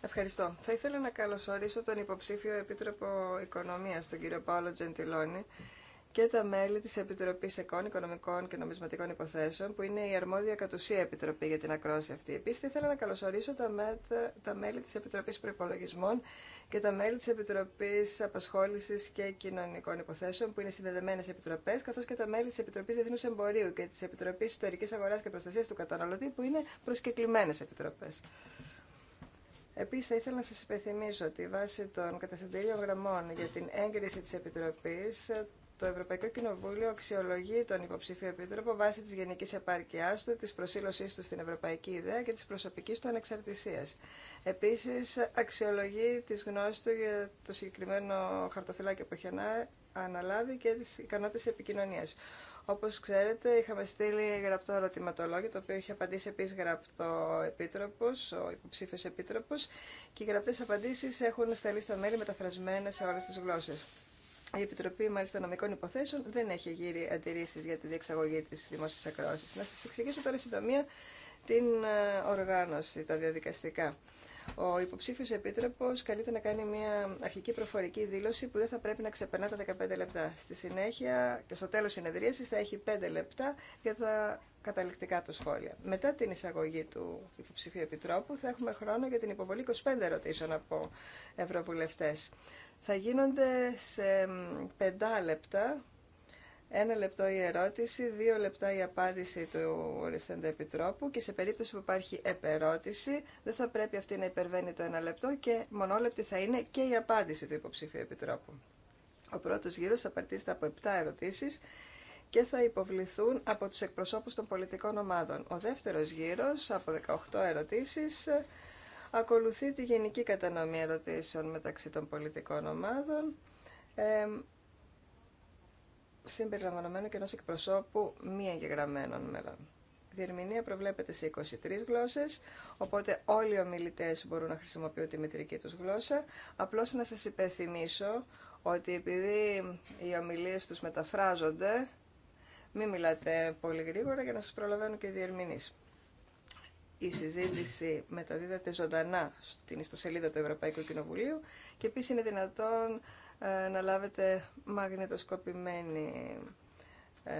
Ευχαριστώ. Θα ήθελα να καλωσορίσω τον υποψήφιο Επίτροπο Οικονομίας, τον κύριο Παόλο Τζεντιλόνι, και τα μέλη της Επιτροπής Εκών Οικονομικών και Νομισματικών Υποθέσεων, που είναι η αρμόδια κατουσία επιτροπή για την ακρόαση αυτή. Επίσης, θα ήθελα να καλωσορίσω τα, μέλη της Επιτροπής Προϋπολογισμών και τα μέλη της Επιτροπής Απασχόλησης και Κοινωνικών Υποθέσεων, που είναι συνδεδεμένες επιτροπές, καθώς και τα μέλη της Επιτροπής Διεθνούς Εμπορίου και της Επιτροπής Ιστορικής Αγοράς και Προστασίας του Καταναλωτή, που είναι προσκεκλημένες επιτροπές. Επίσης, θα ήθελα να σας υπενθυμίσω ότι βάσει των κατευθυντηρίων γραμμών για την έγκριση της Επιτροπής, το Ευρωπαϊκό Κοινοβούλιο αξιολογεί τον υποψήφιο επίτροπο βάσει της γενικής επάρκειάς του, της προσήλωσής του στην ευρωπαϊκή ιδέα και της προσωπικής του ανεξαρτησίας. Επίσης, αξιολογεί τις γνώσεις του για το συγκεκριμένο χαρτοφυλάκιο που έχει αναλάβει και τις ικανότητες επικοινωνίας. Όπως ξέρετε, είχαμε στείλει γραπτό ερωτηματολόγιο, το οποίο έχει απαντήσει επίσης γραπτό επίτροπος, ο υποψήφιος επίτροπος, και οι γραπτές απαντήσεις έχουν σταλεί στα μέλη μεταφρασμένες σε όλες τις γλώσσες. Η Επιτροπή μάλιστα Νομικών Υποθέσεων δεν έχει γύρει αντιρρήσεις για τη διεξαγωγή της δημόσιας ακρόασης. Να σας εξηγήσω τώρα συντομία την ε, οργάνωση, τα διαδικαστικά. Ο υποψήφιος επίτροπος καλείται να κάνει μια αρχική προφορική δήλωση που δεν θα πρέπει να ξεπερνά τα 15 λεπτά. Στη συνέχεια και στο τέλος συνεδρίασης θα έχει 5 λεπτά για τα καταληκτικά του σχόλια. Μετά την εισαγωγή του υποψηφίου επιτρόπου θα έχουμε χρόνο για την υποβολή 25 ερωτήσεων από ευρωβουλευτέ. Θα γίνονται σε 5 λεπτά ένα λεπτό η ερώτηση, δύο λεπτά η απάντηση του οριστέντα επιτρόπου και σε περίπτωση που υπάρχει επερώτηση δεν θα πρέπει αυτή να υπερβαίνει το ένα λεπτό και μονόλεπτη θα είναι και η απάντηση του υποψήφιου επιτρόπου. Ο πρώτος γύρος θα παρτίζεται από επτά ερωτήσεις και θα υποβληθούν από τους εκπροσώπους των πολιτικών ομάδων. Ο δεύτερος γύρος από 18 ερωτήσεις ακολουθεί τη γενική κατανομή ερωτήσεων μεταξύ των πολιτικών ομάδων συμπεριλαμβανομένου και ενό εκπροσώπου μη εγγεγραμμένων μελών. Η διερμηνία προβλέπεται σε 23 γλώσσε, οπότε όλοι οι ομιλητέ μπορούν να χρησιμοποιούν τη μητρική του γλώσσα. Απλώ να σα υπενθυμίσω ότι επειδή οι ομιλίε του μεταφράζονται, μην μιλάτε πολύ γρήγορα για να σα προλαβαίνουν και οι διερμηνείς. Η συζήτηση μεταδίδεται ζωντανά στην ιστοσελίδα του Ευρωπαϊκού Κοινοβουλίου και επίση είναι δυνατόν ε, να λάβετε μαγνητοσκοπημένη ε,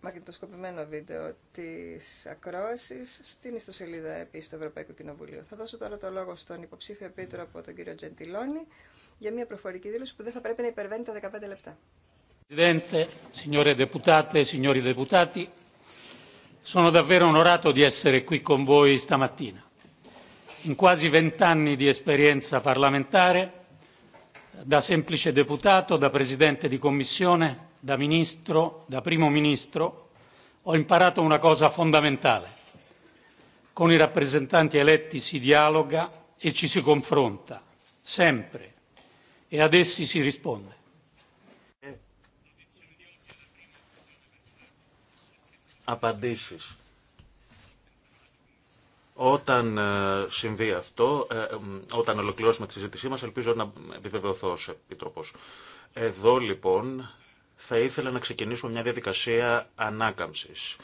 μαγνητοσκοπημένο βίντεο της ακρόασης στην ιστοσελίδα επίσης του Ευρωπαϊκού Κοινοβουλίου. Θα δώσω τώρα το λόγο στον υποψήφιο επίτροπο τον κύριο Τζεντιλόνι για μια προφορική δήλωση που δεν θα πρέπει να υπερβαίνει τα 15 λεπτά. Presidente, signore deputate, signori deputati, sono davvero onorato di essere qui con voi stamattina. In quasi vent'anni di esperienza parlamentare da semplice deputato, da presidente di commissione, da ministro, da primo ministro, ho imparato una cosa fondamentale. Con i rappresentanti eletti si dialoga e ci si confronta, sempre, e ad essi si risponde. Απαντήσεις όταν ε, συμβεί αυτό, ε, ε, όταν ολοκληρώσουμε τη συζήτησή μας, ελπίζω να επιβεβαιωθώ ως Επίτροπος. Εδώ λοιπόν θα ήθελα να ξεκινήσω μια διαδικασία ανάκαμψης.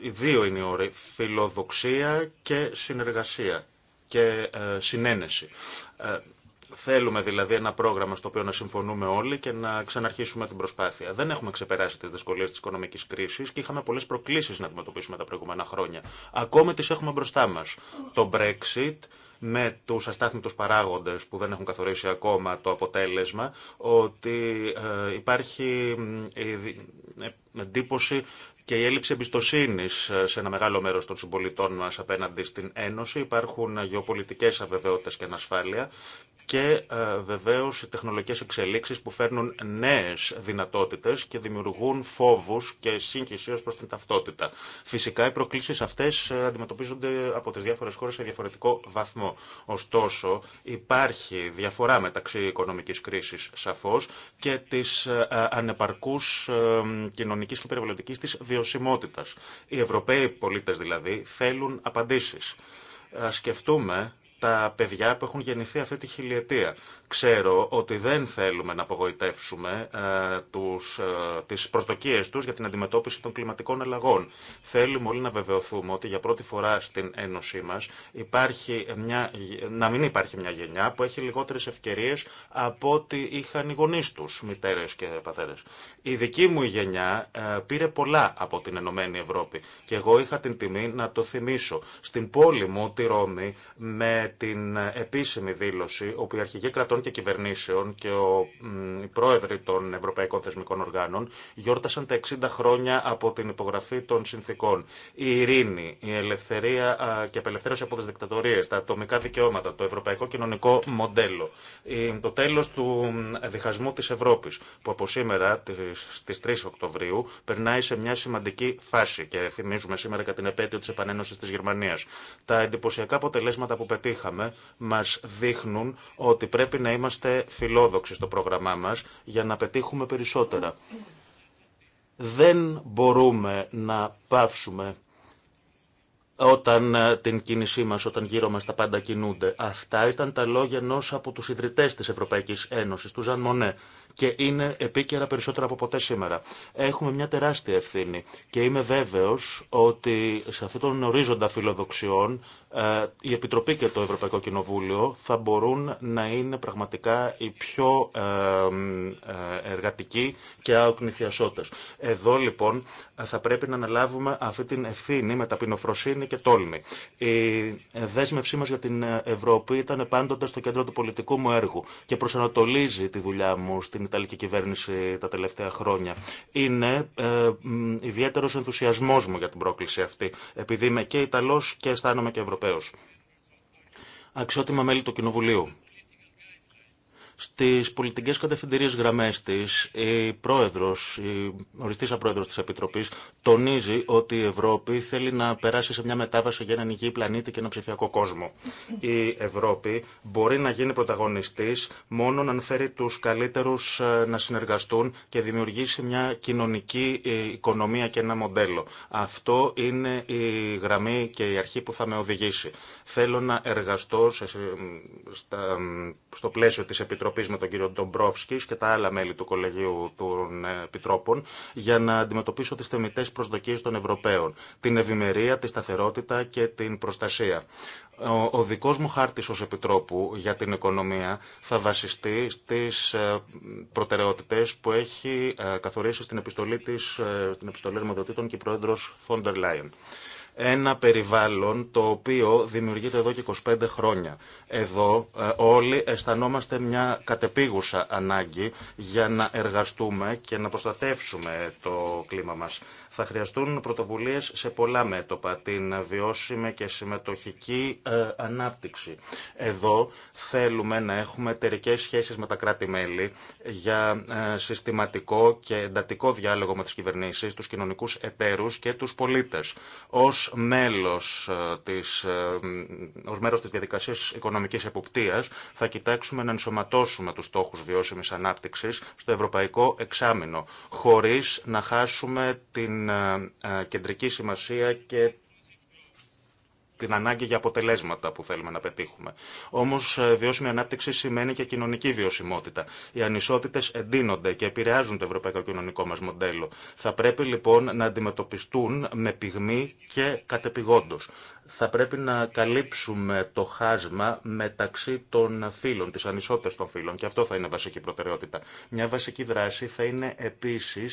Οι δύο είναι οι όροι, φιλοδοξία και συνεργασία και συνένεση. Θέλουμε δηλαδή ένα πρόγραμμα στο οποίο να συμφωνούμε όλοι και να ξαναρχίσουμε την προσπάθεια. Δεν έχουμε ξεπεράσει τι δυσκολίε τη οικονομική κρίση και είχαμε πολλέ προκλήσει να αντιμετωπίσουμε τα προηγούμενα χρόνια. Ακόμη τι έχουμε μπροστά μα. Το Brexit με τους αστάθμιτους παράγοντες που δεν έχουν καθορίσει ακόμα το αποτέλεσμα, ότι ε, υπάρχει ε, ε, εντύπωση και η έλλειψη εμπιστοσύνη σε ένα μεγάλο μέρο των συμπολιτών μα απέναντι στην Ένωση. Υπάρχουν γεωπολιτικέ αβεβαιότητε και ανασφάλεια και ε, βεβαίως οι τεχνολογικές εξελίξεις που φέρνουν νέες δυνατότητες και δημιουργούν φόβους και σύγχυση ως προς την ταυτότητα. Φυσικά οι προκλήσεις αυτές ε, αντιμετωπίζονται από τις διάφορες χώρες σε διαφορετικό βαθμό. Ωστόσο υπάρχει διαφορά μεταξύ οικονομικής κρίσης σαφώς και της ε, ανεπαρκούς κοινωνικής και περιβαλλοντικής της βιωσιμότητας. Οι Ευρωπαίοι πολίτες δηλαδή θέλουν απαντήσεις. σκεφτούμε τα παιδιά που έχουν γεννηθεί αυτή τη χιλιετία. Ξέρω ότι δεν θέλουμε να απογοητεύσουμε ε, τους, ε, τις προσδοκίες τους για την αντιμετώπιση των κλιματικών αλλαγών. Θέλουμε όλοι να βεβαιωθούμε ότι για πρώτη φορά στην Ένωσή μας υπάρχει μια, να μην υπάρχει μια γενιά που έχει λιγότερες ευκαιρίες από ό,τι είχαν οι γονείς τους, μητέρες και πατέρες. Η δική μου γενιά ε, πήρε πολλά από την Ενωμένη Ευρώπη και εγώ είχα την τιμή να το θυμίσω. Στην πόλη μου, τη Ρώμη, με την επίσημη δήλωση όπου η κρατών κρατών και κυβερνήσεων και ο, οι πρόεδροι των Ευρωπαϊκών Θεσμικών Οργάνων γιόρτασαν τα 60 χρόνια από την υπογραφή των συνθήκων. Η ειρήνη, η ελευθερία και απελευθέρωση από τι δικτατορίε, τα ατομικά δικαιώματα, το ευρωπαϊκό κοινωνικό μοντέλο, το τέλο του διχασμού τη Ευρώπη, που από σήμερα στι 3 Οκτωβρίου περνάει σε μια σημαντική φάση και θυμίζουμε σήμερα κατά την επέτειο τη επανένωση τη Γερμανία. Τα εντυπωσιακά αποτελέσματα που πετύχαμε μα δείχνουν ότι πρέπει να να είμαστε φιλόδοξοι στο πρόγραμμά μας για να πετύχουμε περισσότερα. Δεν μπορούμε να πάυσουμε όταν ε, την κίνησή μας, όταν γύρω μας τα πάντα κινούνται. Αυτά ήταν τα λόγια ενό από τους ιδρυτές της Ευρωπαϊκής Ένωσης, του Ζαν Μονέ. Και είναι επίκαιρα περισσότερα από ποτέ σήμερα. Έχουμε μια τεράστια ευθύνη και είμαι βέβαιος ότι σε αυτόν τον ορίζοντα φιλοδοξιών ε, η Επιτροπή και το Ευρωπαϊκό Κοινοβούλιο θα μπορούν να είναι πραγματικά οι πιο ε, ε, εργατικοί και άοκνοι Εδώ λοιπόν θα πρέπει να αναλάβουμε αυτή την ευθύνη με ταπεινοφροσύνη και τόλμη. Η δέσμευσή μας για την Ευρώπη ήταν πάντοτε στο κέντρο του πολιτικού μου έργου και προσανατολίζει τη δουλειά μου στην Ιταλική κυβέρνηση τα τελευταία χρόνια. Είναι ε, ιδιαίτερος ενθουσιασμός μου για την πρόκληση αυτή, επειδή είμαι και Ιταλός και αισθάνομαι και Ευρωπαϊκός. Αξιότιμα μέλη του Κοινοβουλίου, Στι πολιτικέ κατευθυντήριε γραμμέ τη, η πρόεδρο, η οριστήσα πρόεδρος της Επιτροπής, τονίζει ότι η Ευρώπη θέλει να περάσει σε μια μετάβαση για έναν υγιή πλανήτη και ένα ψηφιακό κόσμο. Η Ευρώπη μπορεί να γίνει πρωταγωνιστής μόνο αν φέρει του καλύτερου ε, να συνεργαστούν και δημιουργήσει μια κοινωνική ε, οικονομία και ένα μοντέλο. Αυτό είναι η γραμμή και η αρχή που θα με οδηγήσει. Θέλω να εργαστώ στο πλαίσιο τη Επιτροπή. Επιτροπής με τον κύριο Ντομπρόφσκη και τα άλλα μέλη του Κολεγίου των Επιτρόπων για να αντιμετωπίσω τις θεμητές προσδοκίες των Ευρωπαίων, την ευημερία, τη σταθερότητα και την προστασία. Ο, ο δικός μου χάρτης ως Επιτρόπου για την οικονομία θα βασιστεί στις ε, προτεραιότητες που έχει ε, καθορίσει στην επιστολή της, ε, στην επιστολή Ερμοδοτήτων και η Πρόεδρος Φόντερ Λάιον. Ένα περιβάλλον το οποίο δημιουργείται εδώ και 25 χρόνια. Εδώ ε, όλοι αισθανόμαστε μια κατεπίγουσα ανάγκη για να εργαστούμε και να προστατεύσουμε το κλίμα μας. Θα χρειαστούν πρωτοβουλίες σε πολλά μέτωπα. Την βιώσιμη και συμμετοχική ε, ανάπτυξη. Εδώ θέλουμε να έχουμε εταιρικέ σχέσεις με τα κράτη-μέλη για ε, συστηματικό και εντατικό διάλογο με τις κυβερνήσεις, του κοινωνικούς εταίρου και του πολίτε. Ω μέλο ε, της, ως μέρος της διαδικασίας οικονομικής εποπτείας θα κοιτάξουμε να ενσωματώσουμε τους στόχους βιώσιμης ανάπτυξης στο ευρωπαϊκό εξάμεινο χωρίς να χάσουμε την την κεντρική σημασία και την ανάγκη για αποτελέσματα που θέλουμε να πετύχουμε. Όμω, ε, βιώσιμη ανάπτυξη σημαίνει και κοινωνική βιωσιμότητα. Οι ανισότητε εντείνονται και επηρεάζουν το ευρωπαϊκό κοινωνικό μα μοντέλο. Θα πρέπει λοιπόν να αντιμετωπιστούν με πυγμή και κατεπηγόντω. Θα πρέπει να καλύψουμε το χάσμα μεταξύ των φύλων, τη ανισότητε των φύλων και αυτό θα είναι βασική προτεραιότητα. Μια βασική δράση θα είναι επίση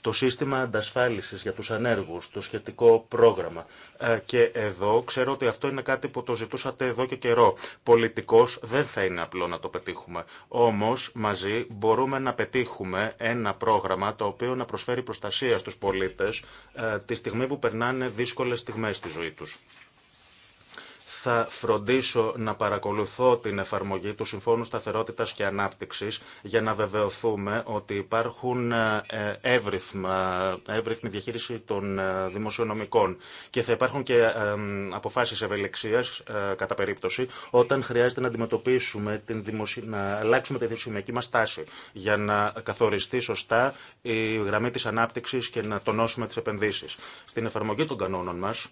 το σύστημα αντασφάλισης για τους ανέργους, το σχετικό πρόγραμμα. Ε, και εδώ ξέρω ότι αυτό είναι κάτι που το ζητούσατε εδώ και καιρό. Πολιτικός δεν θα είναι απλό να το πετύχουμε. Όμως μαζί μπορούμε να πετύχουμε ένα πρόγραμμα το οποίο να προσφέρει προστασία στους πολίτες ε, τη στιγμή που περνάνε δύσκολες στιγμές στη ζωή τους θα φροντίσω να παρακολουθώ την εφαρμογή του Συμφώνου Σταθερότητας και Ανάπτυξης για να βεβαιωθούμε ότι υπάρχουν ε, εύρυθμα, εύρυθμη διαχείριση των ε, δημοσιονομικών και θα υπάρχουν και ε, αποφάσεις ευελεξίας κατά περίπτωση όταν χρειάζεται να αντιμετωπίσουμε την δημοσι... να αλλάξουμε τη δημοσιονομική μας τάση για να καθοριστεί σωστά η γραμμή της ανάπτυξης και να τονώσουμε τις επενδύσεις. Στην εφαρμογή των κανόνων μας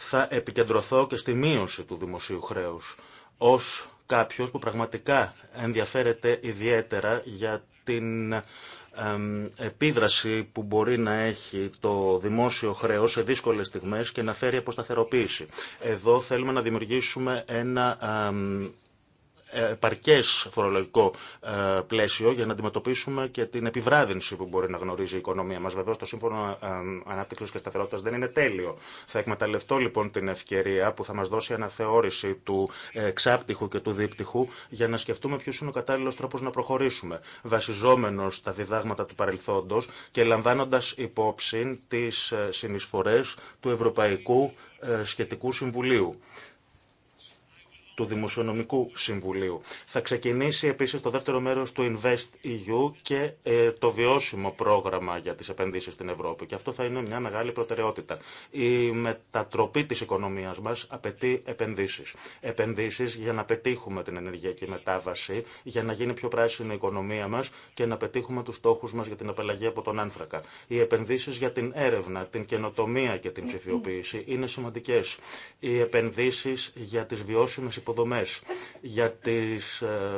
θα επικεντρωθώ και στη μείωση του δημοσίου χρέους ως κάποιος που πραγματικά ενδιαφέρεται ιδιαίτερα για την επίδραση που μπορεί να έχει το δημόσιο χρέος σε δύσκολες στιγμές και να φέρει αποσταθεροποίηση. Εδώ θέλουμε να δημιουργήσουμε ένα ε, Επαρκέ φορολογικό ε, πλαίσιο για να αντιμετωπίσουμε και την επιβράδυνση που μπορεί να γνωρίζει η οικονομία μα βεβαίω, το Σύμφωνο ε, ανάπτυξη και σταθερότητα δεν είναι τέλειο. Θα εκμεταλλευτώ λοιπόν την ευκαιρία που θα μα δώσει αναθεώρηση του ξάπτυχου και του δίπτυχου για να σκεφτούμε ποιο είναι ο κατάλληλο τρόπο να προχωρήσουμε βασιζόμενο στα διδάγματα του παρελθόντο και λαμβάνοντα υπόψη τι συνεισφορέ του Ευρωπαϊκού Σχετικού Συμβουλίου του Δημοσιονομικού Συμβουλίου. Θα ξεκινήσει επίσης το δεύτερο μέρος του Invest EU και ε, το βιώσιμο πρόγραμμα για τις επενδύσεις στην Ευρώπη. Και αυτό θα είναι μια μεγάλη προτεραιότητα. Η μετατροπή της οικονομίας μας απαιτεί επενδύσεις. Επενδύσεις για να πετύχουμε την ενεργειακή μετάβαση, για να γίνει πιο πράσινη η οικονομία μας και να πετύχουμε τους στόχους μας για την απελαγή από τον άνθρακα. Οι επενδύσεις για την έρευνα, την καινοτομία και την ψηφιοποίηση είναι σημαντικέ. Οι επενδύσεις για τις βιώσιμες υποδομέ για τι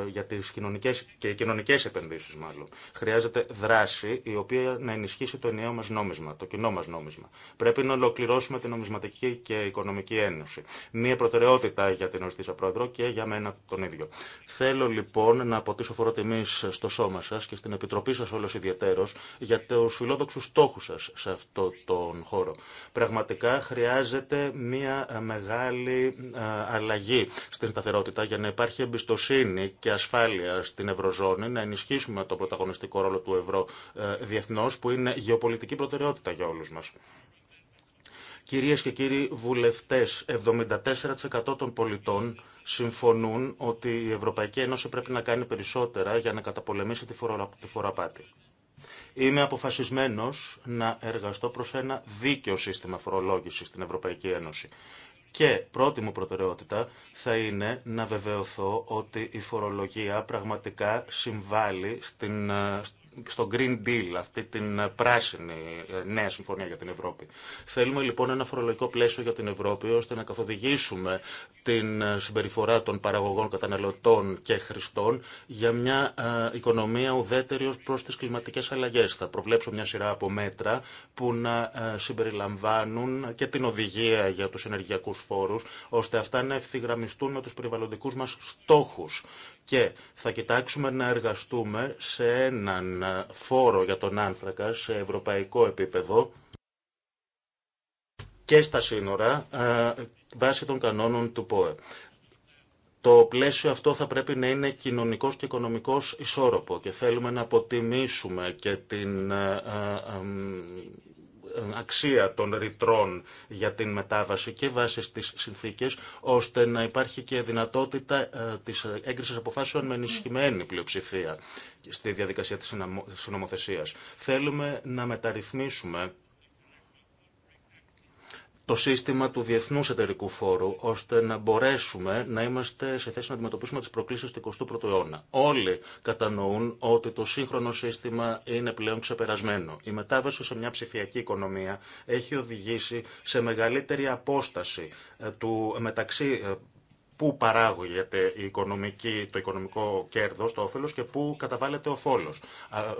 για τις ε, κοινωνικέ και κοινωνικέ επενδύσεις μάλλον. Χρειάζεται δράση η οποία να ενισχύσει το ενιαίο μα νόμισμα, το κοινό μα νόμισμα. Πρέπει να ολοκληρώσουμε την νομισματική και οικονομική ένωση. Μία προτεραιότητα για την σα πρόεδρο και για μένα τον ίδιο. Θέλω λοιπόν να αποτίσω φορό τιμή στο σώμα σα και στην Επιτροπή σα όλο ιδιαίτερω για του φιλόδοξου στόχου σα σε αυτό τον χώρο. Πραγματικά χρειάζεται μία μεγάλη ε, αλλαγή στην σταθερότητα, για να υπάρχει εμπιστοσύνη και ασφάλεια στην Ευρωζώνη, να ενισχύσουμε τον πρωταγωνιστικό ρόλο του ευρώ ε, διεθνώ, που είναι γεωπολιτική προτεραιότητα για όλου μα. Κυρίε και κύριοι βουλευτέ, 74% των πολιτών συμφωνούν ότι η Ευρωπαϊκή Ένωση πρέπει να κάνει περισσότερα για να καταπολεμήσει τη φοροαπάτη. Είμαι αποφασισμένος να εργαστώ προς ένα δίκαιο σύστημα φορολόγησης στην Ευρωπαϊκή Ένωση. Και πρώτη μου προτεραιότητα θα είναι να βεβαιωθώ ότι η φορολογία πραγματικά συμβάλλει στην, ε, στο Green Deal, αυτή την ε, πράσινη ε, νέα συμφωνία για την Ευρώπη. Θέλουμε λοιπόν ένα φορολογικό πλαίσιο για την Ευρώπη ώστε να καθοδηγήσουμε την ε, συμπεριφορά των παραγωγών, καταναλωτών και χρηστών για μια οικονομία ουδέτερη ως προς τις κλιματικές αλλαγές. Θα προβλέψω μια σειρά από μέτρα που να συμπεριλαμβάνουν και την οδηγία για τους ενεργειακούς φόρους ώστε αυτά να ευθυγραμμιστούν με τους περιβαλλοντικούς μας στόχους και θα κοιτάξουμε να εργαστούμε σε έναν φόρο για τον άνθρακα σε ευρωπαϊκό επίπεδο και στα σύνορα ε, βάσει των κανόνων του ΠΟΕ. Το πλαίσιο αυτό θα πρέπει να είναι κοινωνικός και οικονομικός ισόρροπο και θέλουμε να αποτιμήσουμε και την ε, ε, ε, αξία των ρητρών για την μετάβαση και βάσει στις συνθήκες, ώστε να υπάρχει και δυνατότητα ε, της έγκρισης αποφάσεων με ενισχυμένη πλειοψηφία στη διαδικασία της συνομοθεσίας. Θέλουμε να μεταρρυθμίσουμε το σύστημα του διεθνούς εταιρικού φόρου, ώστε να μπορέσουμε να είμαστε σε θέση να αντιμετωπίσουμε τις προκλήσεις του 21ου αιώνα. Όλοι κατανοούν ότι το σύγχρονο σύστημα είναι πλέον ξεπερασμένο. Η μετάβαση σε μια ψηφιακή οικονομία έχει οδηγήσει σε μεγαλύτερη απόσταση ε, του μεταξύ ε, πού παράγεται η οικονομική, το οικονομικό κέρδος, το όφελος και πού καταβάλλεται ο, φόρος.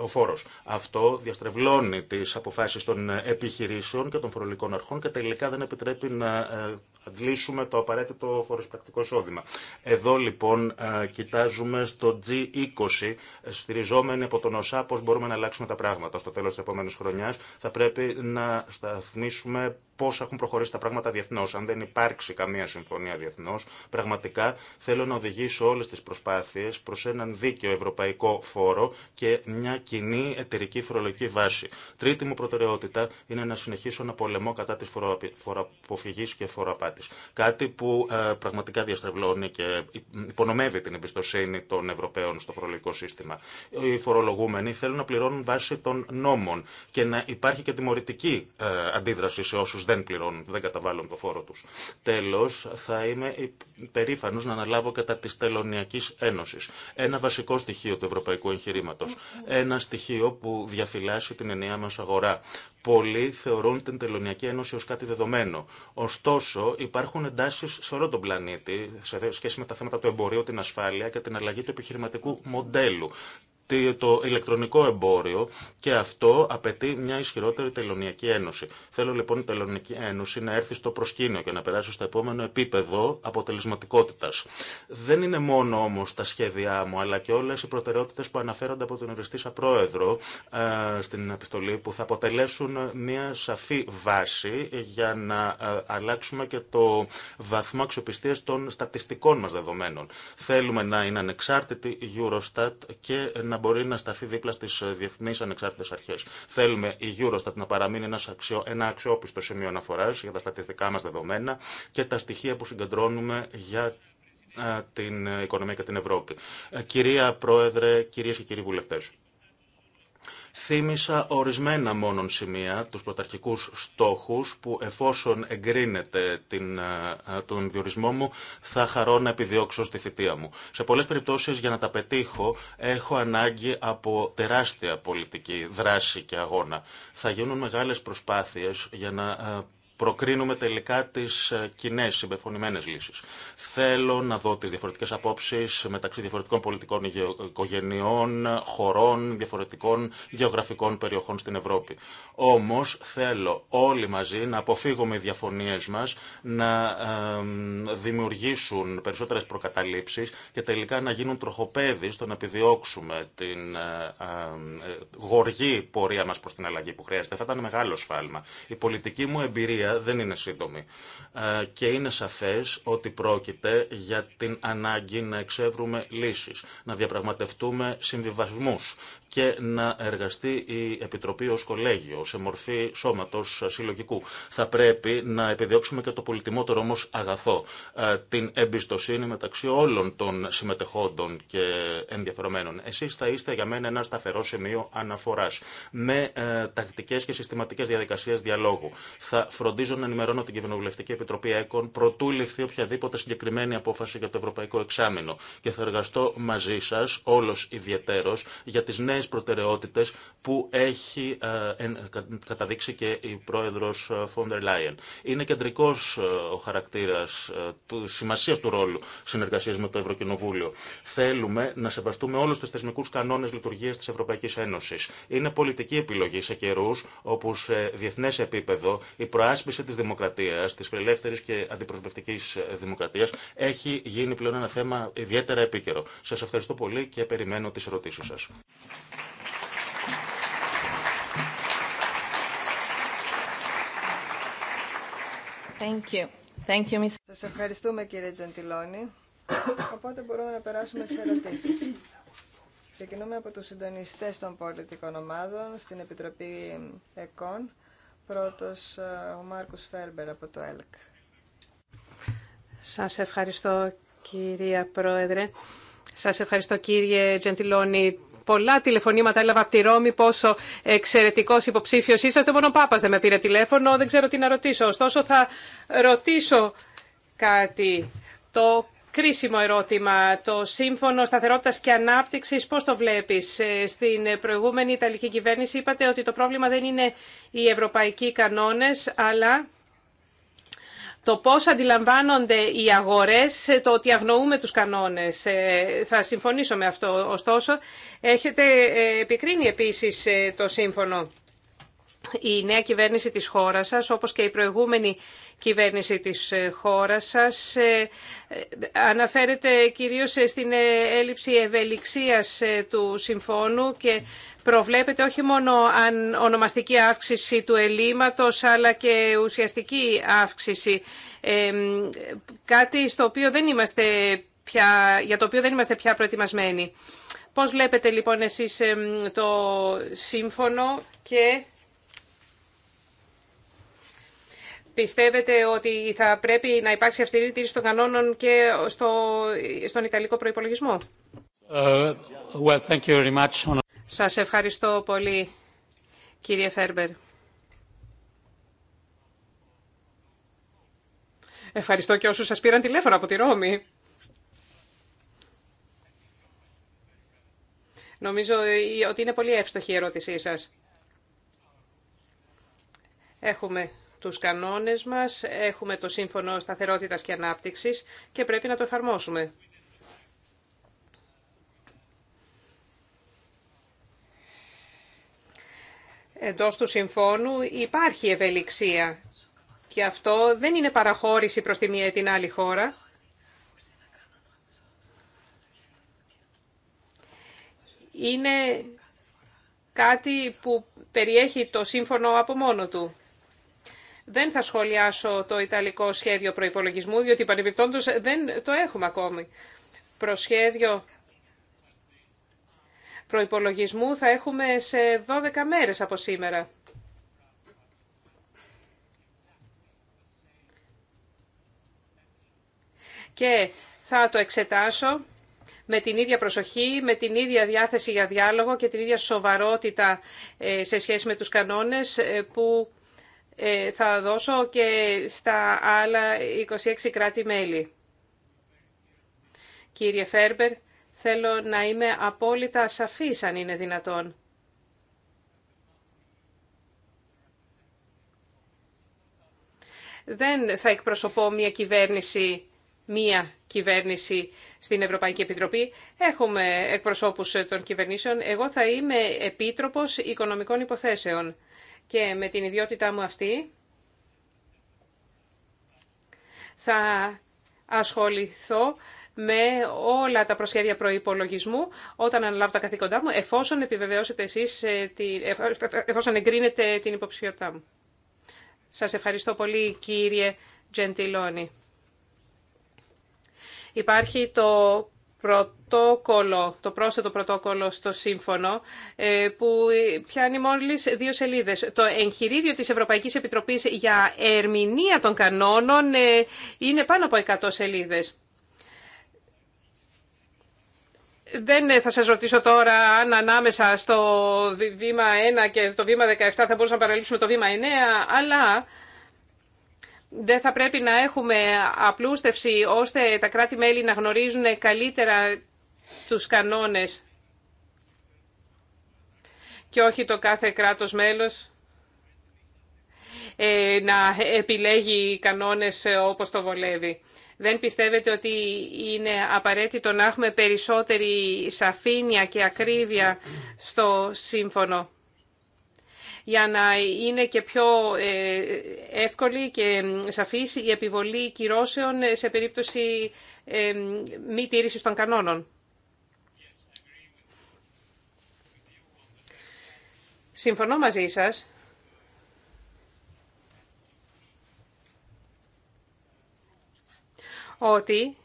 ο φόρος. Αυτό διαστρεβλώνει τις αποφάσεις των επιχειρήσεων και των φορολογικών αρχών και τελικά δεν επιτρέπει να ε, λύσουμε το απαραίτητο φοροσπρακτικό εισόδημα. Εδώ λοιπόν ε, κοιτάζουμε στο G20, στηριζόμενοι από τον ΩΣΑ, πώς μπορούμε να αλλάξουμε τα πράγματα. Στο τέλος της επόμενης χρονιάς θα πρέπει να σταθμίσουμε πώ έχουν προχωρήσει τα πράγματα διεθνώ. Αν δεν υπάρξει καμία συμφωνία διεθνώ, πραγματικά θέλω να οδηγήσω όλε τι προσπάθειε προ έναν δίκαιο ευρωπαϊκό φόρο και μια κοινή εταιρική φορολογική βάση. Τρίτη μου προτεραιότητα είναι να συνεχίσω να πολεμώ κατά τη φοροαποφυγή και φοροαπάτη. Κάτι που ε, πραγματικά διαστρεβλώνει και υπονομεύει την εμπιστοσύνη των Ευρωπαίων στο φορολογικό σύστημα. Οι φορολογούμενοι θέλουν να πληρώνουν βάσει των νόμων και να υπάρχει και τιμωρητική ε, αντίδραση σε όσου δεν πληρώνουν, δεν καταβάλουν το φόρο τους. Τέλος, θα είμαι περήφανο να αναλάβω κατά της Τελωνιακή ένωσης Ένα βασικό στοιχείο του ευρωπαϊκού εγχειρήματο. Ένα στοιχείο που διαφυλάσσει την ενιαία μας αγορά. Πολλοί θεωρούν την Τελωνιακή Ένωση ω κάτι δεδομένο. Ωστόσο, υπάρχουν εντάσεις σε όλο τον πλανήτη σε σχέση με τα θέματα του εμπορίου, την ασφάλεια και την αλλαγή του επιχειρηματικού μοντέλου το ηλεκτρονικό εμπόριο και αυτό απαιτεί μια ισχυρότερη τελωνιακή ένωση. Θέλω λοιπόν η τελωνιακή ένωση να έρθει στο προσκήνιο και να περάσει στο επόμενο επίπεδο αποτελεσματικότητα. Δεν είναι μόνο όμω τα σχέδιά μου, αλλά και όλε οι προτεραιότητε που αναφέρονται από τον οριστήσα πρόεδρο ε, στην επιστολή που θα αποτελέσουν μια σαφή βάση για να ε, αλλάξουμε και το βαθμό αξιοπιστία των στατιστικών μα δεδομένων. Θέλουμε να είναι ανεξάρτητη Eurostat και να μπορεί να σταθεί δίπλα στι ε, διεθνεί ανεξάρτητε αρχέ. Θέλουμε η Eurostat να παραμείνει ένα, αξιο, ένα αξιόπιστο σημείο αναφορά για τα στατιστικά μα δεδομένα και τα στοιχεία που συγκεντρώνουμε για ε, την ε, οικονομία και την Ευρώπη. Κυρία Πρόεδρε, κυρίε και κύριοι βουλευτέ θύμισα ορισμένα μόνον σημεία, τους πρωταρχικούς στόχους που εφόσον εγκρίνεται την, ε, ε, τον διορισμό μου θα χαρώ να επιδιώξω στη θητεία μου. Σε πολλές περιπτώσεις για να τα πετύχω έχω ανάγκη από τεράστια πολιτική δράση και αγώνα. Θα γίνουν μεγάλες προσπάθειες για να ε, προκρίνουμε τελικά τι ε, κοινέ συμπεφωνημένε λύσει. Θέλω να δω τι διαφορετικέ απόψει μεταξύ διαφορετικών πολιτικών οικογενειών, χωρών, διαφορετικών γεωγραφικών περιοχών στην Ευρώπη. Όμω θέλω όλοι μαζί να αποφύγουμε οι διαφωνίε μα, να δημιουργήσουν περισσότερε προκαταλήψει και τελικά να γίνουν τροχοπέδι στο να επιδιώξουμε την ε, ε, γοργή πορεία μα προ την αλλαγή που χρειάζεται. Θα ήταν μεγάλο σφάλμα. Η πολιτική μου εμπειρία δεν είναι σύντομη. Ε, και είναι σαφές ότι πρόκειται για την ανάγκη να εξεύρουμε λύσεις, να διαπραγματευτούμε συμβιβασμούς και να εργαστεί η Επιτροπή ως κολέγιο, σε μορφή σώματος συλλογικού. Θα πρέπει να επιδιώξουμε και το πολυτιμότερο όμως αγαθό, ε, την εμπιστοσύνη μεταξύ όλων των συμμετεχόντων και ενδιαφερομένων. Εσείς θα είστε για μένα ένα σταθερό σημείο αναφοράς, με ε, τακτικές και συστηματικές διαδικασίες διαλόγου. Θα φροντίζω να ενημερώνω την Κοινοβουλευτική Επιτροπή ΕΚΟΝ προτού ληφθεί οποιαδήποτε συγκεκριμένη απόφαση για το Ευρωπαϊκό Εξάμεινο και θα εργαστώ μαζί σας όλος ιδιαιτέρως για τις νέες νέες που έχει ε, καταδείξει και η πρόεδρο Φόντερ Λάιεν. Είναι κεντρικό ε, ο χαρακτήρα ε, τη σημασίας του ρόλου συνεργασίας με το Ευρωκοινοβούλιο. Θέλουμε να σεβαστούμε όλους τους θεσμικούς κανόνες λειτουργίας της Ευρωπαϊκής Ένωσης. Είναι πολιτική επιλογή σε καιρού όπου σε διεθνέ επίπεδο η προάσπιση της δημοκρατίας, της φιλελεύθερη και αντιπροσωπευτικής δημοκρατίας έχει γίνει πλέον ένα θέμα ιδιαίτερα επίκαιρο. Σα ευχαριστώ πολύ και περιμένω τι ερωτήσει σα. Σας ευχαριστούμε κύριε Τζεντιλόνη. Οπότε μπορούμε να περάσουμε στις ερωτήσεις. Ξεκινούμε από τους συντονιστές των πολιτικών ομάδων στην Επιτροπή ΕΚΟΝ. Πρώτος ε, ο Μάρκος Φέρμπερ από το ΕΛΚ. Σας ευχαριστώ κυρία Πρόεδρε. Σας ευχαριστώ κύριε Τζεντιλόνη πολλά τηλεφωνήματα έλαβα από τη Ρώμη πόσο εξαιρετικό υποψήφιο είσαστε. Μόνο ο Πάπα δεν με πήρε τηλέφωνο, δεν ξέρω τι να ρωτήσω. Ωστόσο, θα ρωτήσω κάτι. Το κρίσιμο ερώτημα, το Σύμφωνο Σταθερότητας και Ανάπτυξης, πώς το βλέπεις. Ε, στην προηγούμενη Ιταλική κυβέρνηση είπατε ότι το πρόβλημα δεν είναι οι ευρωπαϊκοί κανόνες, αλλά το πώς αντιλαμβάνονται οι αγορές, ε, το ότι αγνοούμε τους κανόνες. Ε, θα συμφωνήσω με αυτό. Ωστόσο, έχετε ε, επικρίνει επίσης το σύμφωνο. Η νέα κυβέρνηση της χώρας σας, όπως και η προηγούμενη κυβέρνηση της χώρας σας, αναφέρεται κυρίως στην έλλειψη ευελιξίας του συμφώνου και προβλέπεται όχι μόνο αν ονομαστική αύξηση του ελλείμματος, αλλά και ουσιαστική αύξηση. Ε, κάτι στο οποίο δεν είμαστε πια, για το οποίο δεν είμαστε πια προετοιμασμένοι. Πώς βλέπετε λοιπόν εσείς το σύμφωνο και πιστεύετε ότι θα πρέπει να υπάρξει αυστηρή τήρηση των κανόνων και στο, στον Ιταλικό προϋπολογισμό. Uh, well, σας ευχαριστώ πολύ, κύριε Φέρμπερ. Ευχαριστώ και όσους σας πήραν τηλέφωνο από τη Ρώμη. Νομίζω ε, ότι είναι πολύ εύστοχη η ερώτησή σας. Έχουμε τους κανόνες μας, έχουμε το Σύμφωνο Σταθερότητας και Ανάπτυξης και πρέπει να το εφαρμόσουμε. εντός του συμφώνου υπάρχει ευελιξία και αυτό δεν είναι παραχώρηση προς τη μία ή την άλλη χώρα. Είναι κάτι που περιέχει το σύμφωνο από μόνο του. Δεν θα σχολιάσω το Ιταλικό σχέδιο προϋπολογισμού, διότι παρεμπιπτόντως δεν το έχουμε ακόμη. Προσχέδιο προϋπολογισμού θα έχουμε σε 12 μέρες από σήμερα. Και θα το εξετάσω με την ίδια προσοχή, με την ίδια διάθεση για διάλογο και την ίδια σοβαρότητα ε, σε σχέση με τους κανόνες ε, που ε, θα δώσω και στα άλλα 26 κράτη-μέλη. Κύριε Φέρμπερ, Θέλω να είμαι απόλυτα σαφής αν είναι δυνατόν. Δεν θα εκπροσωπώ μια κυβέρνηση, μια κυβέρνηση στην Ευρωπαϊκή Επιτροπή. Έχουμε εκπροσώπους των κυβερνήσεων. Εγώ θα είμαι επίτροπος οικονομικών υποθέσεων. Και με την ιδιότητά μου αυτή θα ασχοληθώ με όλα τα προσχέδια προπολογισμού όταν αναλάβω τα καθήκοντά μου, εφόσον επιβεβαιώσετε εσείς, ε, ε, ε, εφόσον εγκρίνετε την υποψηφιότητά μου. Σας ευχαριστώ πολύ κύριε Τζεντιλόνι. Υπάρχει το πρωτόκολλο, το πρόσθετο πρωτόκολλο στο σύμφωνο, που πιάνει μόλις δύο σελίδες. Το εγχειρίδιο της Ευρωπαϊκής Επιτροπής για ερμηνεία των κανόνων είναι πάνω από 100 σελίδες. δεν ε, θα σας ρωτήσω τώρα αν ανάμεσα στο βήμα 1 και το βήμα 17 θα μπορούσαμε να παραλείψουμε το βήμα 9, αλλά δεν θα πρέπει να έχουμε απλούστευση ώστε τα κράτη-μέλη να γνωρίζουν καλύτερα τους κανόνες και όχι το κάθε κράτος μέλος ε, να επιλέγει κανόνες ε, όπως το βολεύει. Δεν πιστεύετε ότι είναι απαραίτητο να έχουμε περισσότερη σαφήνεια και ακρίβεια στο σύμφωνο για να είναι και πιο ε, εύκολη και σαφής η επιβολή κυρώσεων σε περίπτωση ε, μη τήρησης των κανόνων. Συμφωνώ μαζί σας ότι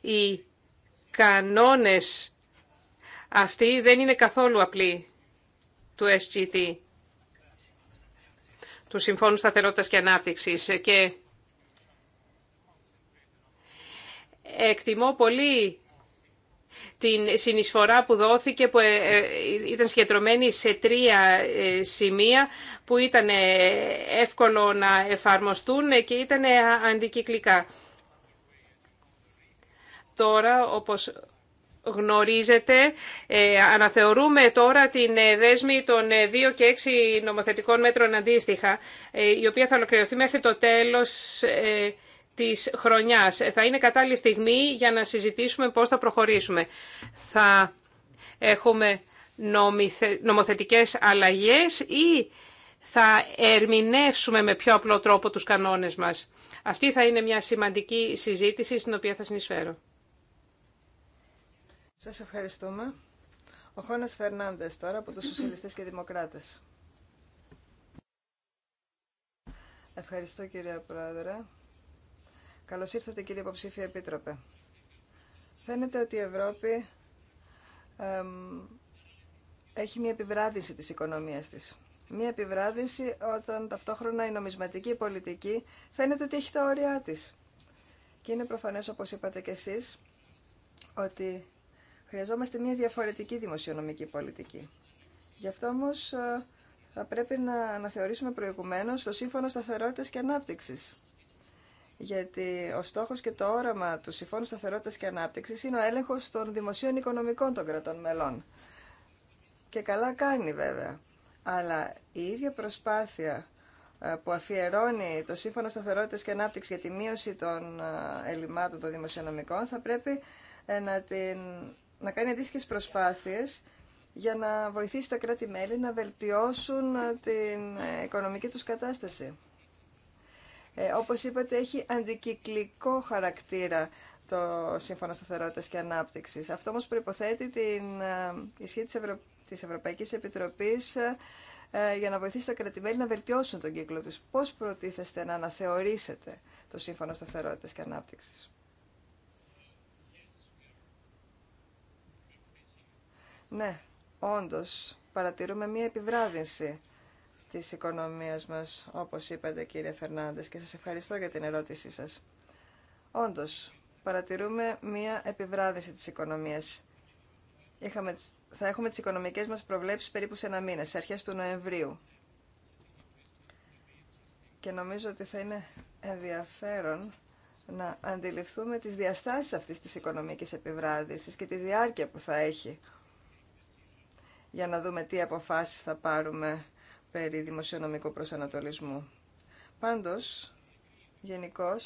οι κανόνες αυτοί δεν είναι καθόλου απλοί του SGT, του Συμφώνου Σταθερότητας και Ανάπτυξης και εκτιμώ πολύ την συνεισφορά που δόθηκε που ε, ε, ήταν συγκεντρωμένη σε τρία ε, σημεία που ήταν εύκολο να εφαρμοστούν και ήταν αντικυκλικά. Τώρα, όπως γνωρίζετε, αναθεωρούμε τώρα την δέσμη των 2 και 6 νομοθετικών μέτρων αντίστοιχα, η οποία θα ολοκληρωθεί μέχρι το τέλος της χρονιάς. Ε, θα είναι κατάλληλη στιγμή για να συζητήσουμε πώς θα προχωρήσουμε. Θα έχουμε νομοθετικές αλλαγές ή θα ερμηνεύσουμε με πιο απλό τρόπο τους κανόνες μας. Αυτή θα είναι μια σημαντική συζήτηση στην οποία θα συνεισφέρω. Σας ευχαριστούμε. Ο Χώνας τώρα από τους Σοσιαλιστές και Δημοκράτες. Ευχαριστώ κυρία Πρόεδρε. Καλώ ήρθατε κύριε υποψήφιο επίτροπε. Φαίνεται ότι η Ευρώπη έχει μια επιβράδυση της οικονομίας της. Μια επιβράδυση όταν ταυτόχρονα η νομισματική πολιτική φαίνεται ότι έχει τα όρια της. Και είναι προφανές όπως είπατε και εσείς ότι χρειαζόμαστε μια διαφορετική δημοσιονομική πολιτική. Γι' αυτό όμως ε, θα πρέπει να αναθεωρήσουμε προηγουμένως το Σύμφωνο Σταθερότητας και Ανάπτυξης γιατί ο στόχος και το όραμα του Συμφώνου Σταθερότητας και Ανάπτυξης είναι ο έλεγχος των δημοσίων οικονομικών των κρατών μελών. Και καλά κάνει βέβαια. Αλλά η ίδια προσπάθεια ε, που αφιερώνει το Σύμφωνο Σταθερότητας και Ανάπτυξη για τη μείωση των ε, ελλημάτων των δημοσιονομικών θα πρέπει ε, να, την, να κάνει αντίστοιχε προσπάθειες για να βοηθήσει τα κράτη-μέλη να βελτιώσουν την οικονομική τους κατάσταση. Ε, όπως είπατε, έχει αντικυκλικό χαρακτήρα το Σύμφωνο Σταθερότητας και Ανάπτυξης. Αυτό όμως προϋποθέτει την ε, ισχύ της, της Ευρωπαϊκής Επιτροπής ε, για να βοηθήσει τα κρατημέλη να βελτιώσουν τον κύκλο τους. Πώς προτίθεστε να αναθεωρήσετε το Σύμφωνο Σταθερότητας και Ανάπτυξης. Ναι, όντως παρατηρούμε μία επιβράδυνση της οικονομίας μας, όπως είπατε κύριε Φερνάντες, και σας ευχαριστώ για την ερώτησή σας. Όντως, παρατηρούμε μία επιβράδυση της οικονομίας. θα έχουμε τις οικονομικές μας προβλέψεις περίπου σε ένα μήνα, σε αρχές του Νοεμβρίου. Και νομίζω ότι θα είναι ενδιαφέρον να αντιληφθούμε τις διαστάσεις αυτής της οικονομικής επιβράδυσης και τη διάρκεια που θα έχει για να δούμε τι αποφάσεις θα πάρουμε περί δημοσιονομικού προσανατολισμού. Πάντως, γενικώ,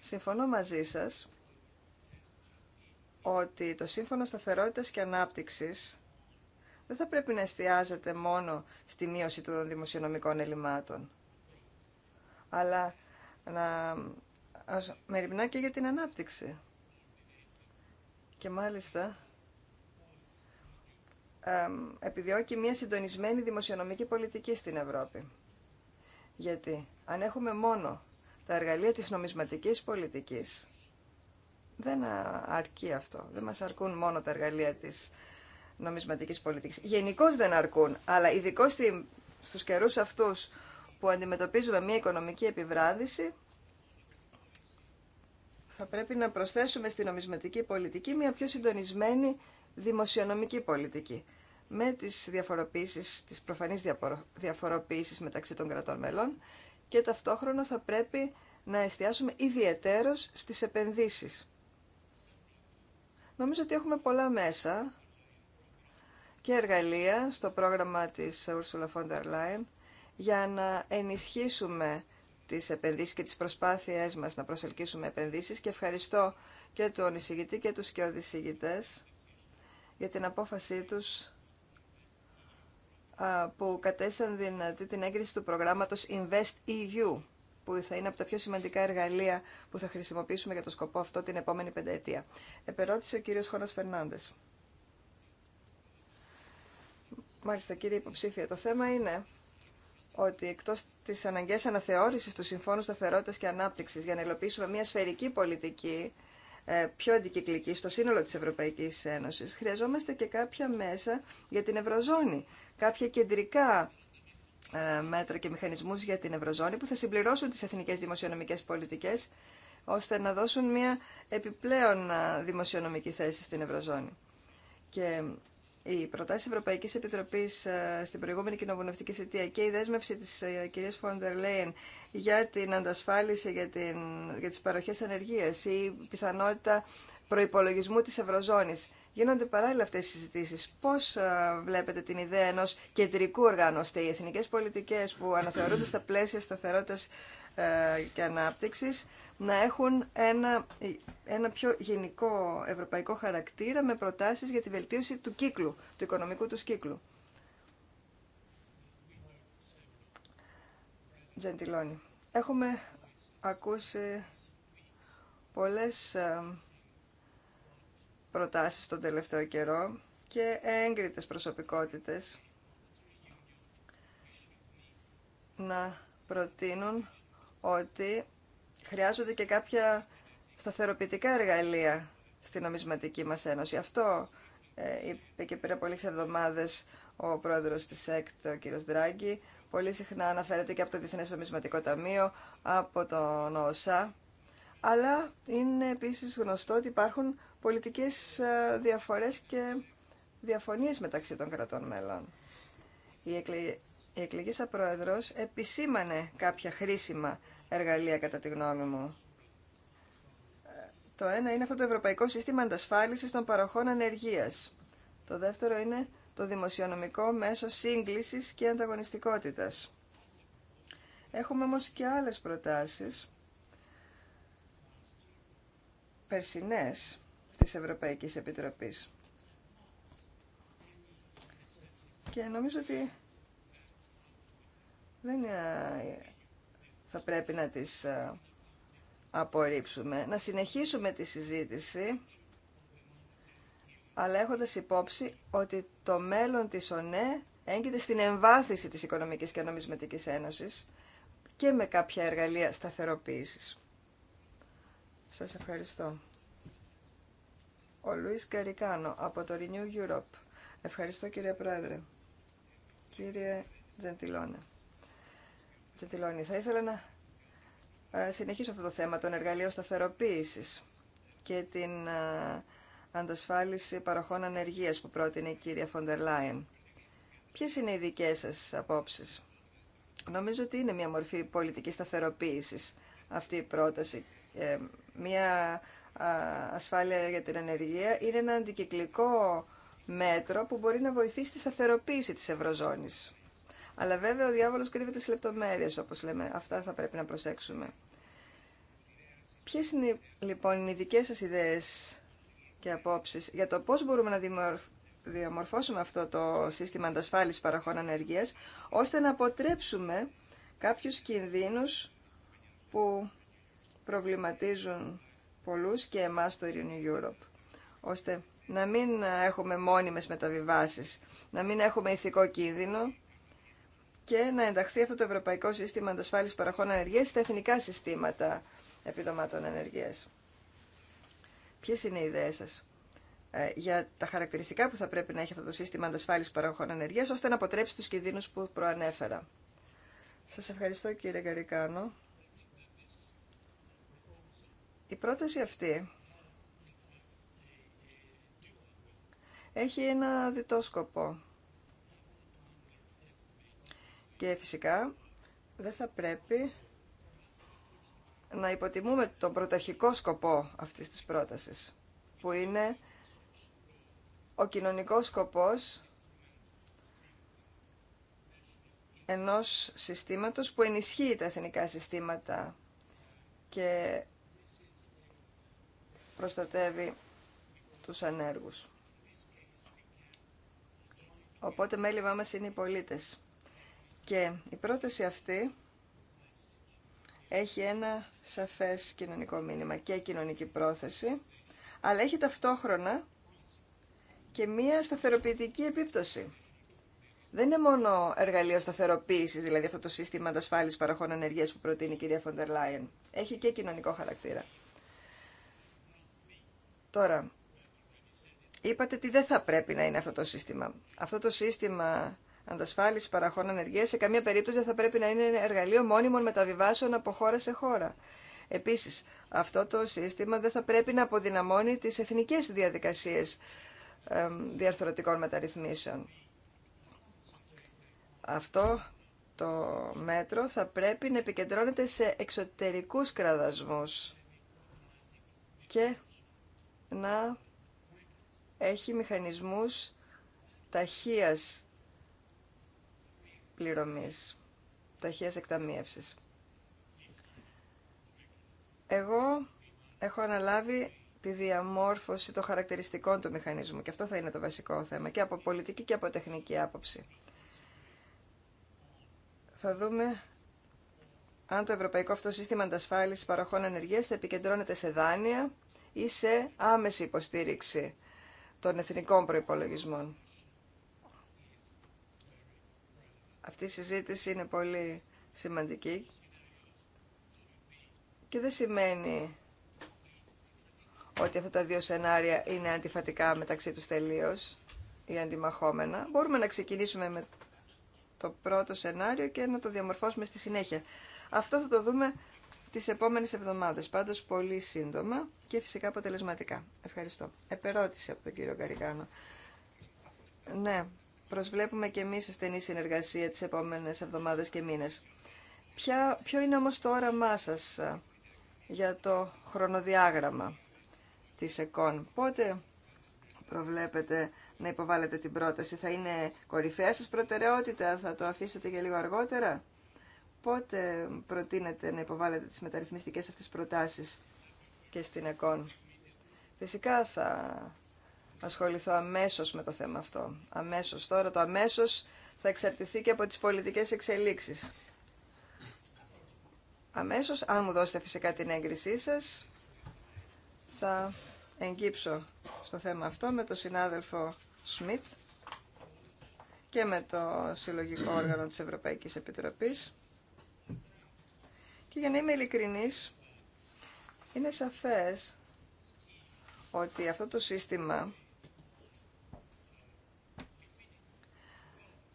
συμφωνώ μαζί σας ότι το Σύμφωνο Σταθερότητας και Ανάπτυξης δεν θα πρέπει να εστιάζεται μόνο στη μείωση των δημοσιονομικών ελλημάτων, αλλά να μεριμνά και για την ανάπτυξη. Και μάλιστα επιδιώκει μια συντονισμένη δημοσιονομική πολιτική στην Ευρώπη. Γιατί αν έχουμε μόνο τα εργαλεία της νομισματικής πολιτικής, δεν αρκεί αυτό. Δεν μας αρκούν μόνο τα εργαλεία της νομισματικής πολιτικής. Γενικώ δεν αρκούν, αλλά ειδικώ στους καιρούς αυτούς που αντιμετωπίζουμε μια οικονομική επιβράδυση, θα πρέπει να προσθέσουμε στη νομισματική πολιτική μια πιο συντονισμένη δημοσιονομική πολιτική. Με τις διαφοροποίησεις, τις προφανείς διαφοροποίησεις μεταξύ των κρατών μελών και ταυτόχρονα θα πρέπει να εστιάσουμε ιδιαιτέρως στις επενδύσεις. Νομίζω ότι έχουμε πολλά μέσα και εργαλεία στο πρόγραμμα της Ursula von der Leyen για να ενισχύσουμε τις επενδύσεις και τις προσπάθειές μας να προσελκύσουμε επενδύσεις και ευχαριστώ και τον εισηγητή και τους και οδησηγητές για την απόφασή τους που κατέσαν δυνατή την έγκριση του προγράμματος Invest EU, που θα είναι από τα πιο σημαντικά εργαλεία που θα χρησιμοποιήσουμε για το σκοπό αυτό την επόμενη πενταετία. Επερώτησε ο κύριος Χώνας Φερνάνδες. Μάλιστα κύριε υποψήφια, το θέμα είναι ότι εκτός της αναγκαίας αναθεώρησης του Συμφώνου Σταθερότητας και Ανάπτυξης για να υλοποιήσουμε μια σφαιρική πολιτική ε, πιο αντικυκλική στο σύνολο της Ευρωπαϊκής Ένωσης, χρειαζόμαστε και κάποια μέσα για την Ευρωζώνη, κάποια κεντρικά ε, μέτρα και μηχανισμούς για την Ευρωζώνη που θα συμπληρώσουν τις εθνικές δημοσιονομικές πολιτικές ώστε να δώσουν μια επιπλέον ε, δημοσιονομική θέση στην Ευρωζώνη. Και οι προτάσει Ευρωπαϊκή Επιτροπή ε, στην προηγούμενη κοινοβουλευτική θητεία και η δέσμευση τη ε, κυρία Φόντερ Λέιν για την αντασφάλιση για, την, για τι παροχέ ανεργία ή η πιθανοτητα προπολογισμού τη Ευρωζώνη. Γίνονται παράλληλα αυτέ οι συζητήσει. Πώ ε, βλέπετε την ιδέα ενό κεντρικού οργάνου, ώστε οι εθνικέ πολιτικέ που αναθεωρούνται στα πλαίσια σταθερότητα και ανάπτυξη να έχουν ένα, ένα πιο γενικό ευρωπαϊκό χαρακτήρα με προτάσεις για τη βελτίωση του κύκλου, του οικονομικού του κύκλου. Τζεντιλόνι. Έχουμε ακούσει πολλές ε, προτάσεις τον τελευταίο καιρό και έγκριτες προσωπικότητες να προτείνουν ότι χρειάζονται και κάποια σταθεροποιητικά εργαλεία στην νομισματική μας ένωση. Αυτό ε, είπε και πριν από λίγες εβδομάδες ο πρόεδρος της ΕΚΤ, ο Δράγκη. Πολύ συχνά αναφέρεται και από το Διεθνές Νομισματικό Ταμείο, από τον ΩΣΑ. Αλλά είναι επίσης γνωστό ότι υπάρχουν πολιτικές ε, διαφορές και διαφωνίες μεταξύ των κρατών μέλων. Η σαν πρόεδρος επισήμανε κάποια χρήσιμα εργαλεία κατά τη γνώμη μου. Το ένα είναι αυτό το Ευρωπαϊκό Σύστημα Αντασφάλισης των Παροχών Ανεργίας. Το δεύτερο είναι το Δημοσιονομικό Μέσο Σύγκλησης και Ανταγωνιστικότητας. Έχουμε όμως και άλλες προτάσεις περσινές της Ευρωπαϊκής Επιτροπής. Και νομίζω ότι δεν είναι θα πρέπει να τις ε, απορρίψουμε. Να συνεχίσουμε τη συζήτηση, αλλά έχοντας υπόψη ότι το μέλλον της ΟΝΕ έγκυται στην εμβάθυνση της Οικονομικής και Νομισματικής Ένωσης και με κάποια εργαλεία σταθεροποίησης. Σας ευχαριστώ. Ο Λουίς Καρικάνο από το Renew Europe. Ευχαριστώ κύριε Πρόεδρε. Κύριε Τζεντιλόνε. Τζετιλόνη. Θα ήθελα να ε, συνεχίσω αυτό το θέμα των εργαλείων σταθεροποίησης και την ε, αντασφάλιση παροχών ανεργίας που πρότεινε η κυρία Φοντερ Λάιεν. Ποιες είναι οι δικές σας απόψεις. Νομίζω ότι είναι μια μορφή πολιτικής σταθεροποίησης αυτή η πρόταση. Ε, μια ασφάλεια για την ανεργία είναι ένα αντικυκλικό μέτρο που μπορεί να βοηθήσει τη σταθεροποίηση της Ευρωζώνης. Αλλά βέβαια ο διάβολος κρύβεται στις λεπτομέρειες, όπως λέμε. Αυτά θα πρέπει να προσέξουμε. Ποιες είναι λοιπόν οι δικές σας ιδέες και απόψεις για το πώς μπορούμε να διαμορφώσουμε αυτό το σύστημα αντασφάλισης παραχών ανεργίας, ώστε να αποτρέψουμε κάποιους κινδύνους που προβληματίζουν πολλούς και εμάς στο Renew Europe, ώστε να μην έχουμε μόνιμες μεταβιβάσεις, να μην έχουμε ηθικό κίνδυνο και να ενταχθεί αυτό το Ευρωπαϊκό Σύστημα Αντασφάλισης Παραχών Ανεργία στα εθνικά συστήματα επιδομάτων ανεργίας. Ποιες είναι οι ιδέες σας ε, για τα χαρακτηριστικά που θα πρέπει να έχει αυτό το σύστημα αντασφάλισης παραχών ανεργία, ώστε να αποτρέψει τους κινδύνους που προανέφερα. Σας ευχαριστώ κύριε Γαρικάνο. Η πρόταση αυτή έχει ένα διτό σκοπό. Και φυσικά δεν θα πρέπει να υποτιμούμε τον πρωταρχικό σκοπό αυτής της πρότασης, που είναι ο κοινωνικός σκοπός ενός συστήματος που ενισχύει τα εθνικά συστήματα και προστατεύει τους ανέργους. Οπότε μέλημά μας είναι οι πολίτες. Και η πρόταση αυτή έχει ένα σαφές κοινωνικό μήνυμα και κοινωνική πρόθεση, αλλά έχει ταυτόχρονα και μία σταθεροποιητική επίπτωση. Δεν είναι μόνο εργαλείο σταθεροποίηση, δηλαδή αυτό το σύστημα αντασφάλιση παροχών ενεργεία που προτείνει η κυρία Φοντερ Λάιεν. Έχει και κοινωνικό χαρακτήρα. Τώρα, είπατε τι δεν θα πρέπει να είναι αυτό το σύστημα. Αυτό το σύστημα αντασφάλιση παραχών ενεργεια σε καμία περίπτωση δεν θα πρέπει να είναι εργαλείο μόνιμων μεταβιβάσεων από χώρα σε χώρα. Επίση, αυτό το σύστημα δεν θα πρέπει να αποδυναμώνει τι εθνικέ διαδικασίε διαρθρωτικών μεταρρυθμίσεων. Αυτό το μέτρο θα πρέπει να επικεντρώνεται σε εξωτερικούς κραδασμούς και να έχει μηχανισμούς ταχείας πληρωμής, ταχείας εκταμίευσης. Εγώ έχω αναλάβει τη διαμόρφωση των χαρακτηριστικών του μηχανισμού και αυτό θα είναι το βασικό θέμα και από πολιτική και από τεχνική άποψη. Θα δούμε αν το ευρωπαϊκό αυτό σύστημα αντασφάλισης παροχών ενεργείας θα επικεντρώνεται σε δάνεια ή σε άμεση υποστήριξη των εθνικών προϋπολογισμών. Αυτή η συζήτηση είναι πολύ σημαντική και δεν σημαίνει ότι αυτά τα δύο σενάρια είναι αντιφατικά μεταξύ τους τελείως ή αντιμαχόμενα. Μπορούμε να ξεκινήσουμε με το πρώτο σενάριο και να το διαμορφώσουμε στη συνέχεια. Αυτό θα το δούμε τις επόμενες εβδομάδες, πάντως πολύ σύντομα και φυσικά αποτελεσματικά. Ευχαριστώ. Επερώτηση από τον κύριο Καρικάνο. Ναι, προσβλέπουμε και εμείς σε στενή συνεργασία τις επόμενες εβδομάδες και μήνες. ποιο είναι όμως το όραμά σας ε, για το χρονοδιάγραμμα της ΕΚΟΝ. Πότε προβλέπετε να υποβάλλετε την πρόταση. Θα είναι κορυφαία σας προτεραιότητα, θα το αφήσετε για λίγο αργότερα. Πότε προτείνετε να υποβάλλετε τις μεταρρυθμιστικές αυτές προτάσεις και στην ΕΚΟΝ. Φυσικά θα ασχοληθώ αμέσως με το θέμα αυτό. Αμέσως. Τώρα το αμέσως θα εξαρτηθεί και από τις πολιτικές εξελίξεις. Αμέσως, αν μου δώσετε φυσικά την έγκρισή σας, θα εγκύψω στο θέμα αυτό με τον συνάδελφο Σμιτ και με το Συλλογικό Όργανο της Ευρωπαϊκής Επιτροπής. Και για να είμαι ειλικρινής, είναι σαφές ότι αυτό το σύστημα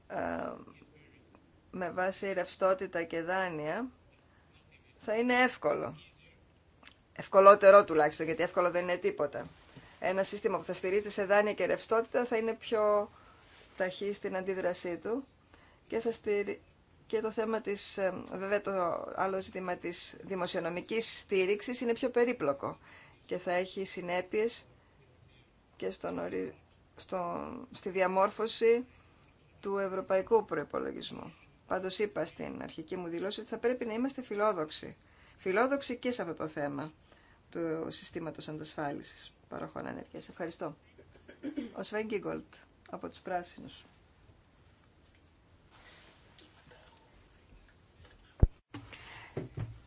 Ε, με βάση ρευστότητα και δάνεια θα είναι εύκολο. Ευκολότερο τουλάχιστον, γιατί εύκολο δεν είναι τίποτα. Ένα σύστημα που θα στηρίζεται σε δάνεια και ρευστότητα θα είναι πιο ταχύ στην αντίδρασή του και θα στηρι... και το θέμα της, ε, βέβαια το άλλο ζήτημα της δημοσιονομικής στήριξης είναι πιο περίπλοκο και θα έχει συνέπειες και στον στη διαμόρφωση του ευρωπαϊκού προπολογισμού. Πάντως είπα στην αρχική μου δηλώση ότι θα πρέπει να είμαστε φιλόδοξοι. Φιλόδοξοι και σε αυτό το θέμα του συστήματος αντασφάλισης παροχών ανεργίας. Ευχαριστώ. Ο Σβέν Γκίγκολτ από τους Πράσινους.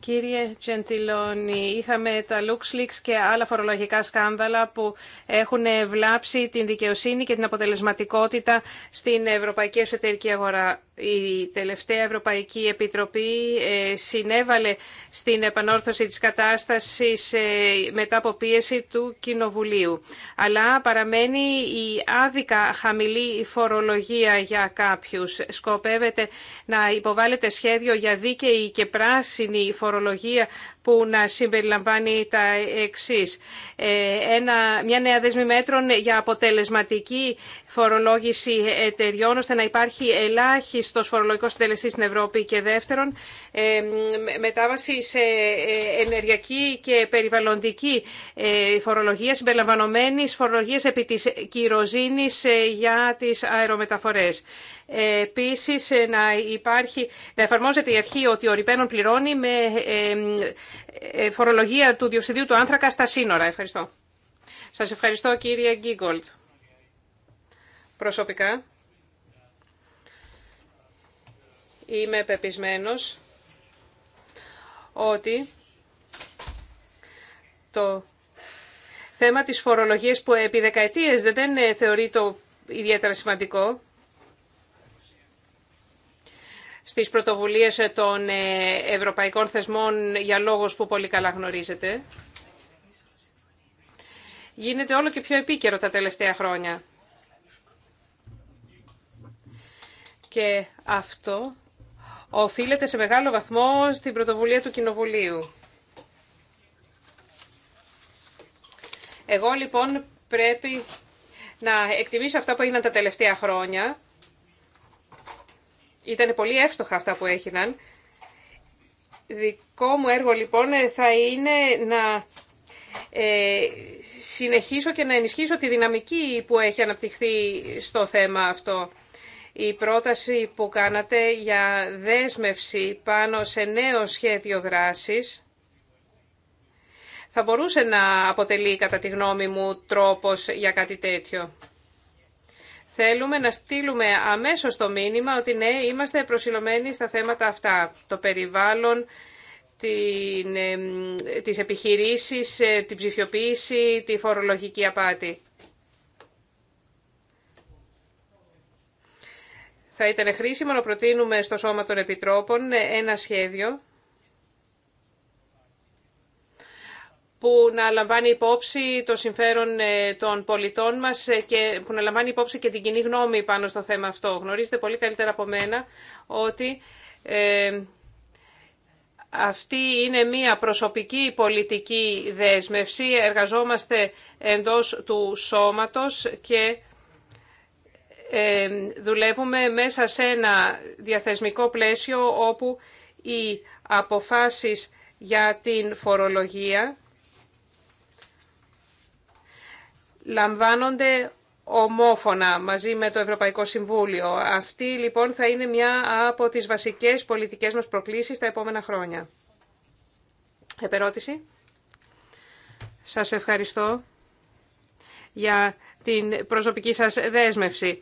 Κύριε Τζεντιλόνι, είχαμε τα LuxLeaks και άλλα φορολογικά σκάνδαλα που έχουν βλάψει την δικαιοσύνη και την αποτελεσματικότητα στην ευρωπαϊκή εσωτερική αγορά η τελευταία Ευρωπαϊκή Επιτροπή ε, συνέβαλε στην επανόρθωση της κατάστασης ε, μετά από πίεση του Κοινοβουλίου. Αλλά παραμένει η άδικα χαμηλή φορολογία για κάποιους. Σκοπεύεται να υποβάλλεται σχέδιο για δίκαιη και πράσινη φορολογία που να συμπεριλαμβάνει τα εξή. Ε, μια νέα δέσμη μέτρων για αποτελεσματική φορολόγηση εταιριών, ώστε να υπάρχει ελάχιστο φορολογικό συντελεστή στην Ευρώπη. Και δεύτερον, ε, μετάβαση σε ε, ενεργειακή και περιβαλλοντική φορολογία, συμπεριλαμβανομένη φορολογία επί τη κυροζήνη για τι αερομεταφορέ. Επίσης να, υπάρχει, να εφαρμόζεται η αρχή ότι ο Ριπένον πληρώνει με ε, φορολογία του διοξιδίου του άνθρακα στα σύνορα. Ευχαριστώ. Σας ευχαριστώ κύριε Γκίγκολτ. Προσωπικά είμαι πεπισμένος ότι το θέμα της φορολογίας που επί δεκαετίες δεν θεωρεί το ιδιαίτερα σημαντικό στις πρωτοβουλίες ε, των ε, ευρωπαϊκών θεσμών για λόγους που πολύ καλά γνωρίζετε. Γίνεται όλο και πιο επίκαιρο τα τελευταία χρόνια. Και αυτό οφείλεται σε μεγάλο βαθμό στην πρωτοβουλία του Κοινοβουλίου. Εγώ λοιπόν πρέπει να εκτιμήσω αυτά που έγιναν τα τελευταία χρόνια ήταν πολύ εύστοχα αυτά που έγιναν. Δικό μου έργο λοιπόν θα είναι να ε, συνεχίσω και να ενισχύσω τη δυναμική που έχει αναπτυχθεί στο θέμα αυτό. Η πρόταση που κάνατε για δέσμευση πάνω σε νέο σχέδιο δράσης θα μπορούσε να αποτελεί κατά τη γνώμη μου τρόπος για κάτι τέτοιο. Θέλουμε να στείλουμε αμέσως το μήνυμα ότι ναι, είμαστε προσιλωμένοι στα θέματα αυτά. Το περιβάλλον, την, ε, τις επιχειρήσεις, ε, την ψηφιοποίηση, τη φορολογική απάτη. Θα ήταν χρήσιμο να προτείνουμε στο Σώμα των Επιτρόπων ένα σχέδιο που να λαμβάνει υπόψη το συμφέρον ε, των πολιτών μας ε, και που να λαμβάνει υπόψη και την κοινή γνώμη πάνω στο θέμα αυτό. Γνωρίζετε πολύ καλύτερα από μένα ότι ε, αυτή είναι μία προσωπική πολιτική δέσμευση. Εργαζόμαστε εντός του σώματος και ε, δουλεύουμε μέσα σε ένα διαθεσμικό πλαίσιο όπου οι αποφάσεις για την φορολογία λαμβάνονται ομόφωνα μαζί με το Ευρωπαϊκό Συμβούλιο. Αυτή λοιπόν θα είναι μια από τις βασικές πολιτικές μας προκλήσεις τα επόμενα χρόνια. Επερώτηση. Σας ευχαριστώ για την προσωπική σας δέσμευση.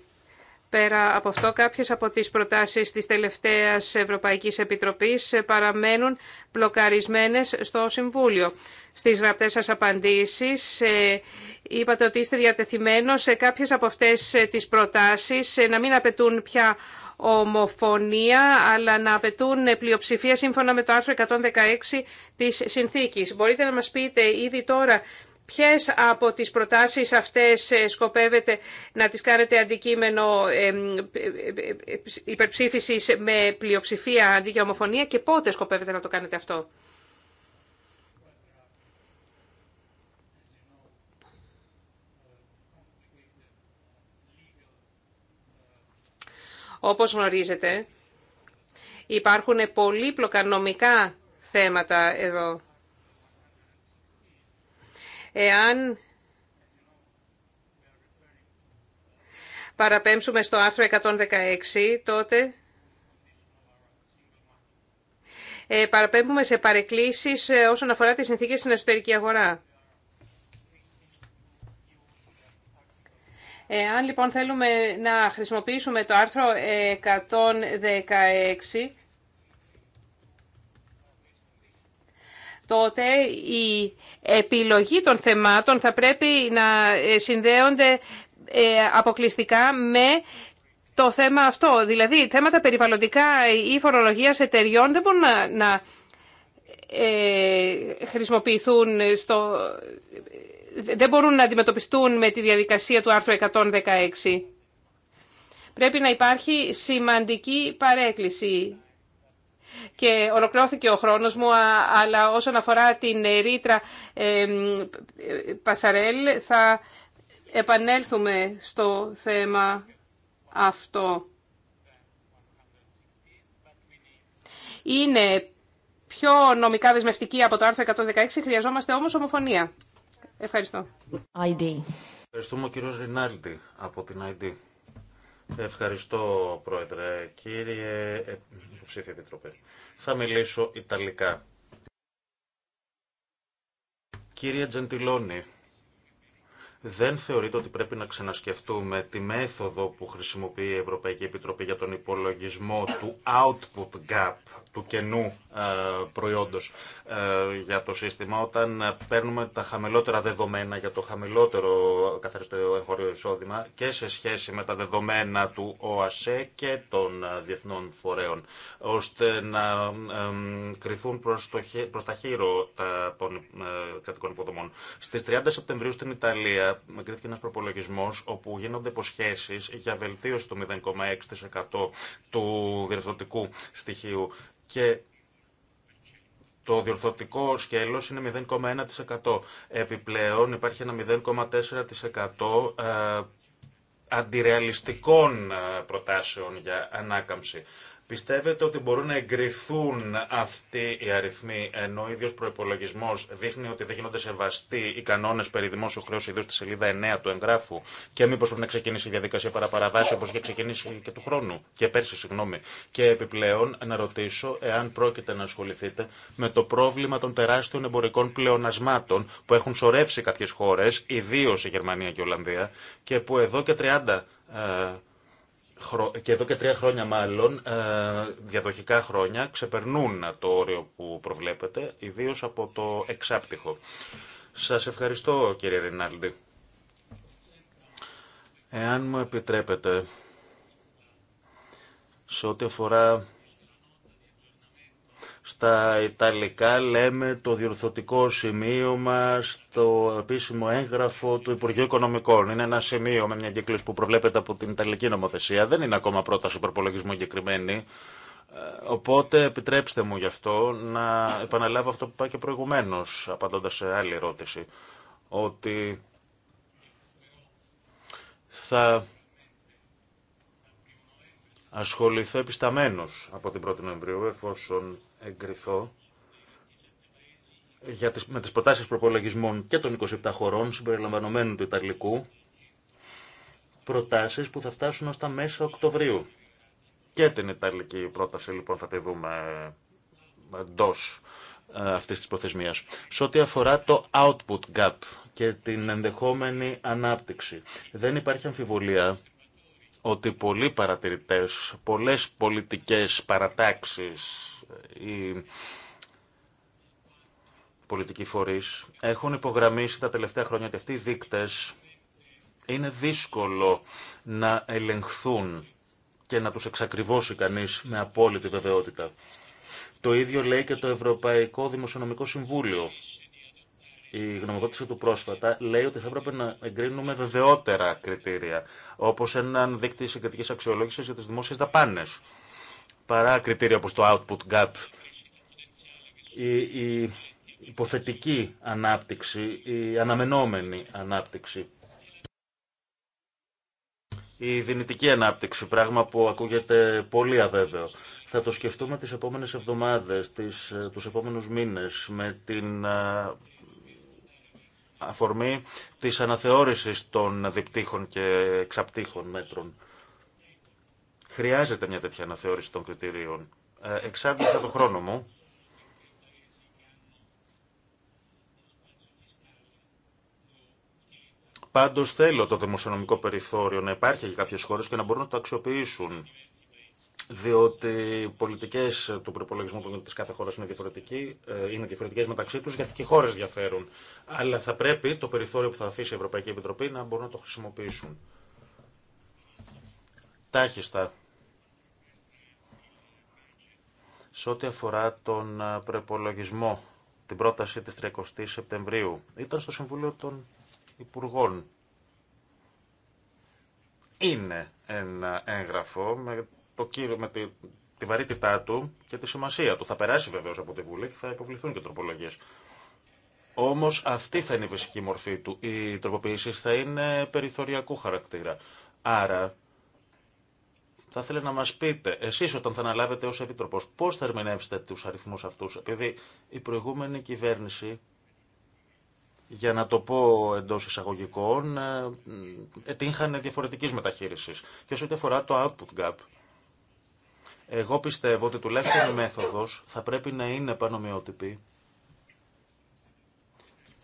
Πέρα από αυτό, κάποιες από τις προτάσεις της τελευταίας Ευρωπαϊκής Επιτροπής παραμένουν μπλοκαρισμένες στο Συμβούλιο. Στις γραπτές σας απαντήσεις ε, είπατε ότι είστε διατεθειμένος σε κάποιες από αυτές ε, τις προτάσεις ε, να μην απαιτούν πια ομοφωνία, αλλά να απαιτούν πλειοψηφία σύμφωνα με το άρθρο 116 της συνθήκης. Μπορείτε να μας πείτε ήδη τώρα Ποιες από τις προτάσεις αυτές ε, σκοπεύετε να τις κάνετε αντικείμενο ε, ε, υπερψήφισης με πλειοψηφία αντί για ομοφωνία και πότε σκοπεύετε να το κάνετε αυτό. Όπως γνωρίζετε, υπάρχουν πολύπλοκα νομικά θέματα εδώ. Εάν παραπέμψουμε στο άρθρο 116, τότε ε, παραπέμπουμε σε παρεκκλήσεις ε, όσον αφορά τις συνθήκες στην εσωτερική αγορά. Εάν λοιπόν θέλουμε να χρησιμοποιήσουμε το άρθρο 116, τότε η επιλογή των θεμάτων θα πρέπει να ε, συνδέονται ε, αποκλειστικά με το θέμα αυτό. Δηλαδή, θέματα περιβαλλοντικά ή φορολογίας εταιριών δεν μπορούν να, να ε, χρησιμοποιηθούν στο... δεν μπορούν να αντιμετωπιστούν με τη διαδικασία του άρθρου 116. Πρέπει να υπάρχει σημαντική παρέκκληση και ολοκληρώθηκε ο χρόνος μου, αλλά όσον αφορά την ε, ρήτρα ε, Πασαρέλ θα επανέλθουμε στο θέμα αυτό. Είναι πιο νομικά δεσμευτική από το άρθρο 116, χρειαζόμαστε όμως ομοφωνία. Ευχαριστώ. ID. Ευχαριστούμε ο κύριος Ρινάλντι από την ID. Ευχαριστώ, Πρόεδρε. Κύριε Υποψήφιε Επιτροπή, θα μιλήσω Ιταλικά. Κύριε Τζεντιλόνι, δεν θεωρείται ότι πρέπει να ξανασκεφτούμε τη μέθοδο που χρησιμοποιεί η Ευρωπαϊκή Επιτροπή για τον υπολογισμό του output gap, του καινού ε, προϊόντος ε, για το σύστημα, όταν παίρνουμε τα χαμηλότερα δεδομένα για το χαμηλότερο καθαριστό εγχώριο εισόδημα και σε σχέση με τα δεδομένα του ΟΑΣΕ και των ε, διεθνών φορέων, ώστε να κρυθούν προς, το, τα χείρο των κρατικών υποδομών. Στις 30 Σεπτεμβρίου στην Ιταλία κρίθηκε ένα προπολογισμό όπου γίνονται υποσχέσει για βελτίωση του 0,6% του διορθωτικού στοιχείου. Και το διορθωτικό σκέλος είναι 0,1%. Επιπλέον υπάρχει ένα 0,4% ε, αντιρεαλιστικών ε, προτάσεων για ανάκαμψη. Πιστεύετε ότι μπορούν να εγκριθούν αυτοί οι αριθμοί, ενώ ο ίδιο προπολογισμό δείχνει ότι δεν γίνονται σεβαστοί οι κανόνε περί δημόσιου χρέου, ιδίω στη σελίδα 9 του εγγράφου, και μήπω πρέπει να ξεκινήσει η διαδικασία παραπαραβάση όπω είχε ξεκινήσει και του χρόνου, και πέρσι, συγγνώμη. Και επιπλέον να ρωτήσω εάν πρόκειται να ασχοληθείτε με το πρόβλημα των τεράστιων εμπορικών πλεονασμάτων που έχουν σωρεύσει κάποιε χώρε, ιδίω η Γερμανία και η Ολλανδία, και που εδώ και 30 και εδώ και τρία χρόνια μάλλον, ε, διαδοχικά χρόνια, ξεπερνούν το όριο που προβλέπετε, ιδίως από το εξάπτυχο. Σας ευχαριστώ κύριε Ρινάλντι. Εάν μου επιτρέπετε, σε ό,τι αφορά στα Ιταλικά λέμε το διορθωτικό σημείο μας στο επίσημο έγγραφο του Υπουργείου Οικονομικών. Είναι ένα σημείο με μια κύκλωση που προβλέπεται από την Ιταλική νομοθεσία. Δεν είναι ακόμα πρόταση προπολογισμού εγκεκριμένη. Ε, οπότε επιτρέψτε μου γι' αυτό να επαναλάβω αυτό που είπα και προηγουμένω, απαντώντα σε άλλη ερώτηση. Ότι θα ασχοληθώ επισταμένος από την 1η Νοεμβρίου, εφόσον εγκριθώ για τις, με τις προτάσεις προπολογισμών και των 27 χωρών συμπεριλαμβανομένου του Ιταλικού προτάσεις που θα φτάσουν ως τα μέσα Οκτωβρίου. Και την Ιταλική πρόταση λοιπόν θα τη δούμε εντό ε, αυτής της προθεσμίας. Σε ό,τι αφορά το output gap και την ενδεχόμενη ανάπτυξη, δεν υπάρχει αμφιβολία ότι πολλοί παρατηρητές, πολλές πολιτικές παρατάξεις οι πολιτικοί φορείς έχουν υπογραμμίσει τα τελευταία χρόνια και αυτοί οι δείκτες είναι δύσκολο να ελεγχθούν και να τους εξακριβώσει κανείς με απόλυτη βεβαιότητα. Το ίδιο λέει και το Ευρωπαϊκό Δημοσιονομικό Συμβούλιο. Η γνωμοδότηση του πρόσφατα λέει ότι θα έπρεπε να εγκρίνουμε βεβαιότερα κριτήρια, όπως έναν δείκτη συγκριτικής αξιολόγησης για τις δημόσιες δαπάνες παρά κριτήρια όπως το output gap. Η, η υποθετική ανάπτυξη, η αναμενόμενη ανάπτυξη, η δυνητική ανάπτυξη, πράγμα που ακούγεται πολύ αβέβαιο. Θα το σκεφτούμε τις επόμενες εβδομάδες, τις, ε, τους επόμενους μήνες, με την ε, αφορμή της αναθεώρησης των διπτύχων και εξαπτύχων μέτρων. Χρειάζεται μια τέτοια αναθεώρηση των κριτηρίων. Ε, εξάντλησα το χρόνο μου. πάντως θέλω το δημοσιονομικό περιθώριο να υπάρχει για κάποιε χώρε και να μπορούν να το αξιοποιήσουν. Διότι οι πολιτικέ του προπολογισμού τη κάθε χώρα είναι, ε, είναι διαφορετικέ μεταξύ του, γιατί και οι χώρε διαφέρουν. Αλλά θα πρέπει το περιθώριο που θα αφήσει η Ευρωπαϊκή Επιτροπή να μπορούν να το χρησιμοποιήσουν. Τάχιστα. σε ό,τι αφορά τον ε, προπολογισμό, την πρόταση της 30 Σεπτεμβρίου. Ήταν στο Συμβούλιο των Υπουργών. Είναι ένα έγγραφο με, το κύριο, με τη, τη βαρύτητά του και τη σημασία του. Θα περάσει βεβαίως από τη Βουλή και θα υποβληθούν και τροπολογίες. Όμω αυτή θα είναι η βασική μορφή του. Οι τροποποιήσει θα είναι περιθωριακού χαρακτήρα. Άρα θα ήθελα να μας πείτε, εσείς όταν θα αναλάβετε ως Επίτροπος, πώς θα ερμηνεύσετε τους αριθμούς αυτούς, επειδή η προηγούμενη κυβέρνηση, για να το πω εντό εισαγωγικών, ε, ετύχανε διαφορετική μεταχείρισης. Και όσο αφορά το output gap, εγώ πιστεύω ότι τουλάχιστον η μέθοδος θα πρέπει να είναι πανομοιότυπη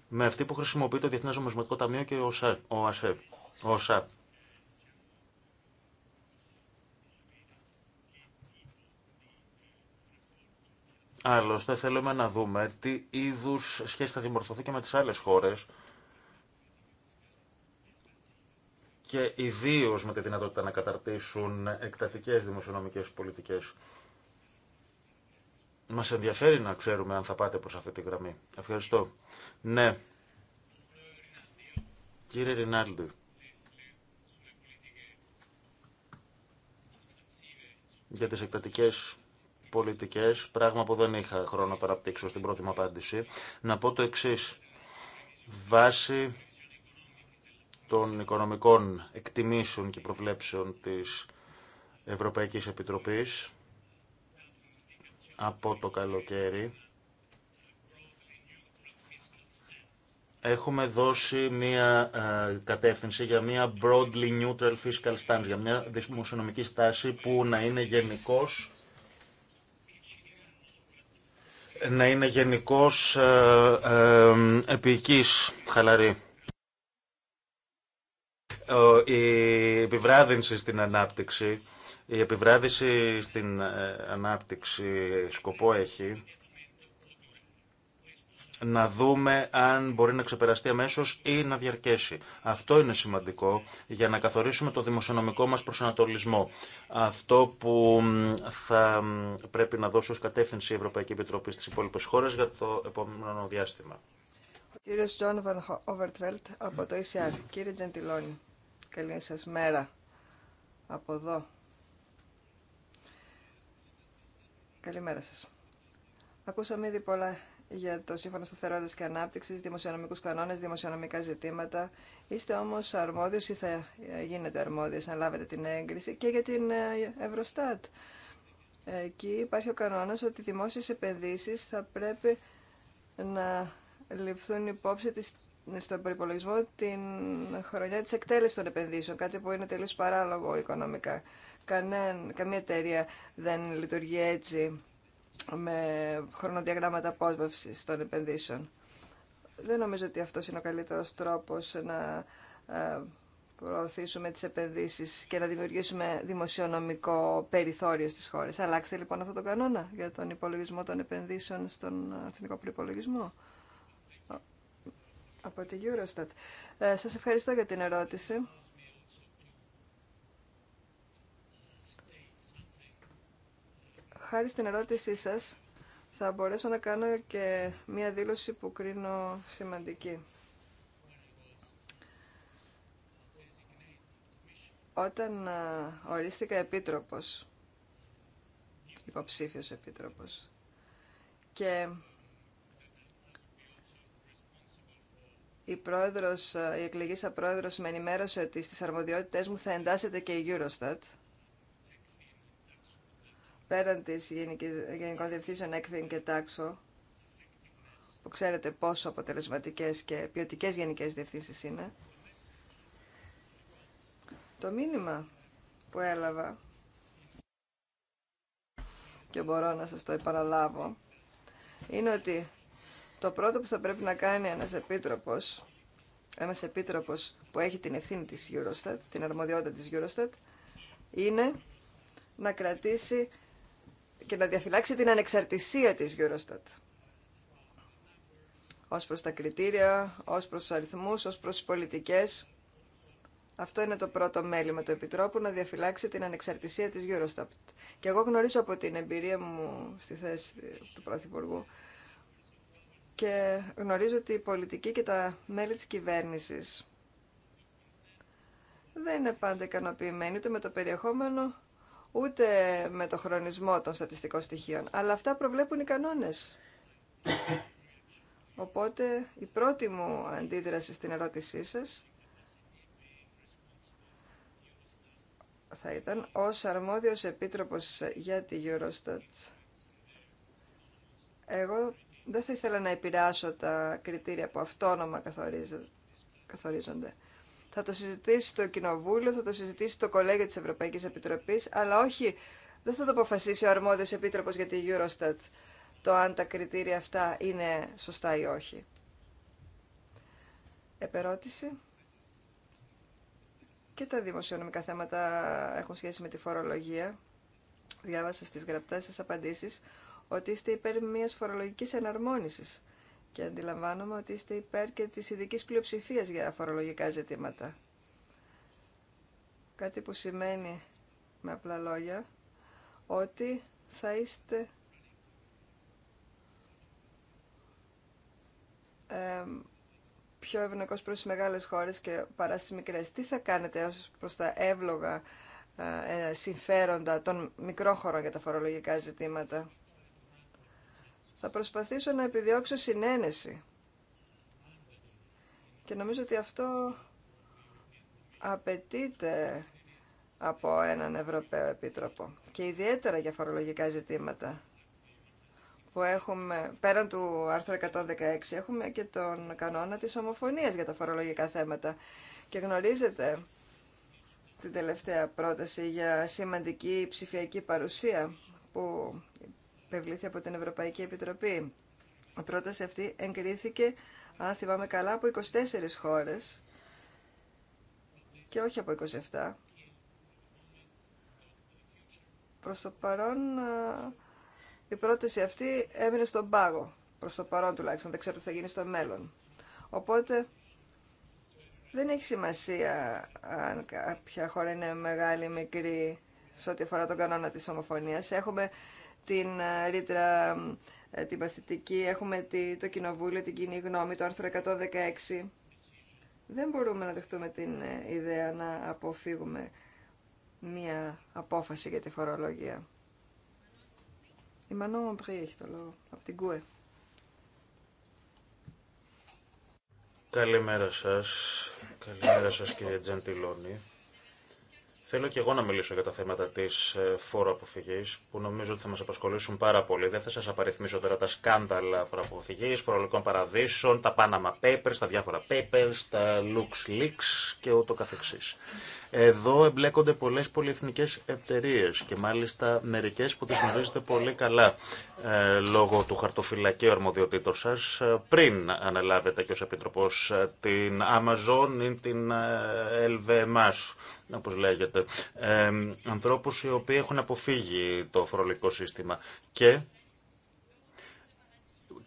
με αυτή που χρησιμοποιεί το Διεθνέ Νομισματικό Ταμείο και ο ΑΣΕ. Άλλωστε θέλουμε να δούμε τι είδου σχέση θα δημορφωθεί και με τις άλλες χώρες και ιδίω με τη δυνατότητα να καταρτήσουν εκτατικές δημοσιονομικές πολιτικές. Μας ενδιαφέρει να ξέρουμε αν θα πάτε προς αυτή τη γραμμή. Ευχαριστώ. Ναι. Κύριε Ρινάλντι. Για τις εκτατικές πολιτικές, πράγμα που δεν είχα χρόνο να παραπτύξω στην πρώτη μου απάντηση, να πω το εξή Βάσει των οικονομικών εκτιμήσεων και προβλέψεων της Ευρωπαϊκής Επιτροπής από το καλοκαίρι, έχουμε δώσει μια ε, κατεύθυνση για μια broadly neutral fiscal stance, για μια δημοσιονομική στάση που να είναι γενικός να είναι γενικώ ε, ε, επικής, χαλαρή. Η επιβράδυνση στην ανάπτυξη, η επιβράδυνση στην ε, ανάπτυξη σκοπό έχει να δούμε αν μπορεί να ξεπεραστεί αμέσω ή να διαρκέσει. Αυτό είναι σημαντικό για να καθορίσουμε το δημοσιονομικό μας προσανατολισμό. Αυτό που θα πρέπει να δώσει ω κατεύθυνση η Ευρωπαϊκή Επιτροπή στι υπόλοιπες χώρες για το επόμενο διάστημα. Ο κύριος Τζον Βαν από το ECR. Κύριε Τζεντιλόνι, καλή σα μέρα από εδώ. Καλημέρα σας. Ακούσαμε ήδη πολλά για το Σύμφωνο Σταθερότητα και ανάπτυξη, δημοσιονομικού κανόνε, δημοσιονομικά ζητήματα. Είστε όμω αρμόδιος ή θα γίνετε αρμόδιος αν λάβετε την έγκριση και για την ε, Ευρωστάτ. Εκεί υπάρχει ο κανόνα ότι οι δημόσιε επενδύσει θα πρέπει να ληφθούν υπόψη της, στον προπολογισμό την χρονιά τη εκτέλεση των επενδύσεων, κάτι που είναι τελείω παράλογο οικονομικά. καμία εταιρεία δεν λειτουργεί έτσι με χρονοδιαγράμματα απόσπαυση των επενδύσεων. Δεν νομίζω ότι αυτό είναι ο καλύτερος τρόπος να ε, προωθήσουμε τις επενδύσει και να δημιουργήσουμε δημοσιονομικό περιθώριο στις χώρες. Αλλάξτε λοιπόν αυτό τον κανόνα για τον υπολογισμό των επενδύσεων στον εθνικό προπολογισμό. Από τη Eurostat. Ε, σας ευχαριστώ για την ερώτηση. χάρη στην ερώτησή σας θα μπορέσω να κάνω και μία δήλωση που κρίνω σημαντική. Όταν ορίστηκα επίτροπος, υποψήφιος επίτροπος, και η, πρόεδρος, η εκλεγήσα πρόεδρος με ενημέρωσε ότι στις αρμοδιότητες μου θα εντάσσεται και η Eurostat, πέραν της γενικής, Γενικών Διευθύνσεων έκφυγε και ΤΑΞΟ, που ξέρετε πόσο αποτελεσματικές και ποιοτικές γενικές διευθύνσεις είναι, το μήνυμα που έλαβα και μπορώ να σας το επαναλάβω, είναι ότι το πρώτο που θα πρέπει να κάνει ένας επίτροπος, ένας επίτροπος που έχει την ευθύνη της Eurostat, την αρμοδιότητα της Eurostat, είναι να κρατήσει και να διαφυλάξει την ανεξαρτησία της Eurostat. Ως προς τα κριτήρια, ως προς τους αριθμούς, ως προς τις πολιτικές. Αυτό είναι το πρώτο μέλημα του Επιτρόπου, να διαφυλάξει την ανεξαρτησία της Eurostat. Και εγώ γνωρίζω από την εμπειρία μου στη θέση του Πρωθυπουργού και γνωρίζω ότι η πολιτική και τα μέλη της κυβέρνησης δεν είναι πάντα ικανοποιημένοι ούτε με το περιεχόμενο, ούτε με το χρονισμό των στατιστικών στοιχείων, αλλά αυτά προβλέπουν οι κανόνες. Οπότε η πρώτη μου αντίδραση στην ερώτησή σας θα ήταν ως αρμόδιος επίτροπος για τη Eurostat. Εγώ δεν θα ήθελα να επηρεάσω τα κριτήρια που αυτόνομα καθορίζονται. Θα το συζητήσει το Κοινοβούλιο, θα το συζητήσει το Κολέγιο της Ευρωπαϊκής Επιτροπή, αλλά όχι, δεν θα το αποφασίσει ο αρμόδιος επίτροπος για τη Eurostat το αν τα κριτήρια αυτά είναι σωστά ή όχι. Επερώτηση. Και τα δημοσιονομικά θέματα έχουν σχέση με τη φορολογία. Διάβασα στις γραπτές σας απαντήσεις ότι είστε υπέρ μιας φορολογικής εναρμόνισης και αντιλαμβάνομαι ότι είστε υπέρ και της ειδικής πλειοψηφία για φορολογικά ζητήματα. Κάτι που σημαίνει, με απλά λόγια, ότι θα είστε πιο ευνοϊκός προς τις μεγάλες χώρες και παρά στις μικρές. Τι θα κάνετε ως προς τα εύλογα ε, συμφέροντα των μικρών χωρών για τα φορολογικά ζητήματα. Θα προσπαθήσω να επιδιώξω συνένεση. Και νομίζω ότι αυτό απαιτείται από έναν Ευρωπαίο Επίτροπο και ιδιαίτερα για φορολογικά ζητήματα που έχουμε, πέραν του άρθρου 116, έχουμε και τον κανόνα της ομοφωνίας για τα φορολογικά θέματα. Και γνωρίζετε την τελευταία πρόταση για σημαντική ψηφιακή παρουσία που επιβλήθη από την Ευρωπαϊκή Επιτροπή. Η πρόταση αυτή εγκρίθηκε, αν θυμάμαι καλά, από 24 χώρες και όχι από 27. Προς το παρόν, ε, η πρόταση αυτή έμεινε στον πάγο. Προς το παρόν τουλάχιστον, δεν ξέρω τι θα γίνει στο μέλλον. Οπότε, δεν έχει σημασία αν κάποια χώρα είναι μεγάλη ή μικρή σε ό,τι αφορά τον κανόνα της ομοφωνίας. Έχουμε την ε, ρήτρα ε, την παθητική, έχουμε το κοινοβούλιο, την κοινή γνώμη, το άρθρο 116. Δεν μπορούμε να δεχτούμε την ε, ιδέα να αποφύγουμε μία απόφαση για τη φορολογία. Η Μανώ Μομπρή έχει το λόγο, από την ΚΟΕ. Καλημέρα σας. Καλημέρα σας κύριε Τζαντιλόνη. Θέλω και εγώ να μιλήσω για τα θέματα τη ε, φόρου που νομίζω ότι θα μα απασχολήσουν πάρα πολύ. Δεν θα σα απαριθμίσω τώρα τα σκάνδαλα φόρου φορολογικών παραδείσων, τα Panama Papers, τα διάφορα papers, τα Lux Leaks και ούτω καθεξή. Εδώ εμπλέκονται πολλέ πολυεθνικέ εταιρείε και μάλιστα μερικέ που τι γνωρίζετε πολύ καλά ε, λόγω του χαρτοφυλακίου αρμοδιοτήτων σα ε, πριν αναλάβετε και ω Επίτροπο την Amazon ή την LVMH όπως λέγεται, ε, ανθρώπους οι οποίοι έχουν αποφύγει το φορολογικό σύστημα και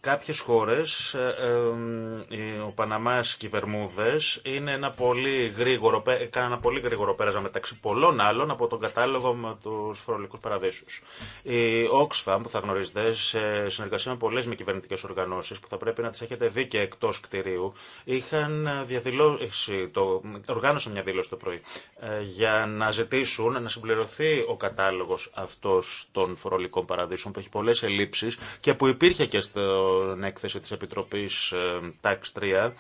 Κάποιες χώρες, ε, ε, ε, ο Παναμάς και οι Βερμούδες, είναι ένα πολύ γρήγορο, ένα πολύ γρήγορο πέρασμα μεταξύ πολλών άλλων από τον κατάλογο με τους φορολογικούς παραδείσους. Η Oxfam, που θα γνωρίζετε, σε συνεργασία με πολλές μη κυβερνητικέ οργανώσεις, που θα πρέπει να τις έχετε δει και εκτός κτηρίου, είχαν διαδηλώσει, το, μια δήλωση το πρωί, για να ζητήσουν να συμπληρωθεί ο κατάλογος αυτός των φορολογικών παραδείσων, που έχει πολλές ελλείψεις και που υπήρχε και στο την έκθεση της Επιτροπής ε, TAX 3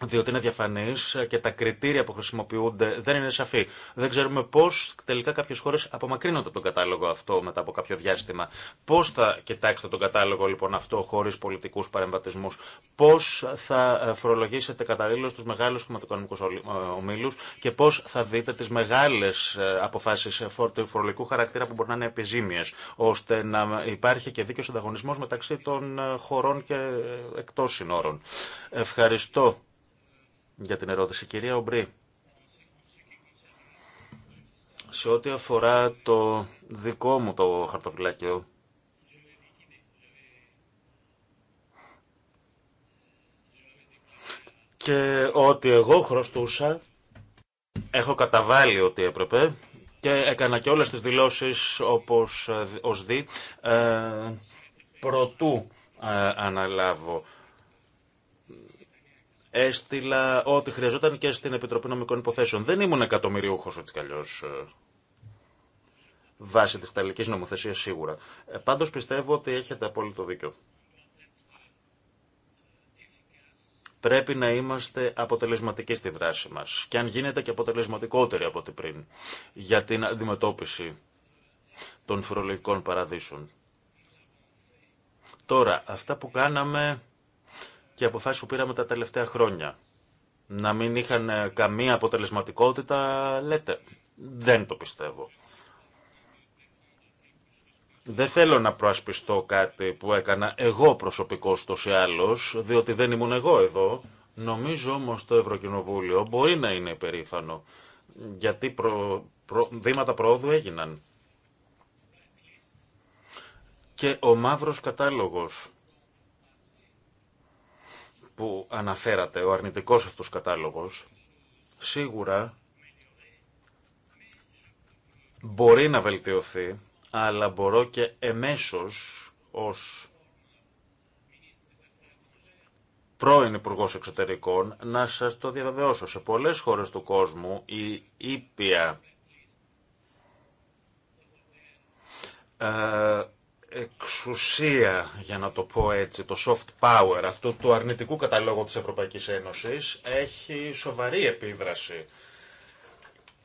διότι είναι διαφανή και τα κριτήρια που χρησιμοποιούνται δεν είναι σαφή. Δεν ξέρουμε πώ τελικά κάποιε χώρε απομακρύνονται από τον κατάλογο αυτό μετά από κάποιο διάστημα. Πώ θα κοιτάξετε τον κατάλογο λοιπόν αυτό χωρί πολιτικού παρεμβατισμού, πώ θα ε, φορολογήσετε καταλήλω του μεγάλου χρηματοοικονομικού ε, ομίλου και πώ θα δείτε τι μεγάλε αποφάσει φορολογικού χαρακτήρα που μπορεί να είναι επιζήμιε, ώστε να υπάρχει και δίκαιο ανταγωνισμό μεταξύ των ε, χωρών και εκτό συνόρων. Ευχαριστώ για την ερώτηση. Κυρία Ομπρή, σε ό,τι αφορά το δικό μου το χαρτοφυλάκιο, και ότι εγώ χρωστούσα, έχω καταβάλει ό,τι έπρεπε και έκανα και όλες τις δηλώσεις όπως ε, ως δει, ε, προτού ε, αναλάβω Έστειλα ό,τι χρειαζόταν και στην Επιτροπή Νομικών Υποθέσεων. Δεν ήμουν εκατομμυριούχο έτσι κι αλλιώ. Ε, βάσει τη Ιταλική νομοθεσία σίγουρα. Ε, Πάντω πιστεύω ότι έχετε απόλυτο δίκιο. Πρέπει να είμαστε αποτελεσματικοί στη δράση μας και αν γίνεται και αποτελεσματικότεροι από ό,τι πριν για την αντιμετώπιση των φορολογικών παραδείσων. Τώρα, αυτά που κάναμε και αποφάσει που πήραμε τα τελευταία χρόνια να μην είχαν ε, καμία αποτελεσματικότητα, λέτε. Δεν το πιστεύω. Δεν θέλω να προασπιστώ κάτι που έκανα εγώ προσωπικό τόσο ή άλλος, διότι δεν ήμουν εγώ εδώ. Νομίζω όμως το Ευρωκοινοβούλιο μπορεί να είναι υπερήφανο, γιατί προ, προ, βήματα προόδου έγιναν. Και ο μαύρος κατάλογος που αναφέρατε, ο αρνητικός αυτός κατάλογος, σίγουρα μπορεί να βελτιωθεί, αλλά μπορώ και εμέσως ως πρώην Υπουργό Εξωτερικών να σας το διαβεβαιώσω. Σε πολλές χώρες του κόσμου η ήπια ε, εξουσία, για να το πω έτσι, το soft power αυτό του αρνητικού καταλόγου της Ευρωπαϊκής Ένωσης έχει σοβαρή επίδραση.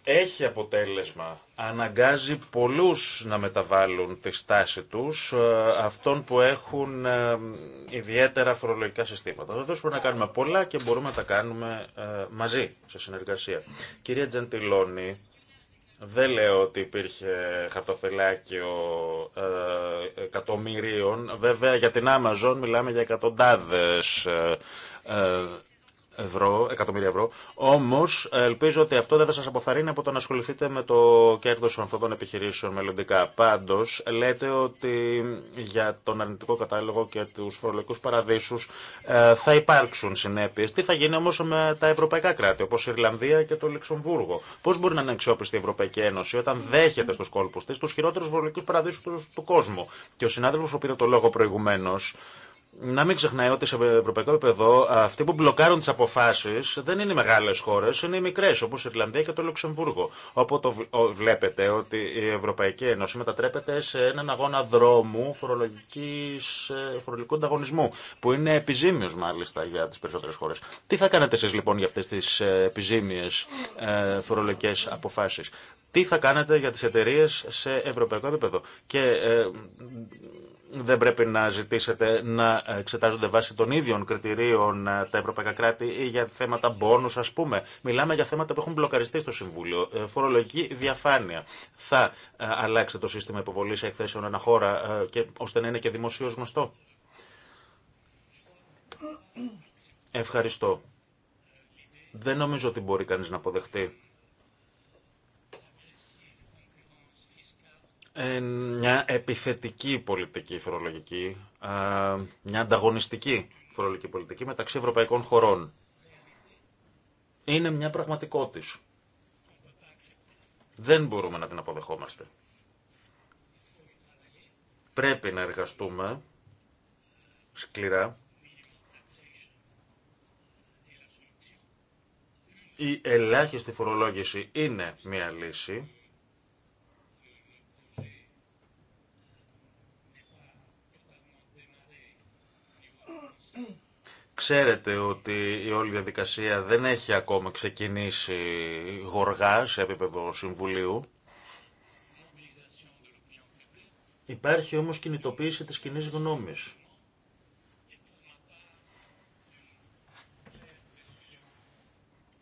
Έχει αποτέλεσμα. Αναγκάζει πολλούς να μεταβάλουν τη στάση τους, ε, αυτών που έχουν ε, ιδιαίτερα φορολογικά συστήματα. Βεβαίως μπορούμε να κάνουμε πολλά και μπορούμε να τα κάνουμε ε, μαζί, σε συνεργασία. Κυρία Τζεντιλόνη... Δεν λέω ότι υπήρχε χαρτοφυλάκιο ε, εκατομμυρίων. Βέβαια για την Amazon μιλάμε για εκατοντάδες ε, ε ευρώ, εκατομμύρια ευρώ. Όμω ελπίζω ότι αυτό δεν θα σα αποθαρρύνει από το να ασχοληθείτε με το κέρδο αυτών των επιχειρήσεων μελλοντικά. Πάντω, λέτε ότι για τον αρνητικό κατάλογο και του φορολογικού παραδείσου ε, θα υπάρξουν συνέπειε. Τι θα γίνει όμω με τα ευρωπαϊκά κράτη, όπω η Ιρλανδία και το Λεξεμβούργο. Πώ μπορεί να είναι αξιόπιστη η Ευρωπαϊκή Ένωση όταν δέχεται στου κόλπου τη του χειρότερου φορολογικού παραδείσου του κόσμου. Και ο συνάδελφο που πήρε το λόγο προηγουμένω να μην ξεχνάει ότι σε ευρωπαϊκό επίπεδο αυτοί που μπλοκάρουν τι αποφάσει δεν είναι οι μεγάλε χώρε, είναι οι μικρέ, όπω η Ιρλανδία και το Λουξεμβούργο. Όπου το βλέπετε ότι η Ευρωπαϊκή Ένωση μετατρέπεται σε έναν αγώνα δρόμου ε, φορολογικού ανταγωνισμού, που είναι επιζήμιο μάλιστα για τι περισσότερε χώρε. Τι θα κάνετε εσεί λοιπόν για αυτέ τι ε, επιζήμιε φορολογικέ αποφάσει, τι θα κάνετε για τι εταιρείε σε ευρωπαϊκό επίπεδο. Και ε, δεν πρέπει να ζητήσετε να εξετάζονται βάσει των ίδιων κριτηρίων ε, τα ευρωπαϊκά κράτη ή για θέματα μπόνους ας πούμε. Μιλάμε για θέματα που έχουν μπλοκαριστεί στο Συμβούλιο. Ε, φορολογική διαφάνεια. Θα ε, αλλάξετε το σύστημα υποβολής εκθέσεων ένα χώρα και, ώστε να είναι και δημοσίως γνωστό. Ευχαριστώ. Δεν νομίζω ότι μπορεί κανείς να αποδεχτεί Ε, μια επιθετική πολιτική φορολογική, ε, μια ανταγωνιστική φορολογική πολιτική μεταξύ ευρωπαϊκών χωρών. Είναι μια πραγματικότητα. Δεν μπορούμε να την αποδεχόμαστε. Πρέπει να εργαστούμε σκληρά. Η ελάχιστη φορολόγηση είναι μια λύση Ξέρετε ότι η όλη διαδικασία δεν έχει ακόμα ξεκινήσει γοργά σε επίπεδο Συμβουλίου. Υπάρχει όμως κινητοποίηση της κοινή γνώμης.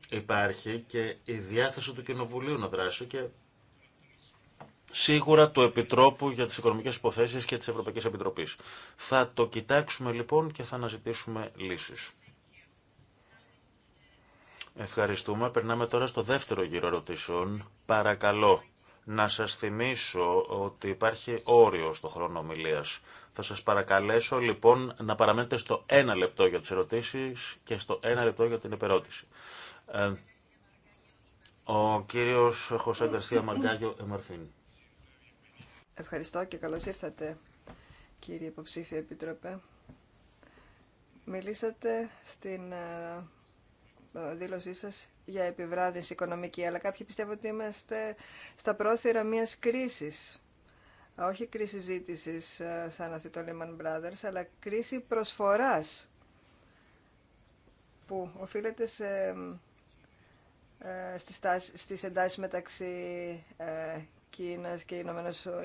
Υπάρχει και η διάθεση του Κοινοβουλίου να δράσει και σίγουρα του Επιτρόπου για τις Οικονομικές Υποθέσεις και της Ευρωπαϊκής Επιτροπής. Θα το κοιτάξουμε λοιπόν και θα αναζητήσουμε λύσεις. Ευχαριστούμε. Περνάμε τώρα στο δεύτερο γύρο ερωτήσεων. Παρακαλώ να σας θυμίσω ότι υπάρχει όριο στο χρόνο ομιλίας. Θα σας παρακαλέσω λοιπόν να παραμένετε στο ένα λεπτό για τις ερωτήσεις και στο ένα λεπτό για την επερώτηση. Ε, ο κύριος Χωσέ Γκαρσία Μαργκάγιο Εμαρφίνη. Ευχαριστώ και καλώς ήρθατε, κύριε υποψήφια Επίτροπε. Μιλήσατε στην ε, ε, δήλωσή σας για επιβράδυνση οικονομική, αλλά κάποιοι πιστεύω ότι είμαστε στα πρόθυρα μιας κρίσης. Όχι κρίση ζήτησης ε, σαν αυτή το Lehman Brothers, αλλά κρίση προσφοράς που οφείλεται σε, ε, στις, εντάσεις μεταξύ Κίνας και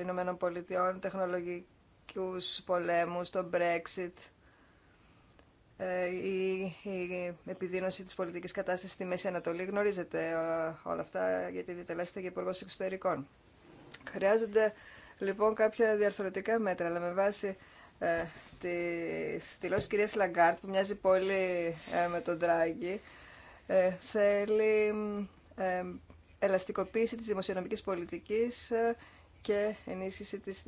Ηνωμένων Πολιτειών, τεχνολογικούς πολέμους, το Brexit, ε, η, η επιδείνωση της πολιτικής κατάστασης στη Μέση Ανατολή. Γνωρίζετε ε, όλα, αυτά γιατί διτελέσετε και υπουργό Εξωτερικών. Χρειάζονται λοιπόν κάποια διαρθρωτικά μέτρα, αλλά με βάση ε, τη δηλώση κυρίας Λαγκάρτ που μοιάζει πολύ ε, με τον Τράγκη, ε, θέλει ελαστικοποίηση της δημοσιονομικής πολιτικής ε, και ενίσχυση της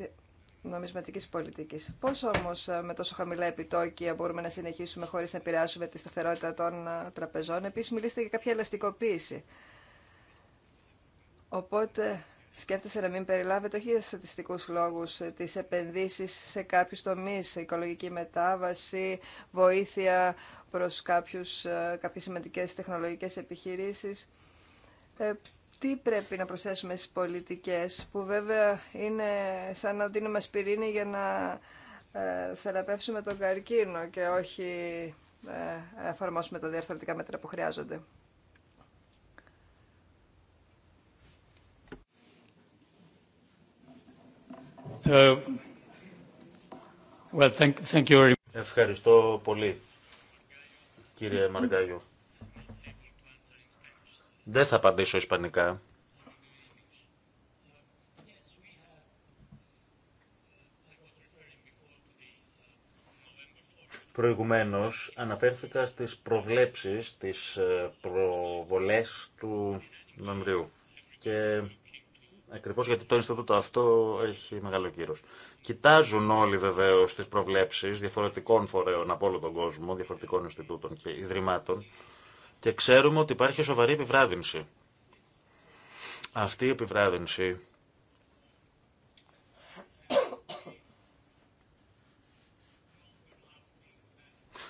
νομισματικής πολιτικής. Πώς όμως ε, με τόσο χαμηλά επιτόκια μπορούμε να συνεχίσουμε χωρίς να επηρεάσουμε τη σταθερότητα των ε, τραπεζών. Επίσης μιλήσατε για κάποια ελαστικοποίηση. Οπότε σκέφτεστε να μην περιλάβετε όχι για στατιστικούς λόγους τις επενδύσεις σε κάποιους τομείς, οικολογική μετάβαση, βοήθεια προς κάποιους, κάποιες σημαντικές τεχνολογικές επιχειρήσεις τι πρέπει να προσθέσουμε στις πολιτικές που βέβαια είναι σαν να δίνουμε ασπιρίνη για να ε, θεραπεύσουμε τον καρκίνο και όχι ε, εφαρμόσουμε τα διαρθρωτικά μέτρα που χρειάζονται. Ε, well, thank, thank you. Ευχαριστώ πολύ, κύριε Μαργκάγιο. Δεν θα απαντήσω ισπανικά. Προηγουμένως αναφέρθηκα στις προβλέψεις, τις ε, προβολές του Νοεμβρίου. Και ακριβώς γιατί το Ινστιτούτο αυτό έχει μεγάλο κύρος. Κοιτάζουν όλοι βεβαίως τις προβλέψεις διαφορετικών φορέων από όλο τον κόσμο, διαφορετικών Ινστιτούτων και Ιδρυμάτων και ξέρουμε ότι υπάρχει σοβαρή επιβράδυνση. Αυτή η επιβράδυνση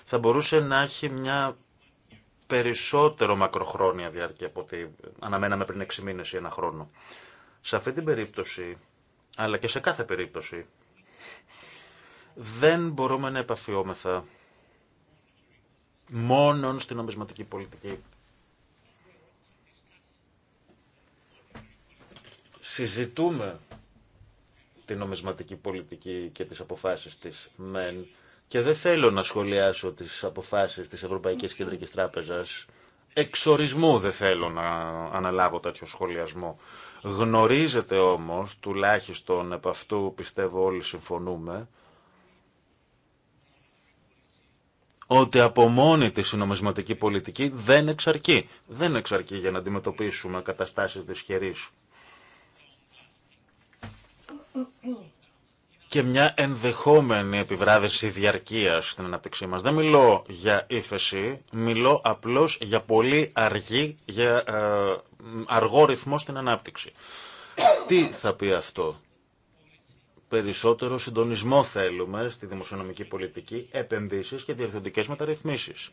θα μπορούσε να έχει μια περισσότερο μακροχρόνια διάρκεια από ότι αναμέναμε πριν 6 μήνες ή ένα χρόνο. Σε αυτή την περίπτωση, αλλά και σε κάθε περίπτωση, δεν μπορούμε να επαφιόμεθα μόνον στην νομισματική πολιτική. Συζητούμε την νομισματική πολιτική και τις αποφάσεις της ΜΕΝ και δεν θέλω να σχολιάσω τις αποφάσεις της Ευρωπαϊκής Κεντρικής Τράπεζας. Εξορισμού δεν θέλω να αναλάβω τέτοιο σχολιασμό. Γνωρίζετε όμως, τουλάχιστον επ' αυτού πιστεύω όλοι συμφωνούμε, ότι από μόνη της η νομισματική πολιτική δεν εξαρκεί. Δεν εξαρκεί για να αντιμετωπίσουμε καταστάσεις δυσχερής. Και μια ενδεχόμενη επιβράδυση διαρκείας στην ανάπτυξή μας. Δεν μιλώ για ύφεση, μιλώ απλώς για πολύ αργή, για ε, αργό ρυθμό στην ανάπτυξη. Τι θα πει αυτό. Περισσότερο συντονισμό θέλουμε στη δημοσιονομική πολιτική, επενδύσεις και διευθυντικές μεταρρυθμίσεις.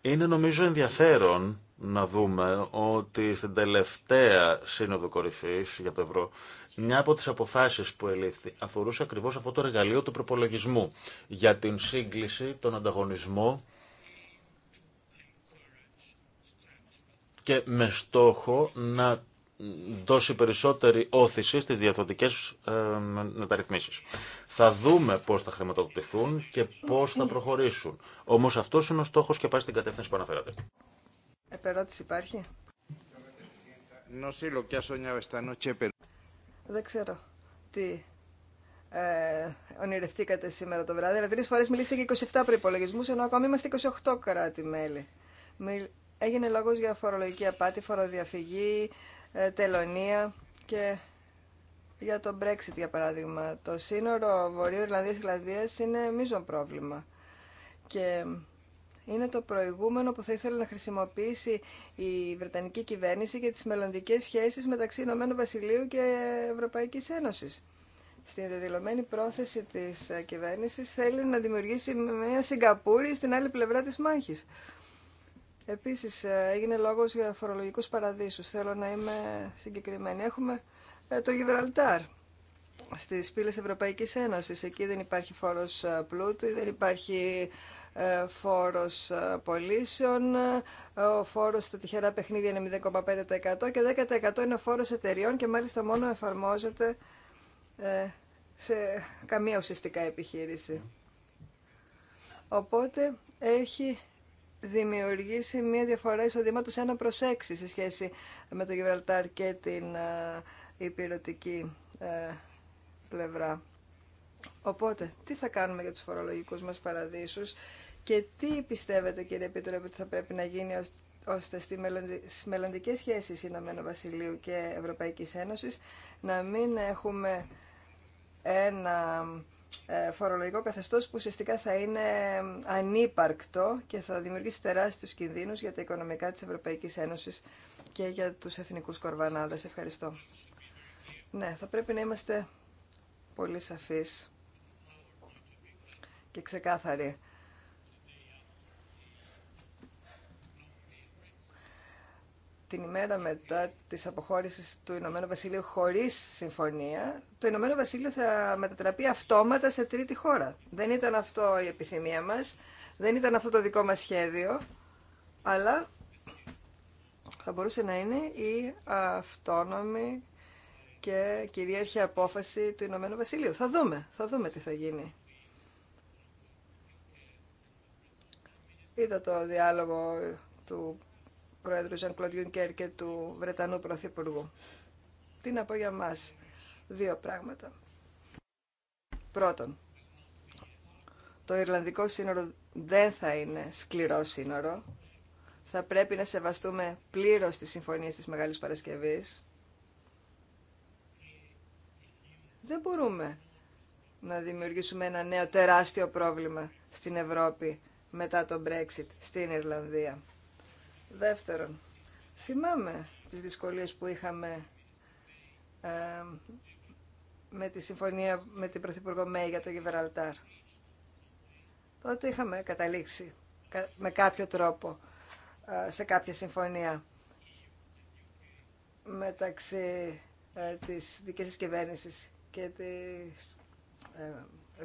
Είναι νομίζω ενδιαφέρον να δούμε ότι στην τελευταία σύνοδο κορυφής για το ευρώ μια από τις αποφάσεις που ελήφθη αφορούσε ακριβώς αυτό το εργαλείο του προπολογισμού για την σύγκληση, τον ανταγωνισμό και με στόχο να δώσει περισσότερη όθηση στις διαδοτικές ε, μεταρρυθμίσεις. Θα δούμε πώς θα χρηματοδοτηθούν και πώς θα προχωρήσουν. Όμως αυτός είναι ο στόχος και πάει στην κατεύθυνση που αναφέρατε. Επερώτηση υπάρχει. Δεν ξέρω τι ε, ονειρευτήκατε σήμερα το βράδυ, αλλά τρει φορέ μιλήσατε για 27 προπολογισμού, ενώ ακόμα είμαστε 28 κράτη-μέλη. Έγινε λόγο για φορολογική απάτη, φοροδιαφυγή, ε, τελωνία και για το Brexit για παράδειγμα. Το σύνορο Βορείου Ιρλανδίας Ιρλανδίας είναι μείζον πρόβλημα και είναι το προηγούμενο που θα ήθελε να χρησιμοποιήσει η Βρετανική κυβέρνηση για τις μελλοντικές σχέσεις μεταξύ Ηνωμένου Βασιλείου και Ευρωπαϊκής Ένωσης. Στην δεδηλωμένη πρόθεση της κυβέρνησης θέλει να δημιουργήσει μια Σιγκαπούρη στην άλλη πλευρά της μάχης. Επίσης, ε, έγινε λόγος για φορολογικούς παραδείσους. Θέλω να είμαι συγκεκριμένη. Έχουμε ε, το Γιβραλτάρ στις πύλες Ευρωπαϊκής Ένωσης. Εκεί δεν υπάρχει φόρος ε, πλούτου, δεν υπάρχει φόρος πολίσεων. ο φόρος στα τυχερά παιχνίδια είναι 0,5% και 10% είναι ο φόρος εταιριών και μάλιστα μόνο εφαρμόζεται σε καμία ουσιαστικά επιχείρηση. Οπότε έχει δημιουργήσει μια διαφορά εισοδήματο 1 προ 6 σε σχέση με το Γιβραλτάρ και την ε, υπηρετική ε, πλευρά. Οπότε, τι θα κάνουμε για τους φορολογικούς μας παραδείσους και τι πιστεύετε κύριε Επίτροπε ότι θα πρέπει να γίνει ώστε στις μελλοντικές σχέσεις Ηνωμένου Βασιλείου και Ευρωπαϊκής Ένωσης να μην έχουμε ένα ε, φορολογικό καθεστώς που ουσιαστικά θα είναι ε, ανύπαρκτο και θα δημιουργήσει τεράστιους κινδύνους για τα οικονομικά της Ευρωπαϊκής Ένωσης και για τους εθνικούς κορβανάδες. Ευχαριστώ. Ναι, θα πρέπει να είμαστε πολύ σαφείς και ξεκάθαροι την ημέρα μετά της αποχώρησης του Ηνωμένου Βασιλείου χωρίς συμφωνία, το Ηνωμένο Βασίλειο θα μετατραπεί αυτόματα σε τρίτη χώρα. Δεν ήταν αυτό η επιθυμία μας, δεν ήταν αυτό το δικό μας σχέδιο, αλλά θα μπορούσε να είναι η αυτόνομη και κυρίαρχη απόφαση του Ηνωμένου Βασιλείου. Θα δούμε, θα δούμε τι θα γίνει. Είδα το διάλογο του Πρόεδρου Ζαν Κλοντιούνκερ και του Βρετανού Πρωθυπουργού. Τι να πω για μας. Δύο πράγματα. Πρώτον, το Ιρλανδικό σύνορο δεν θα είναι σκληρό σύνορο. Θα πρέπει να σεβαστούμε πλήρως τι συμφωνίε της Μεγάλης Παρασκευής. Δεν μπορούμε να δημιουργήσουμε ένα νέο τεράστιο πρόβλημα στην Ευρώπη μετά τον Brexit στην Ιρλανδία. Δεύτερον, θυμάμαι τις δυσκολίες που είχαμε ε, με τη συμφωνία με την Πρωθυπουργό Μέη για το Γιβραλτάρ. Τότε είχαμε καταλήξει με κάποιο τρόπο ε, σε κάποια συμφωνία μεταξύ ε, της δικής της κυβέρνησης και της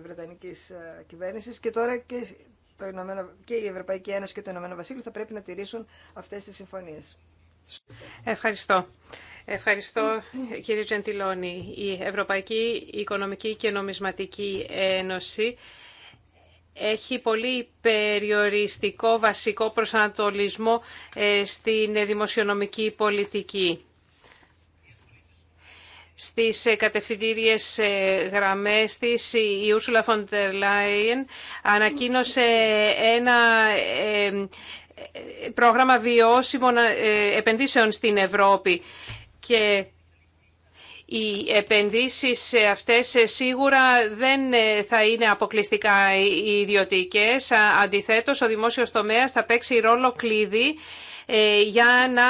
Βρετανικής κυβέρνησης και τώρα και το Ηνωμένο, και η Ευρωπαϊκή Ένωση και το Ηνωμένο Βασίλειο θα πρέπει να τηρήσουν αυτές τις συμφωνίες. Ευχαριστώ. Ευχαριστώ κύριε Τζεντιλόνη. Η Ευρωπαϊκή Οικονομική και Νομισματική Ένωση έχει πολύ περιοριστικό βασικό προσανατολισμό ε, στην δημοσιονομική πολιτική στις ε, κατευθυντήριες ε, γραμμές της η Ursula von der Leyen ανακοίνωσε ένα ε, πρόγραμμα βιώσιμων επενδύσεων στην Ευρώπη και οι επενδύσεις αυτές σίγουρα δεν θα είναι αποκλειστικά ιδιωτικές. Αντιθέτως, ο δημόσιος τομέας θα παίξει ρόλο κλειδί ε, για να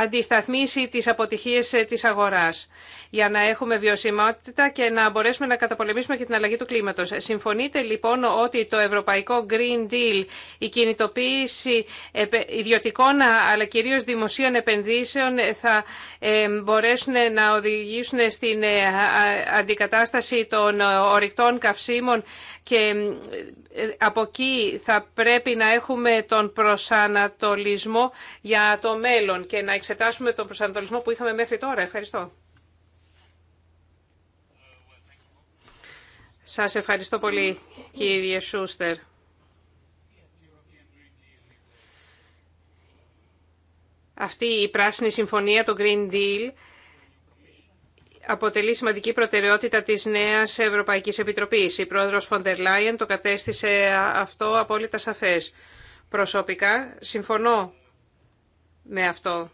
αντισταθμίσει τις αποτυχίες ε, της αγοράς, για να έχουμε βιωσιμότητα και να μπορέσουμε να καταπολεμήσουμε και την αλλαγή του κλίματος. Συμφωνείτε λοιπόν ότι το Ευρωπαϊκό Green Deal, η κινητοποίηση ε, ιδιωτικών αλλά κυρίως δημοσίων επενδύσεων θα μπορέσουν να οδηγήσουν στην αντικατάσταση των ορυκτών καυσίμων και ε, από εκεί θα πρέπει να έχουμε τον προσανατολισμό για το μέλλον και να εξετάσουμε τον προσανατολισμό που είχαμε μέχρι τώρα. Ευχαριστώ. Σας ευχαριστώ πολύ κύριε Σούστερ. Αυτή η πράσινη συμφωνία, το Green Deal, αποτελεί σημαντική προτεραιότητα της νέας Ευρωπαϊκής Επιτροπής. Η πρόεδρος Φοντερ Λάιεν το κατέστησε αυτό απόλυτα σαφές. Προσωπικά συμφωνώ με αυτό.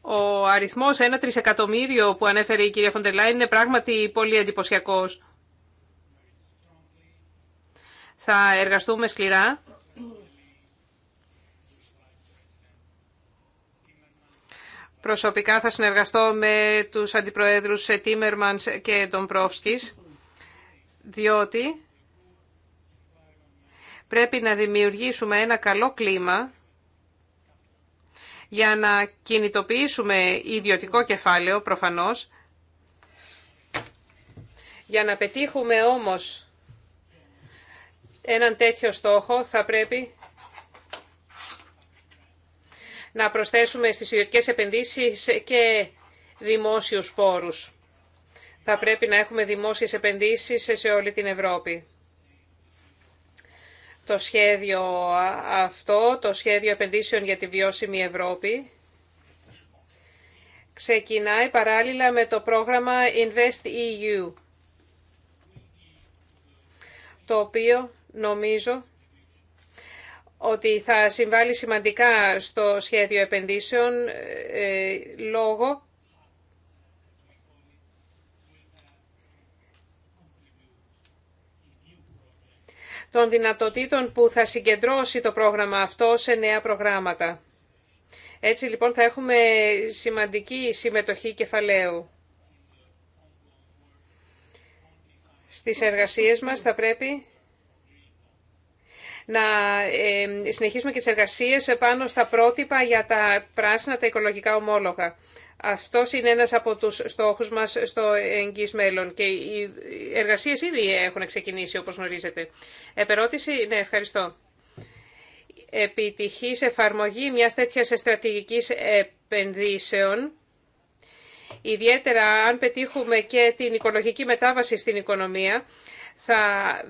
Ο αριθμός 1 τρισεκατομμύριο που ανέφερε η κυρία Φοντερ Λάιεν είναι πράγματι πολύ εντυπωσιακό. Θα εργαστούμε σκληρά Προσωπικά θα συνεργαστώ με τους αντιπροέδρους Τίμερμανς και τον Πρόφσκης, διότι πρέπει να δημιουργήσουμε ένα καλό κλίμα για να κινητοποιήσουμε ιδιωτικό κεφάλαιο προφανώς, για να πετύχουμε όμως έναν τέτοιο στόχο θα πρέπει να προσθέσουμε στις ιδιωτικές επενδύσεις και δημόσιους πόρους. Θα πρέπει να έχουμε δημόσιες επενδύσεις σε όλη την Ευρώπη. Το σχέδιο αυτό, το σχέδιο επενδύσεων για τη βιώσιμη Ευρώπη, ξεκινάει παράλληλα με το πρόγραμμα Invest EU, το οποίο νομίζω ότι θα συμβάλλει σημαντικά στο σχέδιο επενδύσεων ε, λόγω των δυνατοτήτων που θα συγκεντρώσει το πρόγραμμα αυτό σε νέα προγράμματα. Έτσι λοιπόν θα έχουμε σημαντική συμμετοχή κεφαλαίου. Στις εργασίες μας θα πρέπει να συνεχίσουμε και τις εργασίες πάνω στα πρότυπα για τα πράσινα, τα οικολογικά ομόλογα. Αυτό είναι ένας από τους στόχους μας στο εγγύς μέλλον και οι εργασίες ήδη έχουν ξεκινήσει όπως γνωρίζετε. Επερώτηση, ναι ευχαριστώ. Επιτυχής εφαρμογή μιας τέτοιας στρατηγικής επενδύσεων ιδιαίτερα αν πετύχουμε και την οικολογική μετάβαση στην οικονομία, θα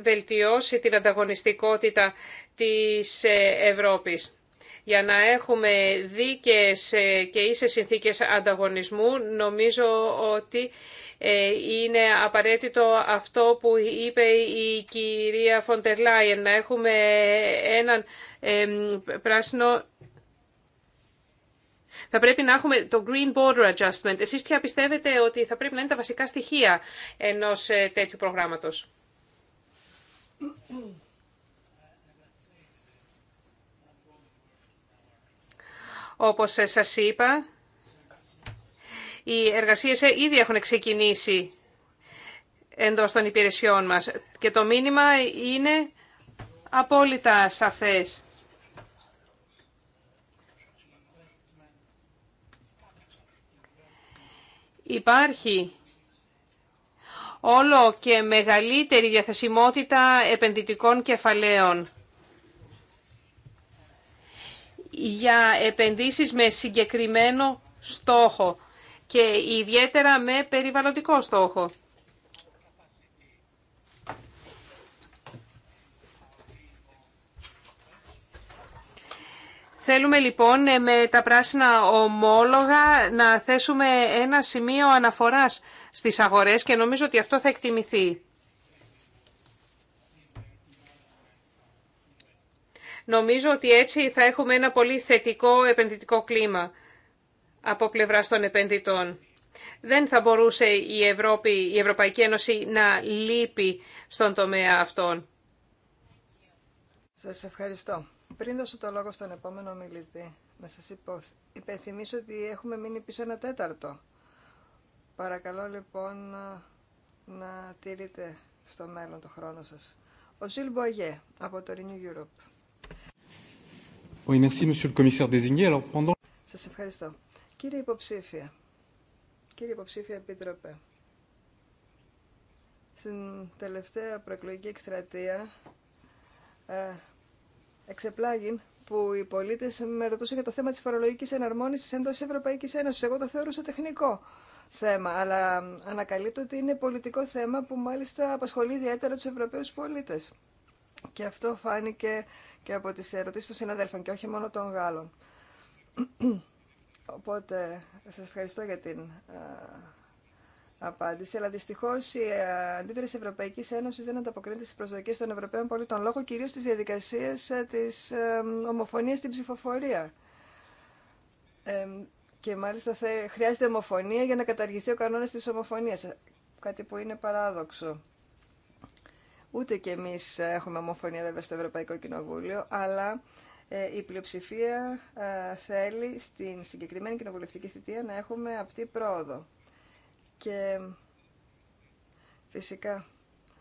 βελτιώσει την ανταγωνιστικότητα της ε, Ευρώπης. Για να έχουμε δίκες ε, και ίσες συνθήκες ανταγωνισμού, νομίζω ότι ε, είναι απαραίτητο αυτό που είπε η κυρία Φοντερ Λάιεν, να έχουμε έναν πράσινο... Θα πρέπει να έχουμε το Green Border Adjustment. Εσείς ποια πιστεύετε ότι θα πρέπει να είναι τα βασικά στοιχεία ενός τέτοιου προγράμματος. Όπως σας είπα, οι εργασίες ήδη έχουν ξεκινήσει εντός των υπηρεσιών μας και το μήνυμα είναι απόλυτα σαφές. Υπάρχει όλο και μεγαλύτερη διαθεσιμότητα επενδυτικών κεφαλαίων για επενδύσεις με συγκεκριμένο στόχο και ιδιαίτερα με περιβαλλοντικό στόχο. Θέλουμε λοιπόν ε, με τα πράσινα ομόλογα να θέσουμε ένα σημείο αναφοράς στις αγορές και νομίζω ότι αυτό θα εκτιμηθεί. Νομίζω ότι έτσι θα έχουμε ένα πολύ θετικό επενδυτικό κλίμα από πλευρά των επενδυτών. Δεν θα μπορούσε η, Ευρώπη, η Ευρωπαϊκή Ένωση να λείπει στον τομέα αυτόν. Σας ευχαριστώ. Πριν δώσω το λόγο στον επόμενο μιλητή, να σας υπενθυμίσω ότι έχουμε μείνει πίσω ένα τέταρτο. Παρακαλώ λοιπόν να, να τηρείτε στο μέλλον το χρόνο σας. Ο Ζιλ Μποαγέ από το Renew Europe. Oui, merci, monsieur le commissaire désigné. Alors, pendant... Σας ευχαριστώ. Κύριε υποψήφια, κύριε υποψήφια επίτροπε, στην τελευταία προεκλογική εκστρατεία ε, εξεπλάγην που οι πολίτε με ρωτούσαν για το θέμα τη φορολογική εναρμόνιση εντό Ευρωπαϊκή Ένωση. Εγώ το θεωρούσα τεχνικό θέμα, αλλά ανακαλύπτω ότι είναι πολιτικό θέμα που μάλιστα απασχολεί ιδιαίτερα του Ευρωπαίου πολίτε. Και αυτό φάνηκε και από τι ερωτήσει των συναδέλφων και όχι μόνο των Γάλλων. Οπότε, σας ευχαριστώ για την απάντηση, αλλά δυστυχώ η ε, αντίδραση Ευρωπαϊκή Ένωση δεν ανταποκρίνεται στι προσδοκίε των Ευρωπαίων πολιτών, λόγω κυρίω τη διαδικασία ε, τη ε, ομοφωνία στην ψηφοφορία. Και μάλιστα χρειάζεται ομοφωνία για να καταργηθεί ο κανόνα τη ομοφωνία. Κάτι που είναι παράδοξο. Ούτε και εμεί έχουμε ομοφωνία βέβαια στο Ευρωπαϊκό Κοινοβούλιο, αλλά η πλειοψηφία θέλει στην συγκεκριμένη κοινοβουλευτική θητεία να έχουμε απτή πρόοδο και φυσικά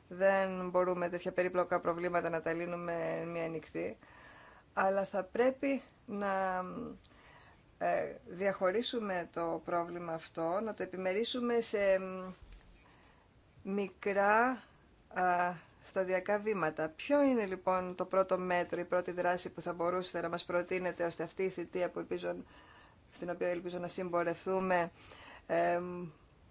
δεν μπορούμε τέτοια περίπλοκα προβλήματα να τα λύνουμε μία νυχτή, αλλά θα πρέπει να ε, διαχωρίσουμε το πρόβλημα αυτό, να το επιμερίσουμε σε μικρά σταδιακά βήματα. Ποιο είναι λοιπόν το πρώτο μέτρο, η πρώτη δράση που θα μπορούσατε να μας προτείνετε ώστε αυτή η θητεία στην οποία ελπίζω να συμπορευτούμε ε,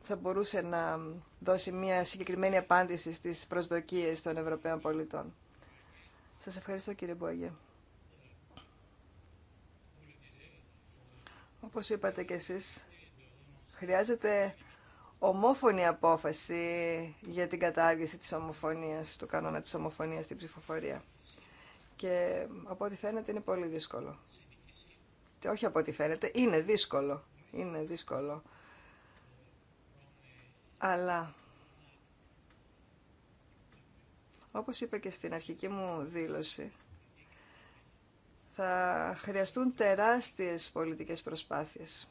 θα μπορούσε να δώσει μια συγκεκριμένη απάντηση στις προσδοκίες των Ευρωπαίων πολιτών. Σας ευχαριστώ κύριε Μπόγε. Όπως είπατε κι εσείς, χρειάζεται ομόφωνη απόφαση για την κατάργηση της ομοφωνίας, του κανόνα της ομοφωνίας στην ψηφοφορία. Και από ό,τι φαίνεται είναι πολύ δύσκολο. Και όχι από ό,τι φαίνεται, είναι δύσκολο. Είναι δύσκολο αλλά, όπως είπα και στην αρχική μου δήλωση, θα χρειαστούν τεράστιες πολιτικές προσπάθειες.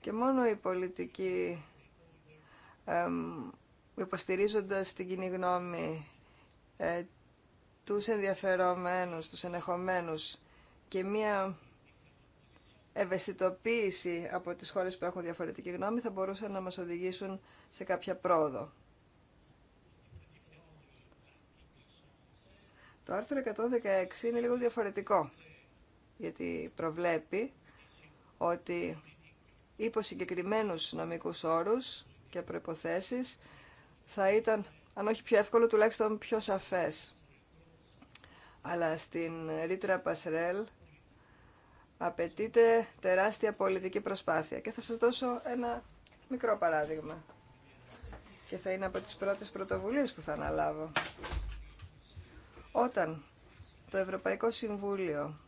Και μόνο η πολιτική εμ, υποστηρίζοντας την κοινή γνώμη ε, τους ενδιαφερομένους, τους ενεχομένους και μία ευαισθητοποίηση από τις χώρες που έχουν διαφορετική γνώμη θα μπορούσαν να μας οδηγήσουν σε κάποια πρόοδο. Το άρθρο 116 είναι λίγο διαφορετικό, γιατί προβλέπει ότι υπό συγκεκριμένου νομικούς όρους και προϋποθέσεις θα ήταν, αν όχι πιο εύκολο, τουλάχιστον πιο σαφές. Αλλά στην ρήτρα Πασρέλ Απαιτείται τεράστια πολιτική προσπάθεια. Και θα σας δώσω ένα μικρό παράδειγμα. Και θα είναι από τις πρώτες πρωτοβουλίες που θα αναλάβω. Όταν το Ευρωπαϊκό Συμβούλιο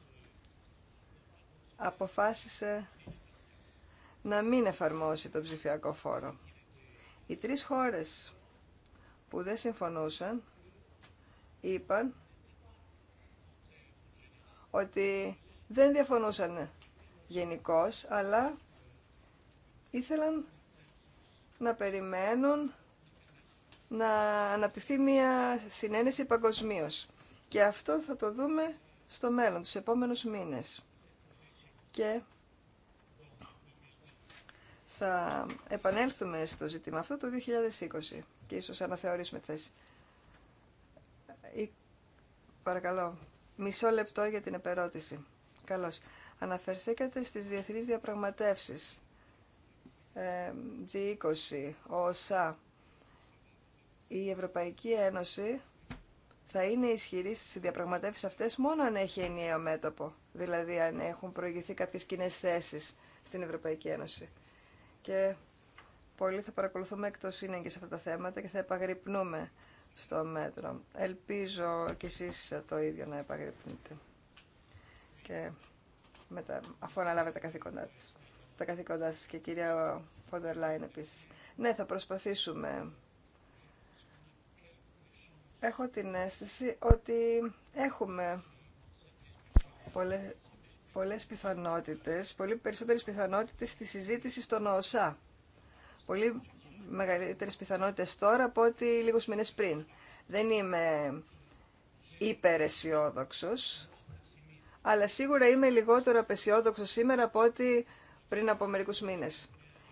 αποφάσισε να μην εφαρμόσει το ψηφιακό φόρο. Οι τρεις χώρες που δεν συμφωνούσαν είπαν ότι δεν διαφωνούσαν γενικώ, αλλά ήθελαν να περιμένουν να αναπτυχθεί μια συνένεση παγκοσμίω. Και αυτό θα το δούμε στο μέλλον, τους επόμενους μήνες. Και θα επανέλθουμε στο ζήτημα αυτό το 2020 και ίσως αναθεωρήσουμε θέση. Παρακαλώ, μισό λεπτό για την επερώτηση. Καλώς. Αναφερθήκατε στις διεθνείς διαπραγματεύσεις. Ε, G20, ΟΣΑ. Η Ευρωπαϊκή Ένωση θα είναι ισχυρή στις διαπραγματεύσεις αυτές μόνο αν έχει ενιαίο μέτωπο. Δηλαδή αν έχουν προηγηθεί κάποιες κοινέ θέσεις στην Ευρωπαϊκή Ένωση. Και πολλοί θα παρακολουθούμε είναι και σε αυτά τα θέματα και θα επαγρυπνούμε στο μέτρο. Ελπίζω κι εσείς το ίδιο να επαγρυπνείτε και μετα... αφού αναλάβετε τα καθήκοντά Τα καθήκοντά και η κυρία Φόντερ Λάιν επίσης. Ναι, θα προσπαθήσουμε. Έχω την αίσθηση ότι έχουμε πολλές, πολλές πιθανότητες, πολύ περισσότερες πιθανότητες στη συζήτηση στον ΟΣΑ. Πολύ μεγαλύτερες πιθανότητες τώρα από ότι λίγους μήνες πριν. Δεν είμαι υπεραισιόδοξος, αλλά σίγουρα είμαι λιγότερο απεσιόδοξο σήμερα από ό,τι πριν από μερικούς μήνες.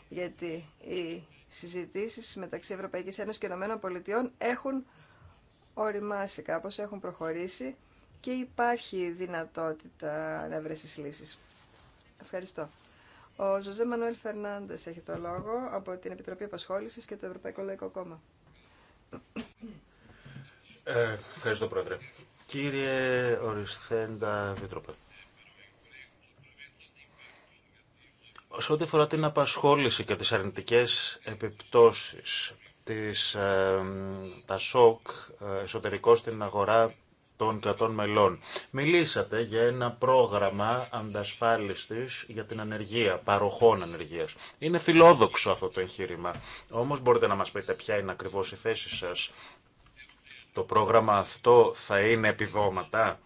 Γιατί οι συζητήσεις μεταξύ Ευρωπαϊκής Ένωσης και ΗΠΑ έχουν οριμάσει κάπως, έχουν προχωρήσει και υπάρχει δυνατότητα να βρει λύσεις. Ευχαριστώ. Ο Ζωζέ Μανουέλ Φερνάντες, έχει το λόγο από την Επιτροπή Απασχόληση και το Ευρωπαϊκό Λαϊκό Κόμμα. Ε, ευχαριστώ, Πρόεδρε. Κύριε Ορισθέντα Βίτροπε, σε ό,τι αφορά την απασχόληση και τις αρνητικές επιπτώσεις της, τα σοκ ε, εσωτερικό στην αγορά των κρατών μελών. Μιλήσατε για ένα πρόγραμμα αντασφάλιστης για την ανεργία, παροχών ανεργίας. Είναι φιλόδοξο αυτό το εγχείρημα. Όμως μπορείτε να μας πείτε ποια είναι ακριβώς η θέση σας το πρόγραμμα αυτό θα είναι επιδόματα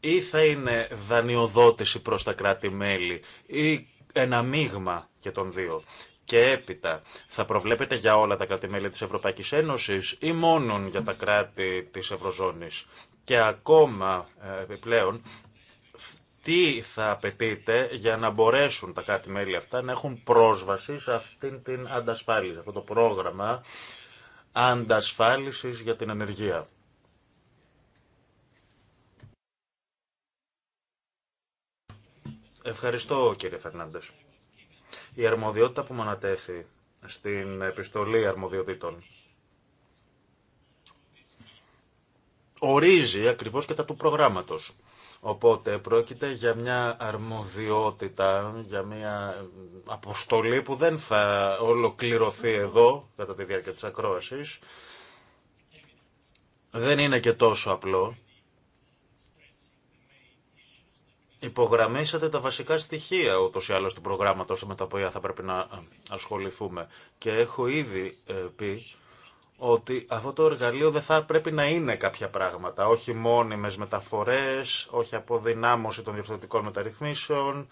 ή θα είναι δανειοδότηση προς τα κράτη-μέλη ή ένα μείγμα και των δύο. Και έπειτα θα προβλέπετε για όλα τα κράτη-μέλη της Ευρωπαϊκής Ένωσης ή μόνο για τα κράτη της Ευρωζώνης. Και ακόμα ε, επιπλέον τι θα απαιτείτε για να μπορέσουν τα κράτη-μέλη αυτά να έχουν πρόσβαση σε αυτήν την αντασφάλιση, αυτό το πρόγραμμα αντασφάλισης για την ενεργεία. Ευχαριστώ κύριε Φερνάντες. Η αρμοδιότητα που μονατέθη στην επιστολή αρμοδιοτήτων ορίζει ακριβώς και τα του προγράμματος. Οπότε πρόκειται για μια αρμοδιότητα, για μια αποστολή που δεν θα ολοκληρωθεί εδώ κατά τη διάρκεια της ακρόασης. Δεν είναι και τόσο απλό. Υπογραμμίσατε τα βασικά στοιχεία ούτω ή άλλω του προγράμματο με τα οποία θα πρέπει να ασχοληθούμε. Και έχω ήδη ε, πει ότι αυτό το εργαλείο δεν θα πρέπει να είναι κάποια πράγματα, όχι μόνιμες μεταφορές, όχι αποδυνάμωση των διευθυντικών μεταρρυθμίσεων,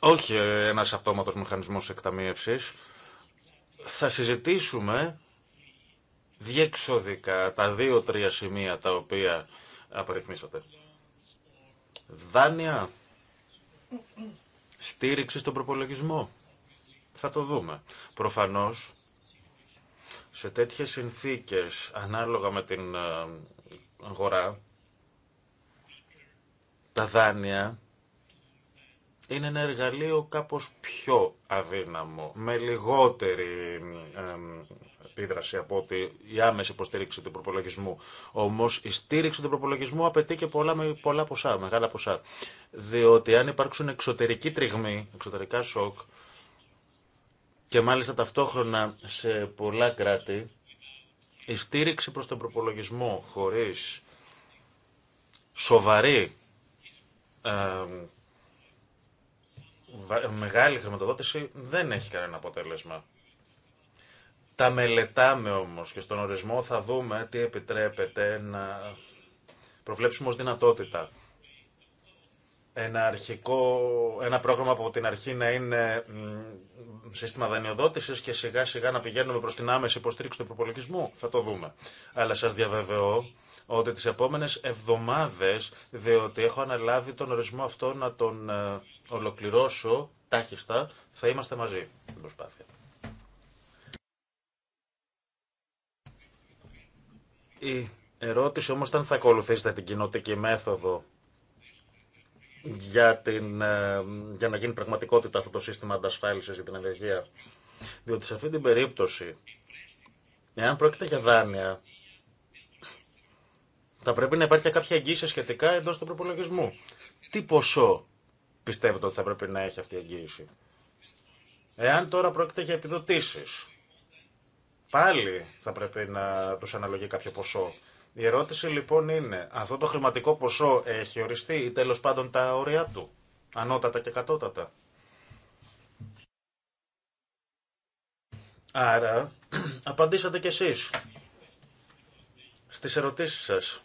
όχι ένας αυτόματος μηχανισμός εκταμίευσης. Θα συζητήσουμε διεξοδικά τα δύο-τρία σημεία τα οποία απαριθμίσατε. Δάνεια στήριξη στον προπολογισμό. Θα το δούμε. Προφανώς, σε τέτοιες συνθήκες, ανάλογα με την ε, αγορά, τα δάνεια είναι ένα εργαλείο κάπως πιο αδύναμο, με λιγότερη ε, επίδραση από ότι η άμεση υποστήριξη του προπολογισμού. Όμω η στήριξη του προπολογισμού απαιτεί και πολλά, πολλά ποσά, μεγάλα ποσά. Διότι αν υπάρξουν εξωτερικοί τριγμοί, εξωτερικά σοκ, και μάλιστα ταυτόχρονα σε πολλά κράτη, η στήριξη προς τον προπολογισμό χωρίς σοβαρή μεγάλη χρηματοδότηση δεν έχει κανένα αποτέλεσμα. Τα μελετάμε όμως και στον ορισμό θα δούμε τι επιτρέπεται να προβλέψουμε ως δυνατότητα. Ένα, αρχικό, ένα πρόγραμμα από την αρχή να είναι σύστημα δανειοδότησης και σιγά σιγά να πηγαίνουμε προς την άμεση υποστήριξη του υποπολογισμού. Θα το δούμε. Αλλά σας διαβεβαιώ ότι τι επόμενε εβδομάδες, διότι έχω αναλάβει τον ορισμό αυτό να τον ε, ολοκληρώσω τάχιστα, θα είμαστε μαζί στην προσπάθεια. Η ερώτηση όμως ήταν θα ακολουθήσετε την κοινωτική μέθοδο για, την, ε, για να γίνει πραγματικότητα αυτό το σύστημα αντασφάλισης για την ενεργεία. Διότι σε αυτή την περίπτωση, εάν πρόκειται για δάνεια, θα πρέπει να υπάρχει κάποια εγγύηση σχετικά εντό του προπολογισμού. Τι ποσό πιστεύετε ότι θα πρέπει να έχει αυτή η εγγύηση. Εάν τώρα πρόκειται για επιδοτήσεις, πάλι θα πρέπει να τους αναλογεί κάποιο ποσό. Η ερώτηση λοιπόν είναι, αυτό το χρηματικό ποσό έχει οριστεί ή τέλος πάντων τα όρια του, ανώτατα και κατώτατα. Άρα, απαντήσατε κι εσείς στις ερωτήσεις σας.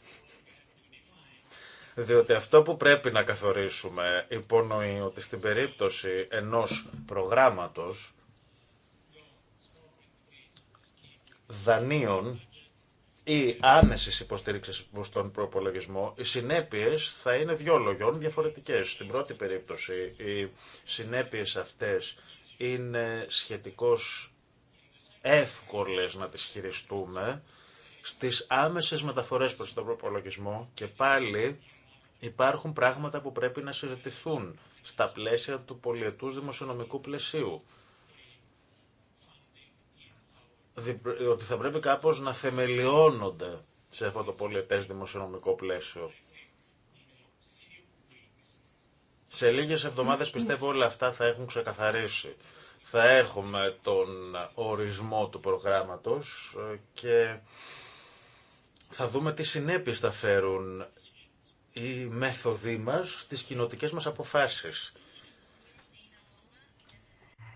Διότι αυτό που πρέπει να καθορίσουμε υπονοεί ότι στην περίπτωση ενός προγράμματος δανείων ή άμεσης υποστήριξης τον προπολογισμό, οι συνέπειες θα είναι δυο λογιών διαφορετικές. Στην πρώτη περίπτωση, οι συνέπειες αυτές είναι σχετικώς εύκολες να τις χειριστούμε. Στις άμεσες μεταφορές προς τον προπολογισμό και πάλι υπάρχουν πράγματα που πρέπει να συζητηθούν στα πλαίσια του πολιετούς δημοσιονομικού πλαισίου ότι θα πρέπει κάπως να θεμελιώνονται σε αυτό το πολιτές δημοσιονομικό πλαίσιο. Σε λίγες εβδομάδες ναι. πιστεύω όλα αυτά θα έχουν ξεκαθαρίσει. Θα έχουμε τον ορισμό του προγράμματος ε, και θα δούμε τι συνέπειες θα φέρουν οι μέθοδοί μας στις κοινοτικές μας αποφάσεις.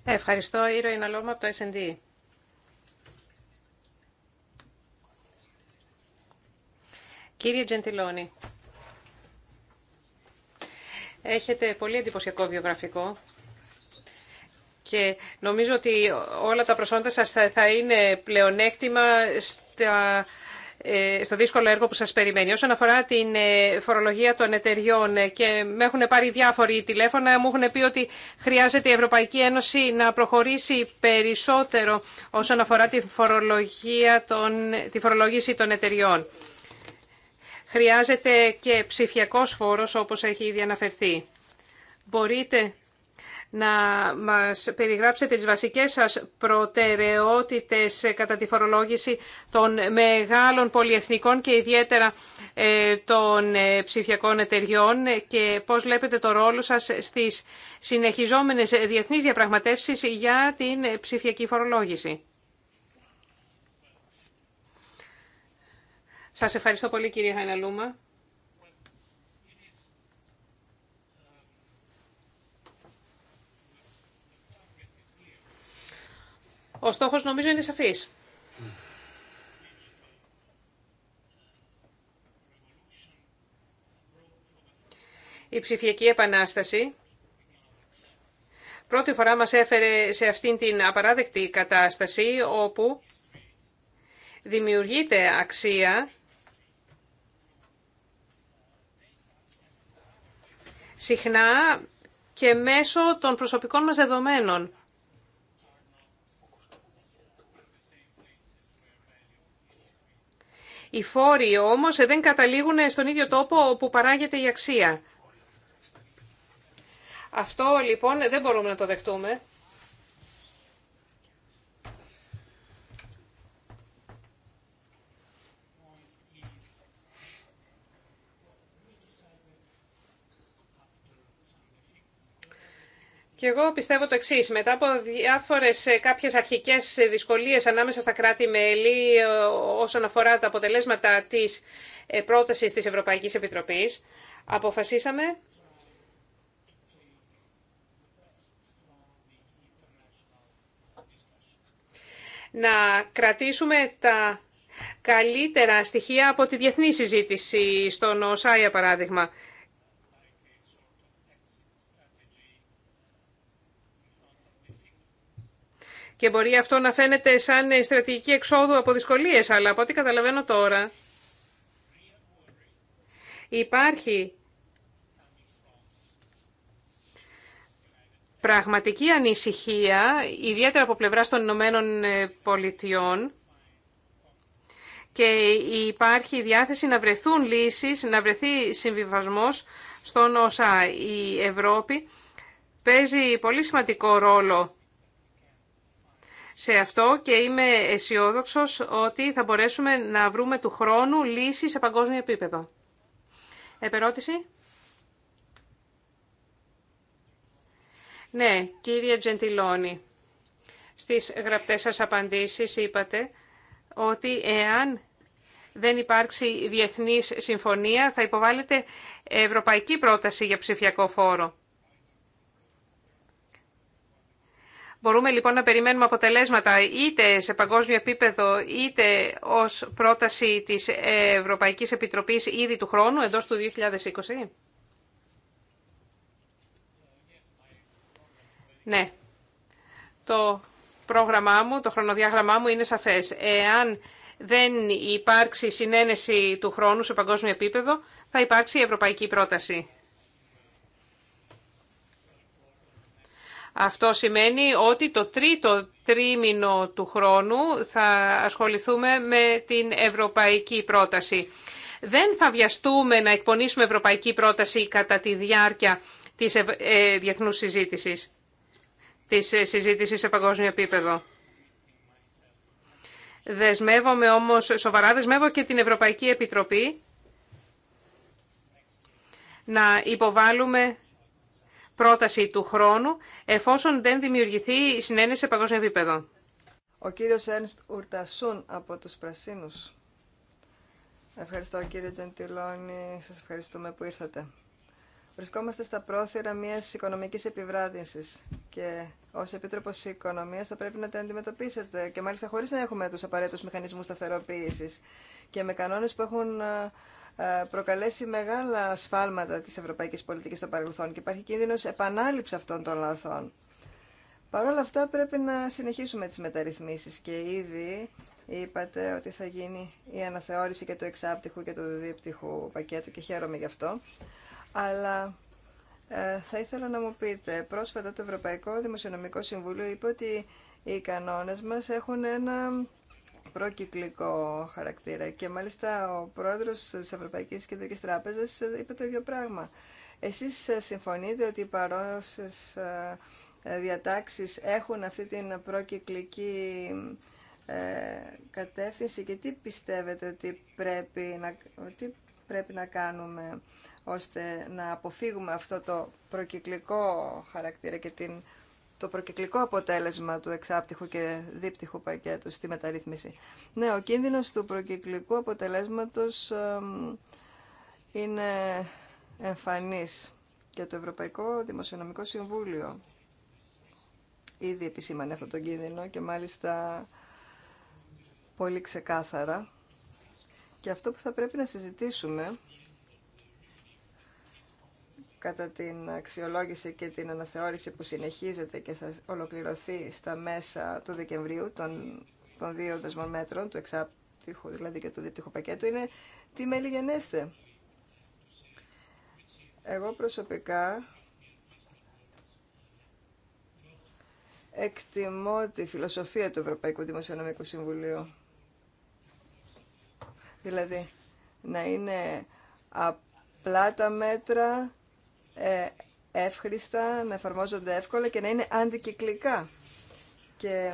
Ευχαριστώ, Ήρωη Ναλόμα από το S&D. Κύριε Τζεντιλόνι, έχετε πολύ εντυπωσιακό βιογραφικό και νομίζω ότι όλα τα προσόντα σας θα είναι πλεονέκτημα στα ε, στο δύσκολο έργο που σας περιμένει. Όσον αφορά την ε, φορολογία των εταιριών ε, και με έχουν πάρει διάφοροι τηλέφωνα, μου έχουν πει ότι χρειάζεται η Ευρωπαϊκή Ένωση να προχωρήσει περισσότερο όσον αφορά τη φορολογία των, τη φορολογήση των εταιριών. Χρειάζεται και ψηφιακός φόρος, όπως έχει ήδη αναφερθεί. Μπορείτε να μας περιγράψετε τις βασικές σας προτεραιότητες κατά τη φορολόγηση των μεγάλων πολυεθνικών και ιδιαίτερα ε, των ε, ψηφιακών εταιριών και πώς βλέπετε το ρόλο σας στις συνεχιζόμενες διεθνείς διαπραγματεύσεις για την ψηφιακή φορολόγηση. Σας ευχαριστώ πολύ κύριε Χαϊναλούμα. Ο στόχος νομίζω είναι σαφής. Η ψηφιακή επανάσταση πρώτη φορά μας έφερε σε αυτήν την απαράδεκτη κατάσταση όπου δημιουργείται αξία συχνά και μέσω των προσωπικών μας δεδομένων. Οι φόροι όμως δεν καταλήγουν στον ίδιο τόπο όπου παράγεται η αξία. Αυτό λοιπόν δεν μπορούμε να το δεχτούμε. Και εγώ πιστεύω το εξή. Μετά από διάφορε κάποιε αρχικέ δυσκολίε ανάμεσα στα κράτη-μέλη ε, όσον αφορά τα αποτελέσματα τη ε, πρόταση τη Ευρωπαϊκή Επιτροπή, αποφασίσαμε να κρατήσουμε τα καλύτερα στοιχεία από τη διεθνή συζήτηση στον ΟΣΑ, παράδειγμα. Και μπορεί αυτό να φαίνεται σαν στρατηγική εξόδου από δυσκολίες, αλλά από ό,τι καταλαβαίνω τώρα υπάρχει πραγματική ανησυχία, ιδιαίτερα από πλευράς των Ηνωμένων ε, Πολιτειών, και υπάρχει διάθεση να βρεθούν λύσεις, να βρεθεί συμβιβασμός στον ΩΣΑ. Η Ευρώπη παίζει πολύ σημαντικό ρόλο σε αυτό και είμαι αισιόδοξο ότι θα μπορέσουμε να βρούμε του χρόνου λύση σε παγκόσμιο επίπεδο. Επερώτηση. Ναι, κύριε Τζεντιλόνη, στις γραπτές σας απαντήσεις είπατε ότι εάν δεν υπάρξει διεθνής συμφωνία θα υποβάλλεται ευρωπαϊκή πρόταση για ψηφιακό φόρο. Μπορούμε λοιπόν να περιμένουμε αποτελέσματα είτε σε παγκόσμιο επίπεδο είτε ως πρόταση της Ευρωπαϊκής Επιτροπής ήδη του χρόνου, εντό του 2020. Ναι, το πρόγραμμά μου, το χρονοδιάγραμμά μου είναι σαφές. Εάν δεν υπάρξει συνένεση του χρόνου σε παγκόσμιο επίπεδο, θα υπάρξει η ευρωπαϊκή πρόταση. Αυτό σημαίνει ότι το τρίτο τρίμηνο του χρόνου θα ασχοληθούμε με την ευρωπαϊκή πρόταση. Δεν θα βιαστούμε να εκπονήσουμε ευρωπαϊκή πρόταση κατά τη διάρκεια της ε, διεθνούς συζήτησης, της ε, συζήτησης σε παγκόσμιο επίπεδο. Δεσμεύομαι όμως σοβαρά, δεσμεύω και την Ευρωπαϊκή Επιτροπή να υποβάλουμε πρόταση του χρόνου, εφόσον δεν δημιουργηθεί συνένεση σε παγκόσμιο επίπεδο. Ο κύριος Έρνστ Ουρτασούν από τους Πρασίνους. Ευχαριστώ κύριε Τζεντιλόνι, σας ευχαριστούμε που ήρθατε. Βρισκόμαστε στα πρόθυρα μιας οικονομικής επιβράδυνσης και ως Επίτροπος Οικονομίας θα πρέπει να την αντιμετωπίσετε και μάλιστα χωρίς να έχουμε τους απαραίτητους μηχανισμούς σταθεροποίηση και με κανόνες που έχουν ε, προκαλέσει μεγάλα ασφάλματα της ευρωπαϊκής πολιτικής στο παρελθόν και υπάρχει κίνδυνος επανάληψη αυτών των λαθών. Παρ' όλα αυτά πρέπει να συνεχίσουμε τις μεταρρυθμίσεις και ήδη είπατε ότι θα γίνει η αναθεώρηση και του εξάπτυχου και του δίπτυχου πακέτου και χαίρομαι γι' αυτό. Αλλά ε, θα ήθελα να μου πείτε, πρόσφατα το Ευρωπαϊκό Δημοσιονομικό Συμβούλιο είπε ότι οι κανόνες μας έχουν ένα προκυκλικό χαρακτήρα. Και μάλιστα ο πρόεδρο τη Ευρωπαϊκή Κεντρική Τράπεζα είπε το ίδιο πράγμα. Εσείς συμφωνείτε ότι οι παρόσες ε, διατάξεις έχουν αυτή την προκυκλική ε, κατεύθυνση και τι πιστεύετε ότι πρέπει να, τι πρέπει να κάνουμε ώστε να αποφύγουμε αυτό το προκυκλικό χαρακτήρα και την το προκυκλικό αποτέλεσμα του εξάπτυχου και δίπτυχου πακέτου στη μεταρρύθμιση. Ναι, ο κίνδυνος του προκυκλικού αποτελέσματος είναι εμφανής και το Ευρωπαϊκό Δημοσιονομικό Συμβούλιο ήδη επισήμανε αυτόν τον κίνδυνο και μάλιστα πολύ ξεκάθαρα. Και αυτό που θα πρέπει να συζητήσουμε κατά την αξιολόγηση και την αναθεώρηση που συνεχίζεται και θα ολοκληρωθεί στα μέσα του Δεκεμβρίου των, των δύο δεσμομέτρων, του εξάπτυχου δηλαδή και του δίπτυχου πακέτου, είναι τι μέλη γενέστε. Εγώ προσωπικά εκτιμώ τη φιλοσοφία του Ευρωπαϊκού Δημοσιονομικού Συμβουλίου. Δηλαδή, να είναι απλά τα μέτρα ε, εύχριστα, να εφαρμόζονται εύκολα και να είναι αντικυκλικά. Και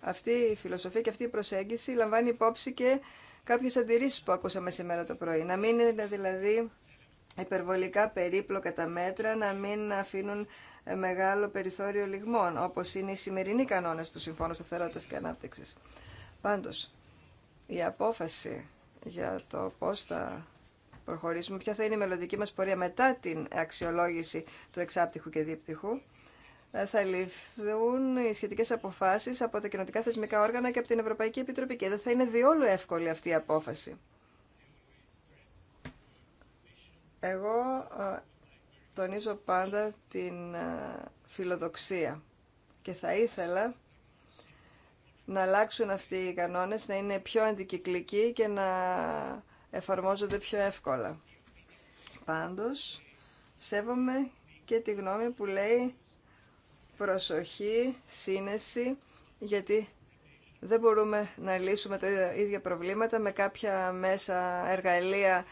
αυτή η φιλοσοφία και αυτή η προσέγγιση λαμβάνει υπόψη και κάποιες αντιρρήσεις που ακούσαμε σήμερα το πρωί. Να μην είναι δηλαδή υπερβολικά περίπλοκα τα μέτρα, να μην αφήνουν ε, μεγάλο περιθώριο λιγμών, όπως είναι οι σημερινοί κανόνες του Συμφώνου Σταθερότητας και Ανάπτυξης. Πάντως, η απόφαση για το πώς θα προχωρήσουμε, ποια θα είναι η μελλοντική μας πορεία μετά την αξιολόγηση του εξάπτυχου και δίπτυχου, ε, θα ληφθούν οι σχετικές αποφάσεις από τα κοινοτικά θεσμικά όργανα και από την Ευρωπαϊκή Επιτροπή και δεν θα είναι διόλου εύκολη αυτή η απόφαση. Εγώ ε, τονίζω πάντα την ε, φιλοδοξία και θα ήθελα να αλλάξουν αυτοί οι κανόνες, να είναι πιο αντικυκλικοί και να εφαρμόζονται πιο εύκολα. Πάντως, σέβομαι και τη γνώμη που λέει προσοχή, σύνεση, γιατί δεν μπορούμε να λύσουμε τα ίδια προβλήματα με κάποια μέσα εργαλεία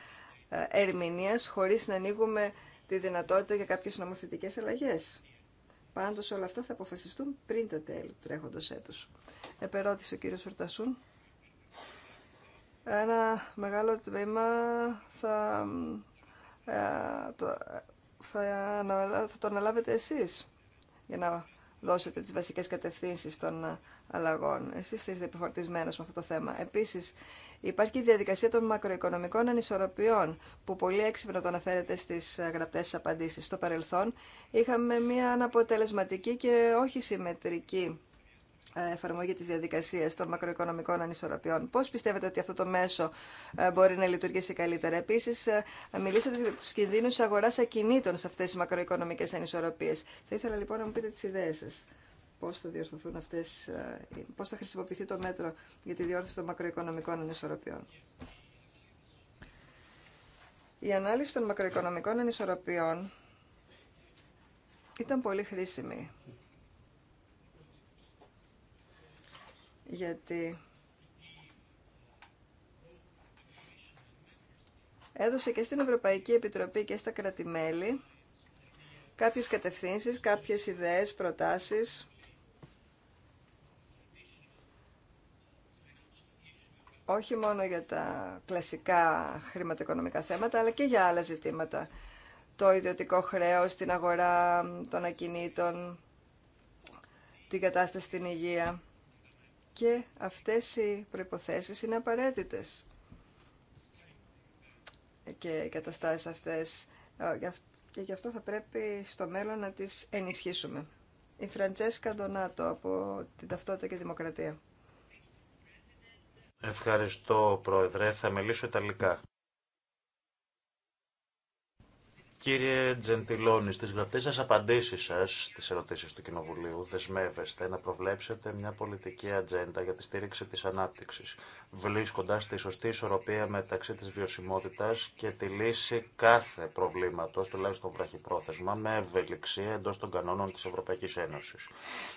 ε, ερμηνείας χωρίς να ανοίγουμε τη δυνατότητα για κάποιες νομοθετικές αλλαγές. Πάντως όλα αυτά θα αποφασιστούν πριν τα τέλη του τρέχοντος έτους. Επερώτησε ο κύριος Φορτασούν ένα μεγάλο τμήμα θα, ε, το, θα, θα αναλάβετε εσείς για να δώσετε τις βασικές κατευθύνσεις των αλλαγών. Εσείς είστε επιφορτισμένος με αυτό το θέμα. Επίσης, υπάρχει η διαδικασία των μακροοικονομικών ανισορροπιών, που πολύ έξυπνα το αναφέρετε στις γραπτές απαντήσεις. Στο παρελθόν είχαμε μια αναποτελεσματική και όχι συμμετρική ε, εφαρμογή της διαδικασίας των μακροοικονομικών ανισορροπιών. Πώς πιστεύετε ότι αυτό το μέσο ε, μπορεί να λειτουργήσει καλύτερα. Επίσης, ε, μιλήσατε για τους κινδύνους αγοράς ακινήτων σε αυτές τις μακροοικονομικές ανισορροπίες. Θα ήθελα λοιπόν να μου πείτε τις ιδέες σας. Πώς θα διορθωθούν αυτές, πώς θα χρησιμοποιηθεί το μέτρο για τη διόρθωση των μακροοικονομικών ανισορροπιών. Η ανάλυση των μακροοικονομικών ανισορροπιών ήταν πολύ χρήσιμη γιατί έδωσε και στην Ευρωπαϊκή Επιτροπή και στα κρατημέλη κάποιες κατευθύνσεις, κάποιες ιδέες, προτάσεις όχι μόνο για τα κλασικά χρηματοοικονομικά θέματα, αλλά και για άλλα ζητήματα. Το ιδιωτικό χρέος, την αγορά των ακινήτων, την κατάσταση στην υγεία. Και αυτές οι προϋποθέσεις είναι απαραίτητες. Και οι καταστάσεις αυτές ε, και γι' αυτό θα πρέπει στο μέλλον να τις ενισχύσουμε. Η Φραντζέσκα Ντονάτο από την Ταυτότητα και Δημοκρατία. Ευχαριστώ, Πρόεδρε. Θα μιλήσω Ιταλικά. Κύριε Τζεντιλόνη, στις γραπτές σας απαντήσεις σας στις ερωτήσεις του Κοινοβουλίου δεσμεύεστε να προβλέψετε μια πολιτική ατζέντα για τη στήριξη της ανάπτυξης, βρίσκοντα τη σωστή ισορροπία μεταξύ της βιωσιμότητας και τη λύση κάθε προβλήματος, τουλάχιστον βραχυπρόθεσμα, με ευελιξία εντός των κανόνων της Ευρωπαϊκής Ένωσης.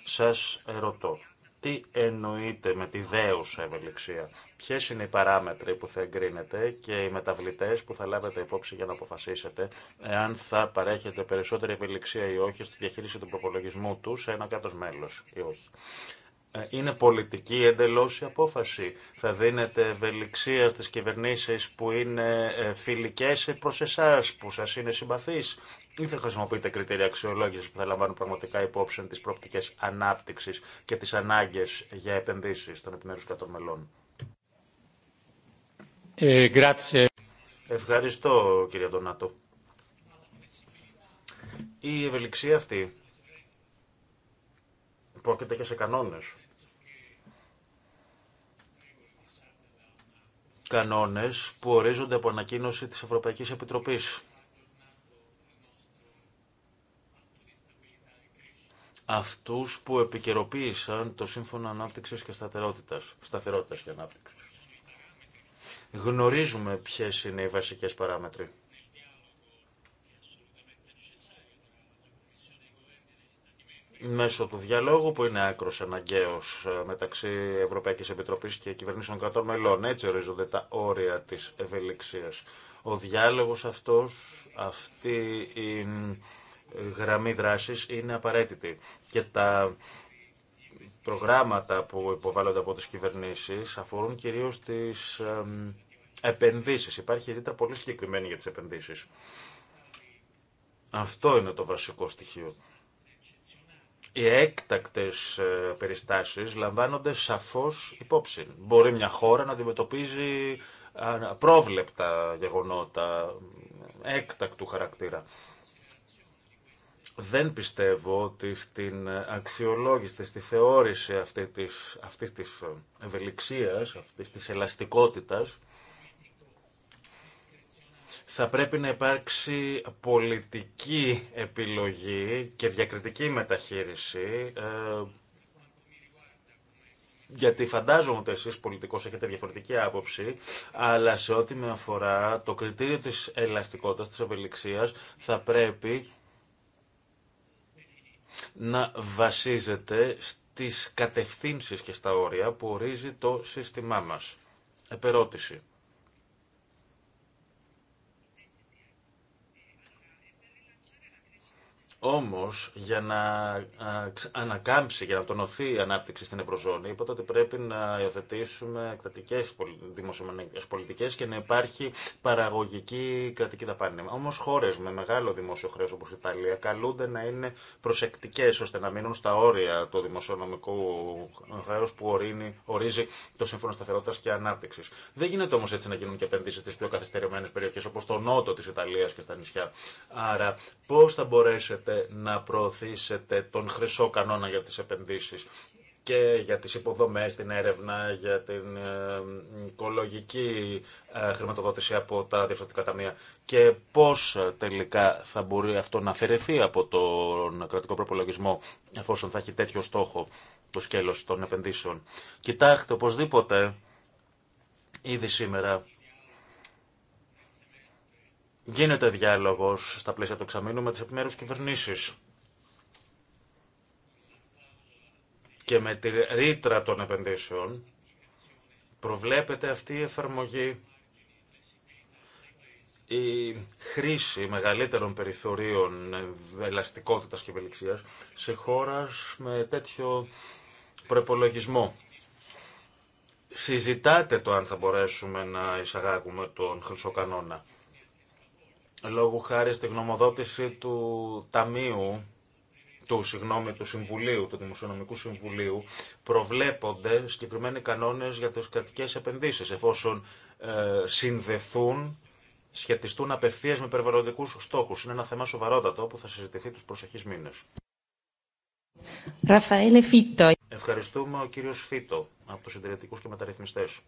Σας ερωτώ, τι εννοείται με τη δέουσα ευελιξία. Ποιε είναι οι παράμετροι που θα εγκρίνετε και οι μεταβλητέ που θα λάβετε υπόψη για να αποφασίσετε εάν θα παρέχετε περισσότερη ευελιξία ή όχι στη διαχείριση του προπολογισμού του σε ένα κράτο μέλο ή όχι. Ε, είναι πολιτική εντελώ η απόφαση. Θα δίνετε ευελιξία στι κυβερνήσει που είναι ε, φιλικέ προ εσά, που σα είναι συμπαθεί, ή θα χρησιμοποιείτε κριτήρια αξιολόγηση που θα λαμβάνουν πραγματικά υπόψη τι προοπτικέ ανάπτυξη και τι ανάγκε για επενδύσει των επιμέρου κρατών μελών. Ε, Ευχαριστώ, κύριε Ντονάτο. Η ευελιξία αυτή πρόκειται και σε κανόνες. Κανόνες που ορίζονται από ανακοίνωση της Ευρωπαϊκής Επιτροπής αυτούς που επικαιροποίησαν το Σύμφωνο Ανάπτυξης και Σταθερότητας, Σταθερότητας και Ανάπτυξης. Γνωρίζουμε ποιες είναι οι βασικές παράμετροι. μέσω του διαλόγου που είναι άκρο αναγκαίο ε, μεταξύ Ευρωπαϊκή Επιτροπή και κυβερνήσεων κρατών μελών. Έτσι ορίζονται τα όρια τη ευελιξία. Ο διάλογο αυτό, αυτή η γραμμή δράσης είναι απαραίτητη και τα προγράμματα που υποβάλλονται από τις κυβερνήσεις αφορούν κυρίως τις επενδύσεις. Υπάρχει ρήτρα πολύ συγκεκριμένη για τις επενδύσεις. Αυτό είναι το βασικό στοιχείο. Οι έκτακτες ε, περιστάσεις λαμβάνονται σαφώς υπόψη. Μπορεί μια χώρα να αντιμετωπίζει πρόβλεπτα γεγονότα έκτακτου χαρακτήρα δεν πιστεύω ότι στην αξιολόγηση, στη θεώρηση αυτή της, αυτής της ευελιξίας, αυτής της ελαστικότητας, θα πρέπει να υπάρξει πολιτική επιλογή και διακριτική μεταχείριση, ε, γιατί φαντάζομαι ότι εσείς πολιτικός έχετε διαφορετική άποψη, αλλά σε ό,τι με αφορά το κριτήριο της ελαστικότητας, της ευελιξίας, θα πρέπει να βασίζεται στις κατευθύνσεις και στα όρια που ορίζει το σύστημά μας. Επερώτηση. Όμως, για να ανακάμψει, για να τονωθεί η ανάπτυξη στην Ευρωζώνη, είπατε ότι πρέπει να υιοθετήσουμε εκτατικές δημοσιονομικέ πολιτικέ και να υπάρχει παραγωγική κρατική δαπάνη. Όμω, χώρε με μεγάλο δημόσιο χρέο όπω η Ιταλία καλούνται να είναι προσεκτικέ, ώστε να μείνουν στα όρια του δημοσιονομικού χρέου που ορίνει, ορίζει το Σύμφωνο σταθερότητα και ανάπτυξη. Δεν γίνεται όμω έτσι να γίνουν και επενδύσει στι πιο καθυστερημένε περιοχέ, όπω το νότο τη Ιταλία και στα νησιά. Άρα, πώ θα μπορέσετε ε, να προωθήσετε τον χρυσό κανόνα για τις επενδύσεις και για τις υποδομές, την έρευνα, για την ε, οικολογική ε, χρηματοδότηση από τα διευθυντικά ταμεία και πώς τελικά θα μπορεί αυτό να αφαιρεθεί από τον κρατικό προπολογισμό εφόσον θα έχει τέτοιο στόχο το σκέλος των επενδύσεων. Κοιτάξτε, οπωσδήποτε, ήδη σήμερα Γίνεται διάλογος στα πλαίσια του εξαμήνου με τις επιμέρους κυβερνήσεις. Και με τη ρήτρα των επενδύσεων προβλέπεται αυτή η εφαρμογή η χρήση μεγαλύτερων περιθωρίων ελαστικότητας και ευελιξίας σε χώρας με τέτοιο προπολογισμό. Συζητάτε το αν θα μπορέσουμε να εισαγάγουμε τον χρυσό κανόνα. Λόγω χάρη στη γνωμοδότηση του Ταμείου, του, συγγνώμη, του Συμβουλίου, του Δημοσιονομικού Συμβουλίου, προβλέπονται συγκεκριμένοι κανόνες για τις κρατικές επενδύσεις, εφόσον ε, συνδεθούν, σχετιστούν απευθείας με περιβαλλοντικούς στόχους. Είναι ένα θέμα σοβαρότατο που θα συζητηθεί τους προσεχείς μήνες. Ευχαριστούμε ο κύριος Φίτο από τους συντηρητικούς και μεταρρυθμιστές.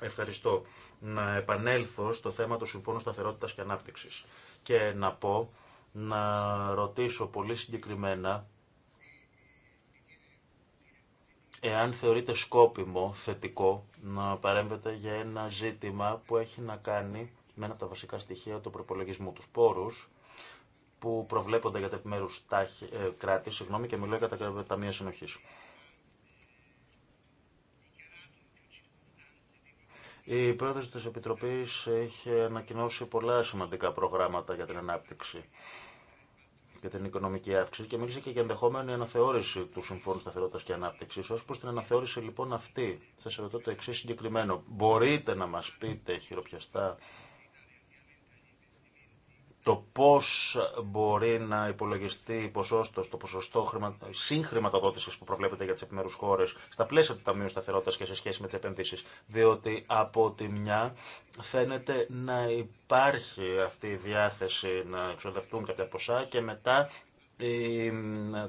Ευχαριστώ. Να επανέλθω στο θέμα του Συμφώνου Σταθερότητας και Ανάπτυξης και να πω, να ρωτήσω πολύ συγκεκριμένα εάν θεωρείτε σκόπιμο, θετικό, να παρέμβετε για ένα ζήτημα που έχει να κάνει με ένα από τα βασικά στοιχεία του προπολογισμού, τους πόρους, που προβλέπονται για τα επιμέρους ε, κράτη, συγγνώμη, και μιλώ για τα ταμεία συνοχής. Η πρόεδρος της Επιτροπής έχει ανακοινώσει πολλά σημαντικά προγράμματα για την ανάπτυξη και την οικονομική αύξηση και μίλησε και για ενδεχόμενη αναθεώρηση του Συμφώνου Σταθερότητα και Ανάπτυξη. Ω προ την αναθεώρηση λοιπόν αυτή, θα σα ρωτώ το εξή συγκεκριμένο. Μπορείτε να μα πείτε χειροπιαστά το πώς μπορεί να υπολογιστεί η ποσόστο, το ποσοστό χρημα... συγχρηματοδότησης που προβλέπεται για τις επιμέρους χώρες στα πλαίσια του Ταμείου Σταθερότητας και σε σχέση με τις επενδύσεις. Διότι από τη μια φαίνεται να υπάρχει αυτή η διάθεση να εξοδευτούν κάποια ποσά και μετά οι, επενδυσει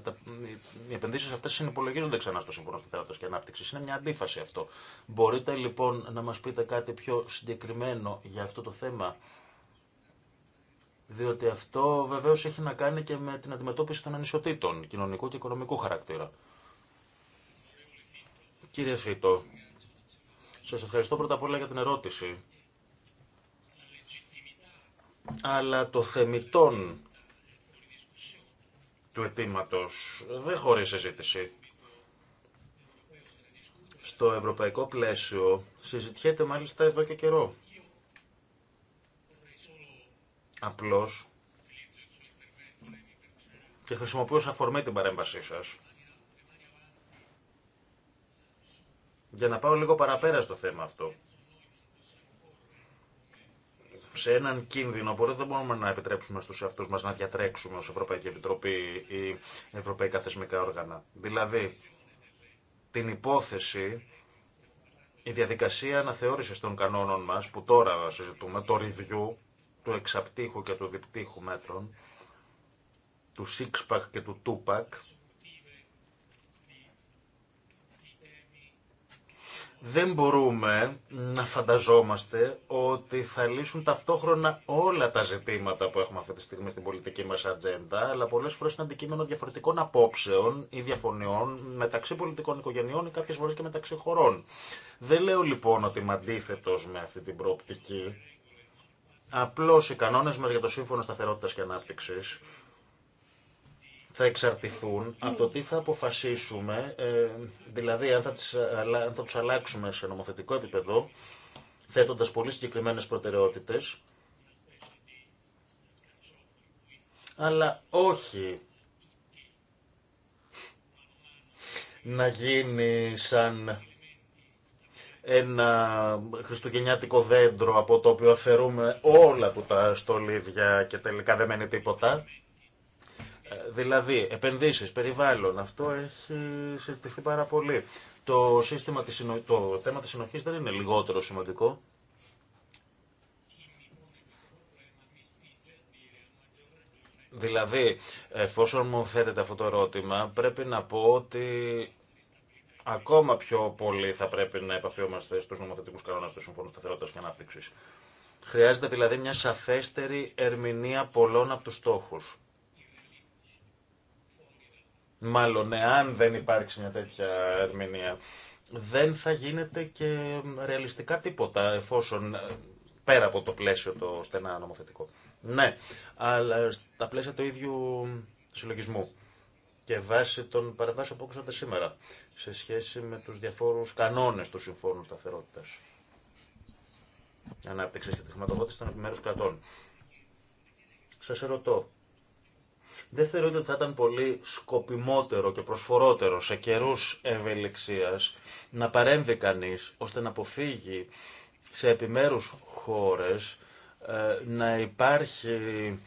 αυτε επενδύσεις συνυπολογίζονται ξανά στο Σύμφωνο Σταθερότητα και αναπτυξη Είναι μια αντίφαση αυτό. Μπορείτε λοιπόν να μα πείτε κάτι πιο συγκεκριμένο για αυτό το θέμα διότι αυτό βεβαίως έχει να κάνει και με την αντιμετώπιση των ανισοτήτων, κοινωνικού και οικονομικού χαρακτήρα. Κύριε Φίτο, σας ευχαριστώ πρώτα απ' όλα για την ερώτηση. Αλλά το θεμητόν του αιτήματο δεν χωρεί συζήτηση. Στο ευρωπαϊκό πλαίσιο συζητιέται μάλιστα εδώ και καιρό. Απλώς και χρησιμοποιώ ως αφορμή την παρέμβασή σας για να πάω λίγο παραπέρα στο θέμα αυτό. Σε έναν κίνδυνο που δεν μπορούμε να επιτρέψουμε στους εαυτούς μας να διατρέξουμε ως Ευρωπαϊκή Επιτροπή ή Ευρωπαϊκά Θεσμικά Όργανα. Δηλαδή, την υπόθεση, η διαδικασία αναθεώρησης των κανόνων μας, που τώρα συζητούμε, το review, του εξαπτύχου και του διπτύχου μέτρων, του Σίξπακ και του ΤΟΥΠΑΚ, δεν μπορούμε να φανταζόμαστε ότι θα λύσουν ταυτόχρονα όλα τα ζητήματα που έχουμε αυτή τη στιγμή στην πολιτική μας ατζέντα, αλλά πολλές φορές είναι αντικείμενο διαφορετικών απόψεων ή διαφωνιών μεταξύ πολιτικών οικογενειών ή κάποιες φορές και μεταξύ χωρών. Δεν λέω λοιπόν ότι είμαι αντίθετο με αυτή την προοπτική, Απλώς οι κανόνες μας για το Σύμφωνο Σταθερότητας και Ανάπτυξης θα εξαρτηθούν από το τι θα αποφασίσουμε, ε, δηλαδή αν θα, τις, θα τους αλλάξουμε σε νομοθετικό επίπεδο, θέτοντας πολύ συγκεκριμένες προτεραιότητες, αλλά όχι να γίνει σαν ένα χριστουγεννιάτικο δέντρο από το οποίο αφαιρούμε όλα του τα στολίδια και τελικά δεν μένει τίποτα. Ε, δηλαδή, επενδύσεις, περιβάλλον, αυτό έχει συζητηθεί πάρα πολύ. Το, σύστημα το θέμα της συνοχής δεν είναι λιγότερο σημαντικό. Δηλαδή, εφόσον μου θέτεται αυτό το ερώτημα, πρέπει να πω ότι Ακόμα πιο πολύ θα πρέπει να επαφιόμαστε στους νομοθετικούς κανόνες του Συμφώνου Σταθερότητας και Ανάπτυξης. Χρειάζεται δηλαδή μια σαφέστερη ερμηνεία πολλών από τους στόχους. Μάλλον, εάν δεν υπάρξει μια τέτοια ερμηνεία, δεν θα γίνεται και ρεαλιστικά τίποτα, εφόσον ε, πέρα από το πλαίσιο το στενά νομοθετικό. Ναι, αλλά στα πλαίσια του ίδιου συλλογισμού και βάσει των παρεμβάσεων που ακούσατε σήμερα σε σχέση με τους διαφόρους κανόνες του Συμφώνου Σταθερότητας. Ανάπτυξη και τη χρηματοδότηση των επιμέρους κρατών. Σας ερωτώ, δεν θεωρείτε ότι θα ήταν πολύ σκοπιμότερο και προσφορότερο σε καιρούς ευελιξίας να παρέμβει κανείς ώστε να αποφύγει σε επιμέρους χώρες ε, να υπάρχει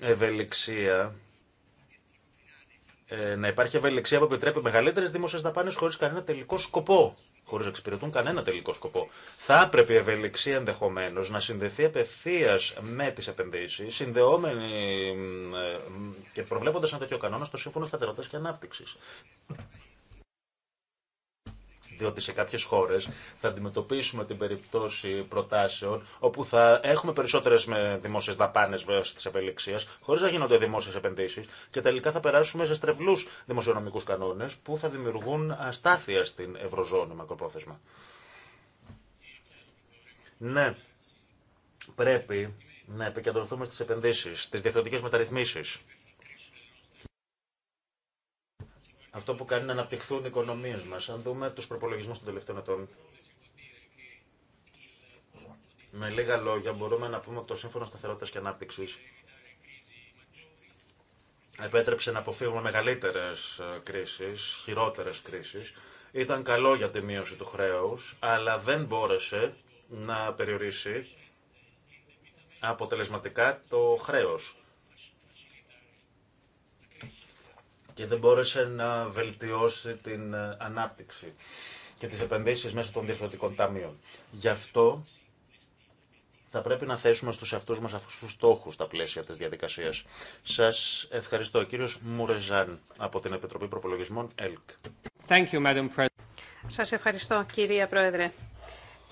ευελιξία ε, να υπάρχει ευελιξία που επιτρέπει μεγαλύτερε δημόσιε δαπάνε χωρί κανένα τελικό σκοπό. Χωρί να εξυπηρετούν κανένα τελικό σκοπό. Θα έπρεπε η ευελιξία ενδεχομένω να συνδεθεί απευθεία με τι επενδύσει, συνδεόμενη ε, και προβλέποντα ένα τέτοιο κανόνα στο Σύμφωνο Σταθερότητα και Ανάπτυξη. Διότι σε κάποιε χώρε θα αντιμετωπίσουμε την περίπτωση προτάσεων όπου θα έχουμε περισσότερε δημόσιε δαπάνε τη ευελιξία, χωρί να γίνονται δημόσιε επενδύσει και τελικά θα περάσουμε σε στρεβλού δημοσιονομικού κανόνε που θα δημιουργούν αστάθεια στην Ευρωζώνη μακροπρόθεσμα. Ναι, πρέπει να επικεντρωθούμε στι επενδύσεις, στι διαφορετικέ μεταρρυθμίσει. αυτό που κάνει να αναπτυχθούν οι οικονομίε μα. Αν δούμε του προπολογισμού των τελευταίων ετών. Με λίγα λόγια, μπορούμε να πούμε ότι το Σύμφωνο Σταθερότητα και Ανάπτυξη επέτρεψε να αποφύγουμε μεγαλύτερε ε, κρίσει, χειρότερε κρίσει. Ήταν καλό για τη μείωση του χρέου, αλλά δεν μπόρεσε να περιορίσει αποτελεσματικά το χρέος. και δεν μπόρεσε να βελτιώσει την ε, ανάπτυξη και τις επενδύσεις μέσω των διευθυντικών ταμείων. Γι' αυτό θα πρέπει να θέσουμε στους εαυτούς μας αυτούς τους στόχους στα πλαίσια της διαδικασίας. Σας ευχαριστώ. κύριος Μουρεζάν από την Επιτροπή Προπολογισμών ΕΛΚ. Thank Σας ευχαριστώ, κυρία Πρόεδρε.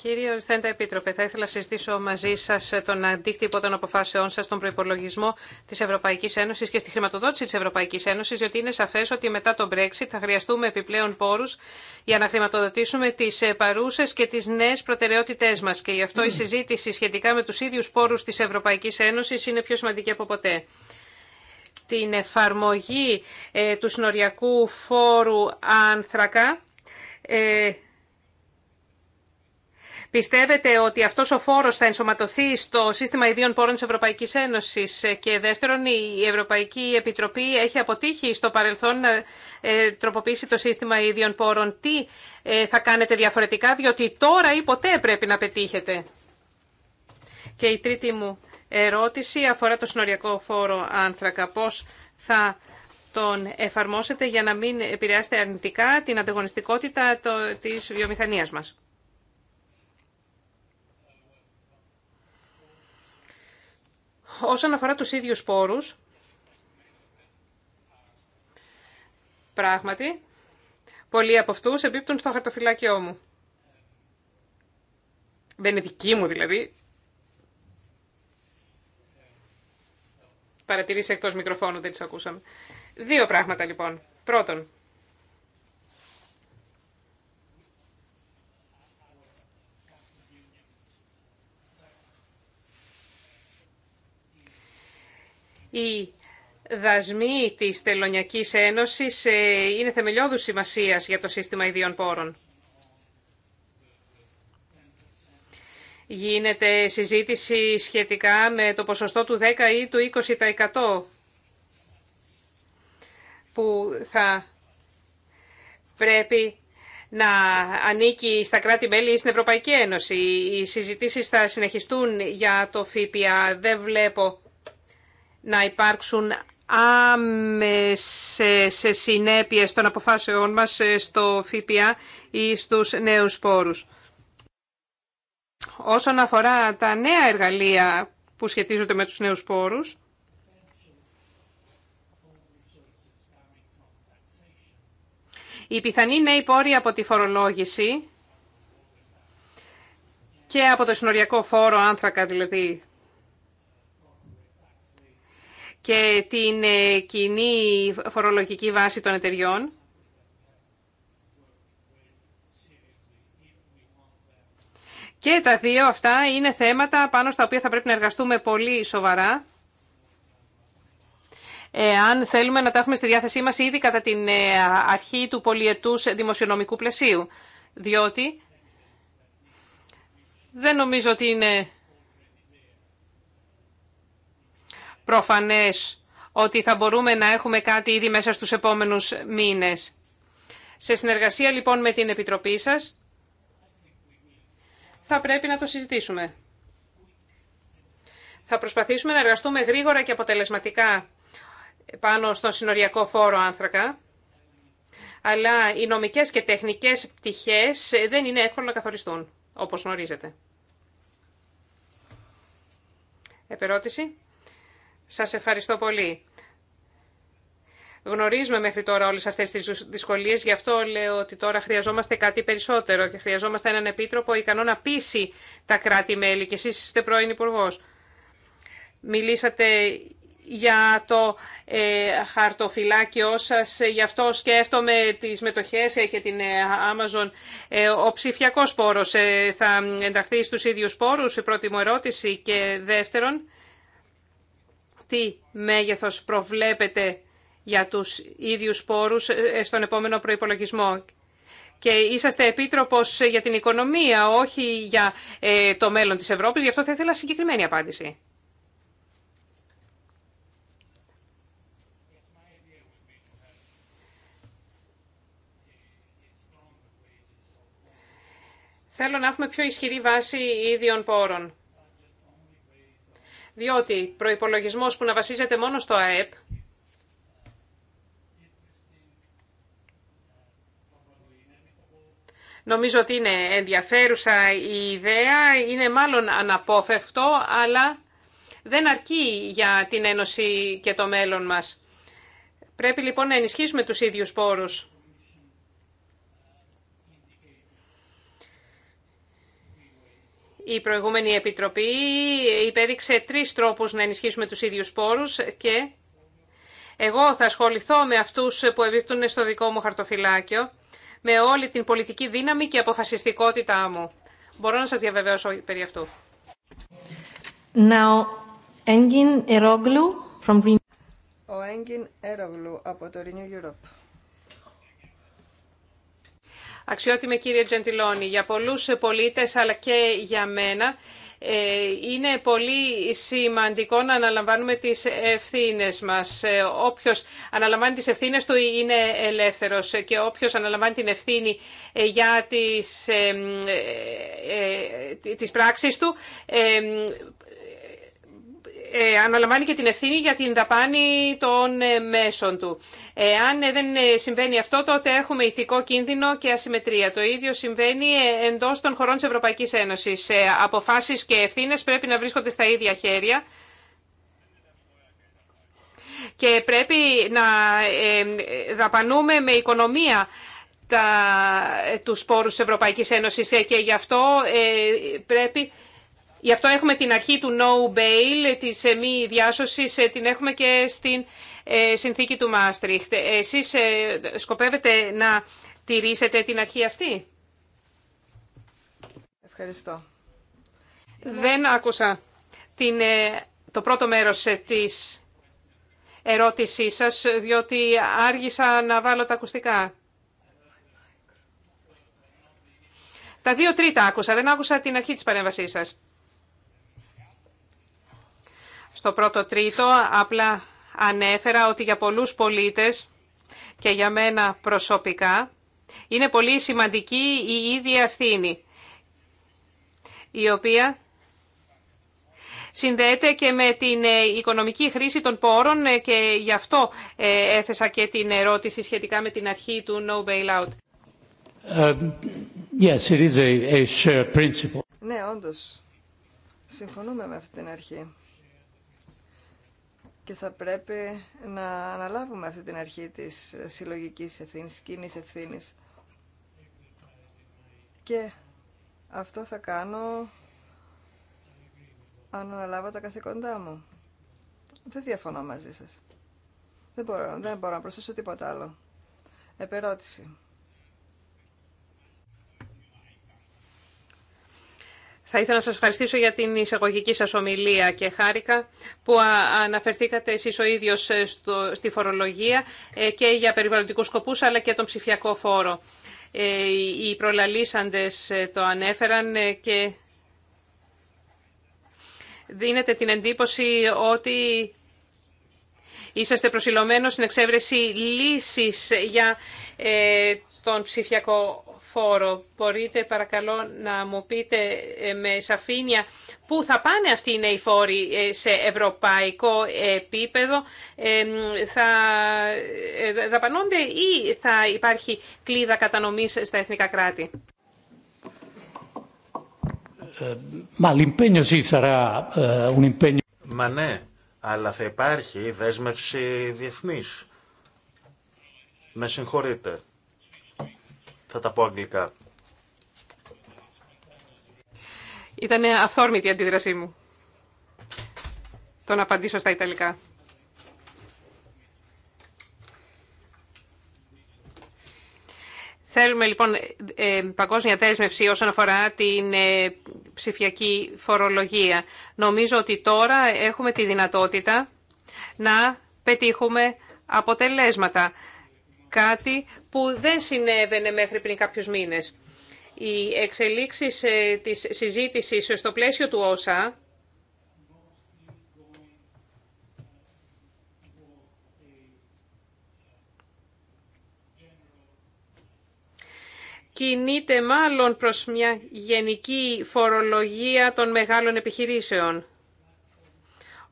Κύριε Ορισθέντα Επίτροπε, θα ήθελα να συζητήσω μαζί σα τον αντίκτυπο των αποφάσεών σα στον προπολογισμό τη Ευρωπαϊκή Ένωση και στη χρηματοδότηση τη Ευρωπαϊκή Ένωση, διότι είναι σαφέ ότι μετά τον Brexit θα χρειαστούμε επιπλέον πόρου για να χρηματοδοτήσουμε τι παρούσε και τι νέε προτεραιότητέ μα. Και γι' αυτό η συζήτηση σχετικά με του ίδιου πόρου τη Ευρωπαϊκή Ένωση είναι πιο σημαντική από ποτέ την εφαρμογή ε, του συνοριακού φόρου άνθρακα ε, Πιστεύετε ότι αυτός ο φόρος θα ενσωματωθεί στο σύστημα ιδίων πόρων της Ευρωπαϊκής Ένωσης και δεύτερον η Ευρωπαϊκή Επιτροπή έχει αποτύχει στο παρελθόν να ε, τροποποιήσει το σύστημα ιδίων πόρων. Τι ε, θα κάνετε διαφορετικά διότι τώρα ή ποτέ πρέπει να πετύχετε. Και η τρίτη μου ερώτηση αφορά το συνοριακό φόρο άνθρακα. Πώς θα τον εφαρμόσετε για να μην επηρεάσετε αρνητικά την ανταγωνιστικότητα της βιομηχανίας μας. Όσον αφορά τους ίδιους σπόρους, πράγματι, πολλοί από αυτούς εμπίπτουν στο χαρτοφυλάκιό μου. Δεν είναι δική μου δηλαδή. Παρατηρήσει εκτός μικροφώνου, δεν τις ακούσαμε. Δύο πράγματα λοιπόν. Πρώτον, Οι δασμοί της Τελωνιακής Ένωσης ε, είναι θεμελιώδους σημασίας για το σύστημα ιδίων πόρων. Γίνεται συζήτηση σχετικά με το ποσοστό του 10 ή του 20% που θα πρέπει να ανήκει στα κράτη-μέλη ή στην Ευρωπαϊκή Ένωση. Οι συζητήσεις θα συνεχιστούν για το ΦΠΑ. Δεν βλέπω να υπάρξουν άμεσες συνέπειες των αποφάσεών μας ε, στο ΦΠΑ ή στους νέους πόρους. Όσον αφορά τα νέα εργαλεία που σχετίζονται με τους νέους πόρους, οι πιθανοί νέοι πόροι από τη φορολόγηση και από το συνοριακό φόρο, άνθρακα δηλαδή, και την ε, κοινή φορολογική βάση των εταιριών. Και τα δύο αυτά είναι θέματα πάνω στα οποία θα πρέπει να εργαστούμε πολύ σοβαρά. Αν θέλουμε να τα έχουμε στη διάθεσή μας ήδη κατά την ε, αρχή του πολιετούς δημοσιονομικού πλαισίου. Διότι δεν νομίζω ότι είναι προφανές ότι θα μπορούμε να έχουμε κάτι ήδη μέσα στους επόμενους μήνες. Σε συνεργασία λοιπόν με την Επιτροπή σας, θα πρέπει να το συζητήσουμε. Θα προσπαθήσουμε να εργαστούμε γρήγορα και αποτελεσματικά πάνω στον συνοριακό φόρο άνθρακα, αλλά οι νομικές και τεχνικές πτυχές δεν είναι εύκολο να καθοριστούν, όπως γνωρίζετε. Επερώτηση. Σας ευχαριστώ πολύ. Γνωρίζουμε μέχρι τώρα όλες αυτές τις δυσκολίες, γι' αυτό λέω ότι τώρα χρειαζόμαστε κάτι περισσότερο και χρειαζόμαστε έναν επίτροπο ικανό να πείσει τα κράτη-μέλη και εσείς είστε πρώην υπουργό. Μιλήσατε για το ε, χαρτοφυλάκιό σας, ε, γι' αυτό σκέφτομαι τις μετοχές ε, και την ε, Amazon. ο ψηφιακός πόρος θα ενταχθεί στους ίδιους πόρους, η πρώτη μου ερώτηση και δεύτερον τι μέγεθος προβλέπετε για τους ίδιους πόρους ε, ε, στον επόμενο προϋπολογισμό. Και είσαστε επίτροπος για την οικονομία, όχι για ε, το μέλλον της Ευρώπης. Γι' αυτό θα ήθελα συγκεκριμένη απάντηση. Θέλω να έχουμε πιο ισχυρή βάση ίδιων πόρων διότι προϋπολογισμός που να βασίζεται μόνο στο ΑΕΠ Νομίζω ότι είναι ενδιαφέρουσα η ιδέα, είναι μάλλον αναπόφευκτο, αλλά δεν αρκεί για την Ένωση και το μέλλον μας. Πρέπει λοιπόν να ενισχύσουμε τους ίδιους πόρους. Η προηγούμενη Επιτροπή υπέδειξε τρεις τρόπους να ενισχύσουμε τους ίδιους πόρους και εγώ θα ασχοληθώ με αυτούς που εμπίπτουν στο δικό μου χαρτοφυλάκιο, με όλη την πολιτική δύναμη και αποφασιστικότητά μου. Μπορώ να σας διαβεβαιώσω περί αυτού. Now, Engin Eroglu from... Ο Engin Eroglu από το Renew Αξιότιμε κύριε Τζεντιλόνι, για πολλούς πολίτες αλλά και για μένα ε, είναι πολύ σημαντικό να αναλαμβάνουμε τις ευθύνες μας. Ε, όποιος αναλαμβάνει τις ευθύνες του είναι ελεύθερος και όποιος αναλαμβάνει την ευθύνη ε, για τις, τις πράξεις του ε, αναλαμβάνει και την ευθύνη για την δαπάνη των ε, μέσων του. Ε, αν δεν συμβαίνει αυτό, τότε έχουμε ηθικό κίνδυνο και ασυμμετρία. Το ίδιο συμβαίνει εντό των χωρών της Ευρωπαϊκής Ένωσης. Αποφάσεις και ευθύνε πρέπει να βρίσκονται στα ίδια χέρια και πρέπει να δαπανούμε με οικονομία τα, τους πόρους της Ευρωπαϊκής Ένωσης και γι' αυτό πρέπει Γι' αυτό έχουμε την αρχή του no bail, της ε, μη διάσωσης, ε, την έχουμε και στην ε, συνθήκη του Μάστριχτ. Εσείς σκοπεύετε να τηρήσετε την αρχή αυτή. Ευχαριστώ. Δεν άκουσα την, το πρώτο μέρος της ερώτησή σας, διότι άργησα να βάλω τα ακουστικά. Τα δύο τρίτα άκουσα, δεν άκουσα την αρχή της παρέμβασής σας. Στο πρώτο τρίτο απλά ανέφερα ότι για πολλούς πολίτες και για μένα προσωπικά είναι πολύ σημαντική η ίδια ευθύνη, η οποία συνδέεται και με την ε, οικονομική χρήση των πόρων ε, και γι' αυτό ε, έθεσα και την ερώτηση σχετικά με την αρχή του no bailout. Uh, yes, it is a, a principle. Ναι, όντως. Συμφωνούμε με αυτή την αρχή και θα πρέπει να αναλάβουμε αυτή την αρχή της συλλογικής ευθύνης, κοινή ευθύνη. Και αυτό θα κάνω αν αναλάβω τα καθήκοντά μου. Δεν διαφωνώ μαζί σας. Δεν μπορώ, δεν μπορώ να προσθέσω τίποτα άλλο. Επερώτηση. Θα ήθελα να σας ευχαριστήσω για την εισαγωγική σας ομιλία και χάρηκα που αναφερθήκατε εσείς ο ίδιος ε, στο, στη φορολογία ε, και για περιβαλλοντικούς σκοπούς αλλά και τον ψηφιακό φόρο. Ε, οι προλαλήσαντες το ανέφεραν και δίνετε την εντύπωση ότι είσαστε προσιλωμένος στην εξέβρεση λύσης για τον ψηφιακό φόρο. Μπορείτε παρακαλώ να μου πείτε ε, με σαφήνεια πού θα πάνε αυτοί οι νέοι φόροι ε, σε ευρωπαϊκό επίπεδο. Ε, θα δαπανώνται ή θα υπάρχει κλίδα κατανομής στα εθνικά κράτη. Μα ναι, αλλά θα υπάρχει δέσμευση διεθνής. Με συγχωρείτε. Θα τα πω αγγλικά. Ήταν αυθόρμητη η αντίδρασή μου. Το να απαντήσω στα Ιταλικά. Θέλουμε λοιπόν ε, παγκόσμια δέσμευση όσον αφορά την ε, ψηφιακή φορολογία. Νομίζω ότι τώρα έχουμε τη δυνατότητα να πετύχουμε αποτελέσματα κάτι που δεν συνέβαινε μέχρι πριν κάποιους μήνες. Οι εξελίξεις ε, της συζήτησης στο πλαίσιο του ΩΣΑ κινείται μάλλον προς μια γενική φορολογία των μεγάλων επιχειρήσεων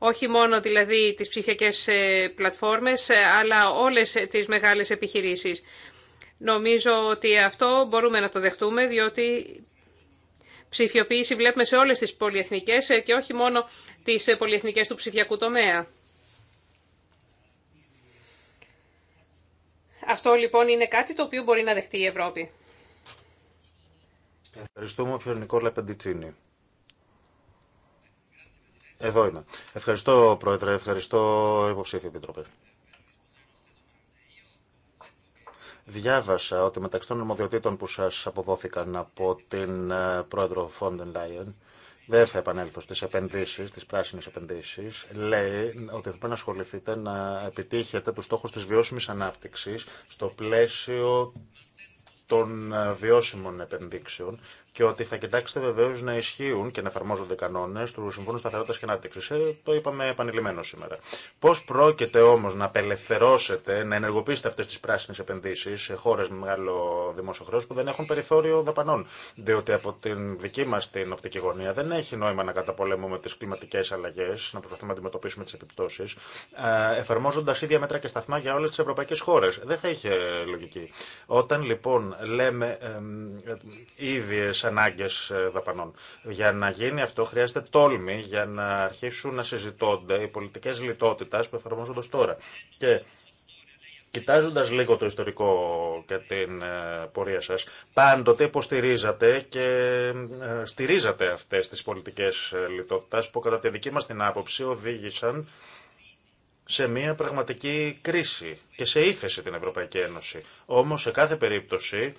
όχι μόνο δηλαδή τις ψηφιακές ε, πλατφόρμες, ε, αλλά όλες τις μεγάλες επιχειρήσεις. Νομίζω ότι αυτό μπορούμε να το δεχτούμε, διότι ψηφιοποίηση βλέπουμε σε όλες τις πολυεθνικές ε, και όχι μόνο τις πολυεθνικές του ψηφιακού τομέα. Αυτό λοιπόν είναι κάτι το οποίο μπορεί να δεχτεί η Ευρώπη. Ευχαριστούμε, Νικόλα εδώ είμαι. Ευχαριστώ, Πρόεδρε. Ευχαριστώ, υποψήφια Επιτροπή. Διάβασα ότι μεταξύ των νομοδιοτήτων που σας αποδόθηκαν από την ε, πρόεδρο Φόντεν Λάιεν, δεν θα επανέλθω στι επενδύσεις, τις πράσινε επενδύσεις, λέει ότι θα πρέπει να ασχοληθείτε να επιτύχετε τους στόχους της βιώσιμης ανάπτυξη στο πλαίσιο των ε, βιώσιμων επενδύξεων και ότι θα κοιτάξετε βεβαίω να ισχύουν και να εφαρμόζονται κανόνε του Συμφώνου Σταθερότητα και Ανάπτυξη. Ε, το είπαμε επανειλημμένο σήμερα. Πώ πρόκειται όμω να απελευθερώσετε, να ενεργοποιήσετε αυτέ τι πράσινε επενδύσει σε χώρε με μεγάλο δημόσιο χρέο που δεν έχουν περιθώριο δαπανών. Διότι από την δική μα την οπτική γωνία δεν έχει νόημα να καταπολεμούμε τι κλιματικέ αλλαγέ, να προσπαθούμε να αντιμετωπίσουμε τι επιπτώσει, ε, εφαρμόζοντα ίδια μέτρα και σταθμά για όλε τι ευρωπαϊκέ χώρε. Δεν θα είχε λογική. Όταν λοιπόν λέμε ε, ανάγκε ε, δαπανών. Για να γίνει αυτό χρειάζεται τόλμη για να αρχίσουν να συζητώνται οι πολιτικέ λιτότητα που εφαρμόζονται τώρα. Και κοιτάζοντα λίγο το ιστορικό και την ε, πορεία σας, πάντοτε υποστηρίζατε και ε, στηρίζατε αυτές τις πολιτικές λιτότητα που κατά τη δική μα την άποψη οδήγησαν σε μια πραγματική κρίση και σε ύφεση την Ευρωπαϊκή Ένωση. Όμως σε κάθε περίπτωση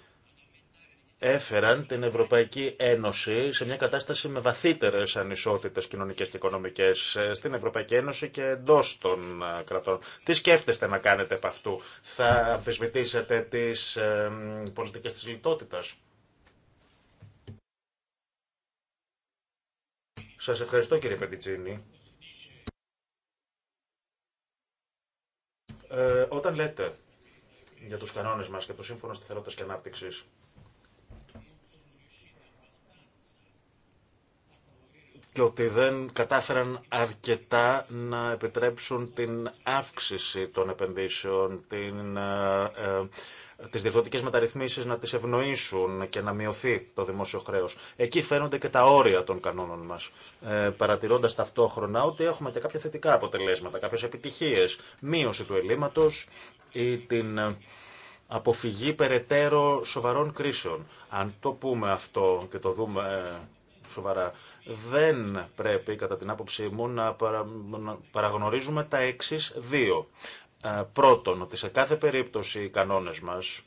έφεραν την Ευρωπαϊκή Ένωση σε μια κατάσταση με βαθύτερες ανισότητες κοινωνικές και οικονομικές ε, στην Ευρωπαϊκή Ένωση και εντό των ε, κρατών. Τι σκέφτεστε να κάνετε από αυτού. Θα αμφισβητήσετε τις ε, πολιτικές της λιτότητας. Σας ευχαριστώ κύριε Πεντιτσίνη. όταν λέτε για τους κανόνες μας και το σύμφωνο σταθερότητας και ανάπτυξης, και ότι δεν κατάφεραν αρκετά να επιτρέψουν την αύξηση των επενδύσεων, την, ε, ε, τις διευθυντικές μεταρρυθμίσεις να τις ευνοήσουν και να μειωθεί το δημόσιο χρέος. Εκεί φαίνονται και τα όρια των κανόνων μας, ε, παρατηρώντας ταυτόχρονα ότι έχουμε και κάποια θετικά αποτελέσματα, κάποιες επιτυχίες, μείωση του ελλείμματος ή την ε, αποφυγή περαιτέρω σοβαρών κρίσεων. Αν το πούμε αυτό και το δούμε ε, σοβαρά. Δεν πρέπει, κατά την άποψή μου, να, παραγνωρίζουμε τα εξή δύο. Ε, πρώτον, ότι σε κάθε περίπτωση οι κανόνες μας,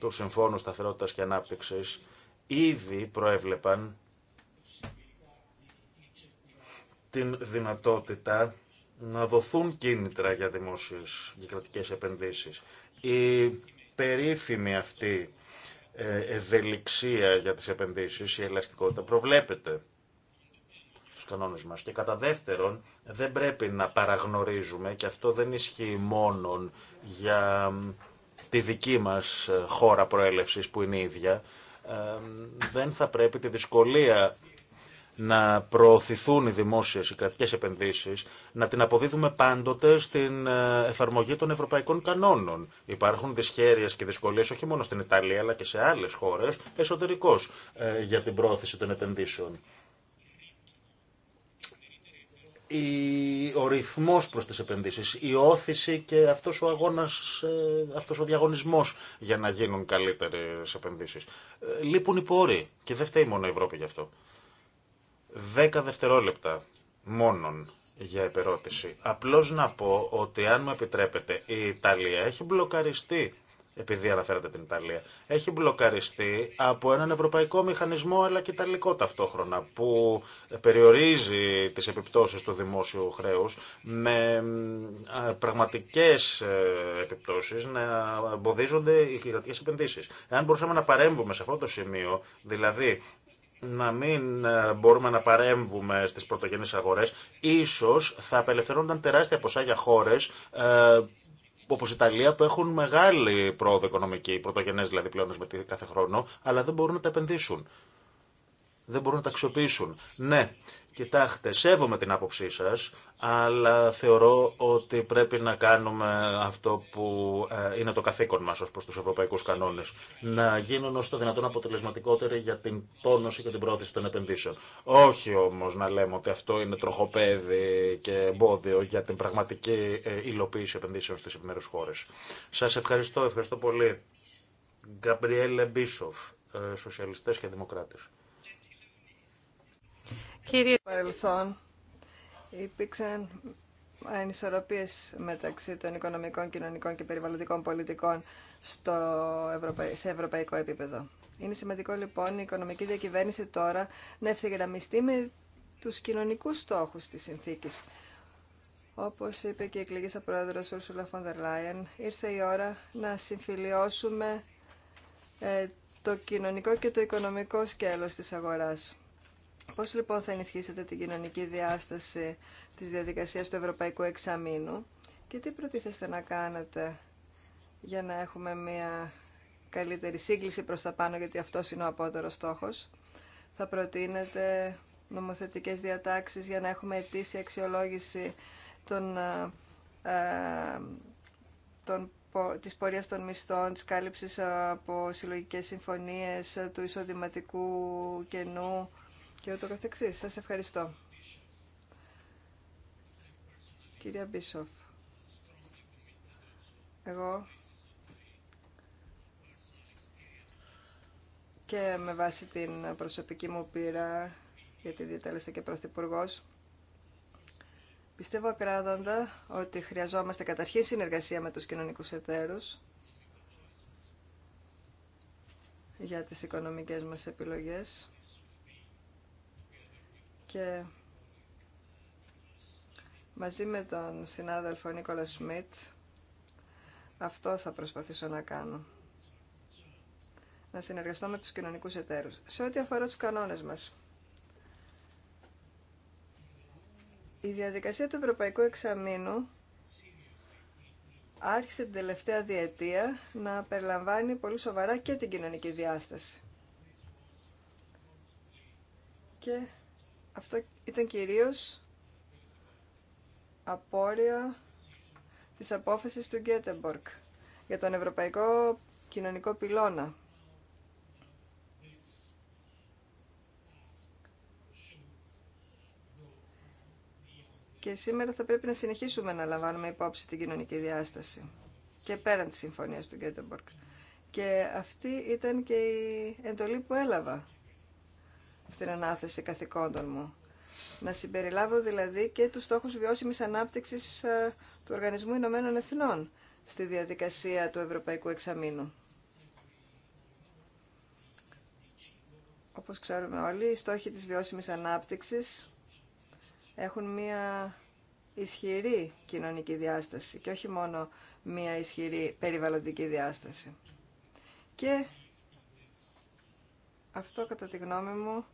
του Συμφώνου Σταθερότητας και Ανάπτυξης, ήδη προέβλεπαν την δυνατότητα να δοθούν κίνητρα για δημόσιες και κρατικές επενδύσεις. Η περίφημη αυτή ε, ευελιξία για τις επενδύσεις, η ελαστικότητα προβλέπεται στους κανόνες μας. Και κατά δεύτερον, δεν πρέπει να παραγνωρίζουμε, και αυτό δεν ισχύει μόνο για τη δική μας ε, χώρα προέλευσης που είναι η ίδια, ε, δεν θα πρέπει τη δυσκολία να προωθηθούν οι δημόσιες, οι κρατικέ επενδύσεις, να την αποδίδουμε πάντοτε στην ε, εφαρμογή των ευρωπαϊκών κανόνων. Υπάρχουν δυσχέρειε και δυσκολίε όχι μόνο στην Ιταλία αλλά και σε άλλες χώρες εσωτερικώς ε, για την προώθηση των επενδύσεων. Ο ρυθμό προς τις επενδύσεις, η όθηση και αυτός ο αγώνας, ε, αυτό ο διαγωνισμό για να γίνουν καλύτερες επενδύσεις. Λείπουν οι πόροι και δεν φταίει μόνο η Ευρώπη γι' αυτό. 10 δευτερόλεπτα μόνον για επερώτηση. Απλώς να πω ότι αν μου επιτρέπετε, η Ιταλία έχει μπλοκαριστεί, επειδή αναφέρατε την Ιταλία, έχει μπλοκαριστεί από έναν ευρωπαϊκό μηχανισμό αλλά και ιταλικό ταυτόχρονα που περιορίζει τις επιπτώσεις του δημόσιου χρέους με ε, πραγματικές ε, επιπτώσεις να εμποδίζονται οι κρατικές επενδύσεις. Εάν μπορούσαμε να παρέμβουμε σε αυτό το σημείο, δηλαδή να μην ε, μπορούμε να παρέμβουμε στις πρωτογενείς αγορές, ίσως θα απελευθερώνταν τεράστια ποσά για χώρες όπω ε, όπως η Ιταλία που έχουν μεγάλη πρόοδο οικονομική, πρωτογενέ, δηλαδή πλέον κάθε χρόνο, αλλά δεν μπορούν να τα επενδύσουν. Δεν μπορούν να τα αξιοποιήσουν. Ναι, Κοιτάξτε, σέβομαι την άποψή σας, αλλά θεωρώ ότι πρέπει να κάνουμε αυτό που ε, είναι το καθήκον μας ως προς τους ευρωπαϊκούς κανόνες. Να γίνουν όσο το δυνατόν αποτελεσματικότεροι για την τόνωση και την πρόθεση των επενδύσεων. Όχι όμως να λέμε ότι αυτό είναι τροχοπέδι και εμπόδιο για την πραγματική ε, υλοποίηση επενδύσεων στις επιμέρους χώρες. Σας ευχαριστώ, ευχαριστώ πολύ. Γκαμπριέλε Μπίσοφ, ε, Σοσιαλιστές και Δημοκράτες. Κύριε... Παρελθόν υπήρξαν ανισορροπίες μεταξύ των οικονομικών, κοινωνικών και περιβαλλοντικών πολιτικών στο σε ευρωπαϊκό επίπεδο. Είναι σημαντικό λοιπόν η οικονομική διακυβέρνηση τώρα να ευθυγραμμιστεί με τους κοινωνικούς στόχους της συνθήκης. Όπως είπε και η εκλεγήσα πρόεδρος Ursula von der ήρθε η ώρα να συμφιλιώσουμε ε, το κοινωνικό και το οικονομικό σκέλος της αγοράς. Πώς λοιπόν θα ενισχύσετε την κοινωνική διάσταση της διαδικασίας του Ευρωπαϊκού Εξαμήνου και τι προτίθεστε να κάνετε για να έχουμε μια καλύτερη σύγκληση προς τα πάνω, γιατί αυτό είναι ο απότερος στόχος. Θα προτείνετε νομοθετικές διατάξεις για να έχουμε αιτήσια αξιολόγηση των, ε, ε των, της πορείας των μισθών, της κάλυψης από συλλογικές συμφωνίες, ε, του εισοδηματικού κενού, και ούτω καθεξής. Σας ευχαριστώ. Κυρία Μπίσοφ, εγώ και με βάση την προσωπική μου πείρα, γιατί διατέλεσα και πρωθυπουργό. Πιστεύω ακράδαντα ότι χρειαζόμαστε καταρχήν συνεργασία με τους κοινωνικούς εταίρους για τις οικονομικές μας επιλογές και μαζί με τον συνάδελφο Νίκολα Σμιτ αυτό θα προσπαθήσω να κάνω. Να συνεργαστώ με τους κοινωνικούς εταίρους. Σε ό,τι αφορά τους κανόνες μας. Η διαδικασία του Ευρωπαϊκού Εξαμήνου άρχισε την τελευταία διετία να περιλαμβάνει πολύ σοβαρά και την κοινωνική διάσταση. Και αυτό ήταν κυρίως απόρρια της απόφασης του Γκέτεμπορκ για τον Ευρωπαϊκό Κοινωνικό Πυλώνα. Και σήμερα θα πρέπει να συνεχίσουμε να λαμβάνουμε υπόψη την κοινωνική διάσταση και πέραν της συμφωνίας του Γκέτεμπορκ. Και αυτή ήταν και η εντολή που έλαβα στην ανάθεση καθηκόντων μου. Να συμπεριλάβω δηλαδή και τους στόχους βιώσιμης ανάπτυξης ε, του Οργανισμού Ηνωμένων Εθνών στη διαδικασία του Ευρωπαϊκού Εξαμήνου. Όπως ξέρουμε όλοι, οι στόχοι της βιώσιμης ανάπτυξης έχουν μία ισχυρή κοινωνική διάσταση και όχι μόνο μία ισχυρή περιβαλλοντική διάσταση. Και αυτό κατά τη γνώμη μου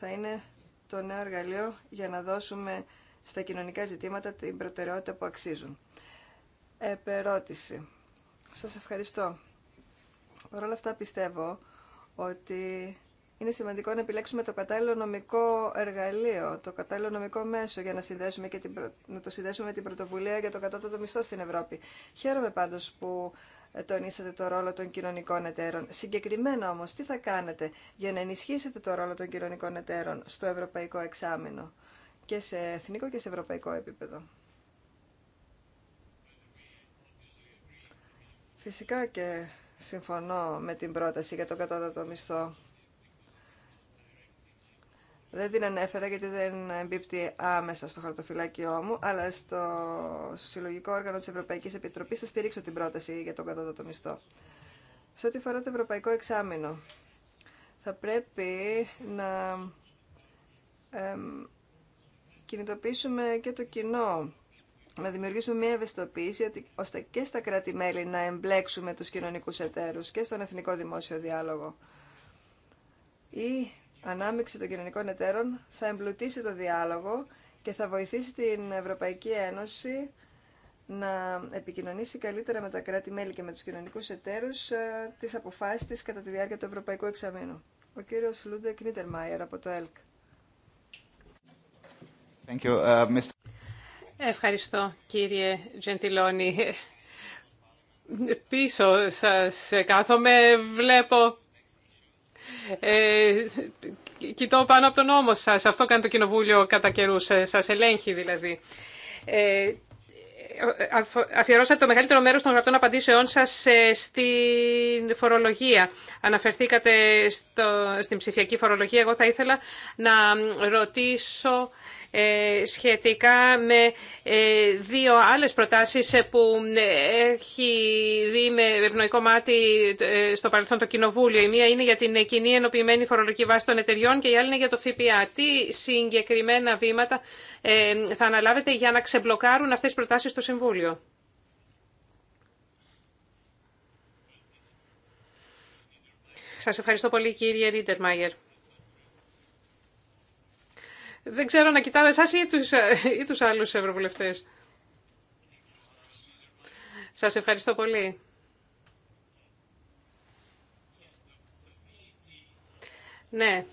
θα είναι το νέο εργαλείο για να δώσουμε στα κοινωνικά ζητήματα την προτεραιότητα που αξίζουν. Επερώτηση. Σας ευχαριστώ. Παρ' όλα αυτά πιστεύω ότι είναι σημαντικό να επιλέξουμε το κατάλληλο νομικό εργαλείο, το κατάλληλο νομικό μέσο για να, συνδέσουμε και την, να το συνδέσουμε με την πρωτοβουλία για το κατώτατο μισθό στην Ευρώπη. Χαίρομαι πάντως που τονίσατε το ρόλο των κοινωνικών εταίρων. Συγκεκριμένα όμως, τι θα κάνετε για να ενισχύσετε το ρόλο των κοινωνικών εταίρων στο ευρωπαϊκό εξάμεινο και σε εθνικό και σε ευρωπαϊκό επίπεδο. Φυσικά και συμφωνώ με την πρόταση για τον κατώτατο μισθό δεν την ανέφερα γιατί δεν εμπίπτει άμεσα στο χαρτοφυλάκιό μου, αλλά στο συλλογικό όργανο της Ευρωπαϊκής Επιτροπής θα στηρίξω την πρόταση για τον κατώτατο μισθό. Σε ό,τι αφορά το ευρωπαϊκό εξάμεινο, θα πρέπει να εμ, κινητοποιήσουμε και το κοινό, να δημιουργήσουμε μια ευαισθητοποίηση ώστε και στα κράτη-μέλη να εμπλέξουμε τους κοινωνικούς εταίρους και στον εθνικό δημόσιο διάλογο. Ή ανάμειξη των κοινωνικών εταίρων θα εμπλουτίσει το διάλογο και θα βοηθήσει την Ευρωπαϊκή Ένωση να επικοινωνήσει καλύτερα με τα κράτη-μέλη και με τους κοινωνικούς εταίρους ε, τις αποφάσεις της κατά τη διάρκεια του Ευρωπαϊκού Εξαμήνου. Ο κύριος Λούντε Κνίτερμαϊερ από το ΕΛΚ. Uh, Ευχαριστώ κύριε Τζεντιλόνι. Πίσω σας κάθομαι, βλέπω ε, κοιτώ πάνω από τον νόμο σας. Αυτό κάνει το Κοινοβούλιο κατά καιρού. Ε, σα ελέγχει δηλαδή. Ε, αφιερώσατε το μεγαλύτερο μέρος των γραπτών απαντήσεών σας ε, στην φορολογία. Αναφερθήκατε στην ψηφιακή φορολογία. Εγώ θα ήθελα να ρωτήσω ε, σχετικά με ε, δύο άλλες προτάσεις ε, που έχει δει με ευνοϊκό μάτι στο παρελθόν το Κοινοβούλιο. Η μία είναι για την κοινή ενοποιημένη φορολογική βάση των εταιριών και η άλλη είναι για το ΦΠΑ. Τι συγκεκριμένα βήματα θα αναλάβετε για να ξεμπλοκάρουν αυτές τις προτάσεις στο Συμβούλιο. Σας ευχαριστώ πολύ κύριε Μάγερ. Δεν ξέρω να κοιτάω εσάς ή τους, ή τους άλλους ευρωβουλευτές. Σας ευχαριστώ πολύ. Ναι.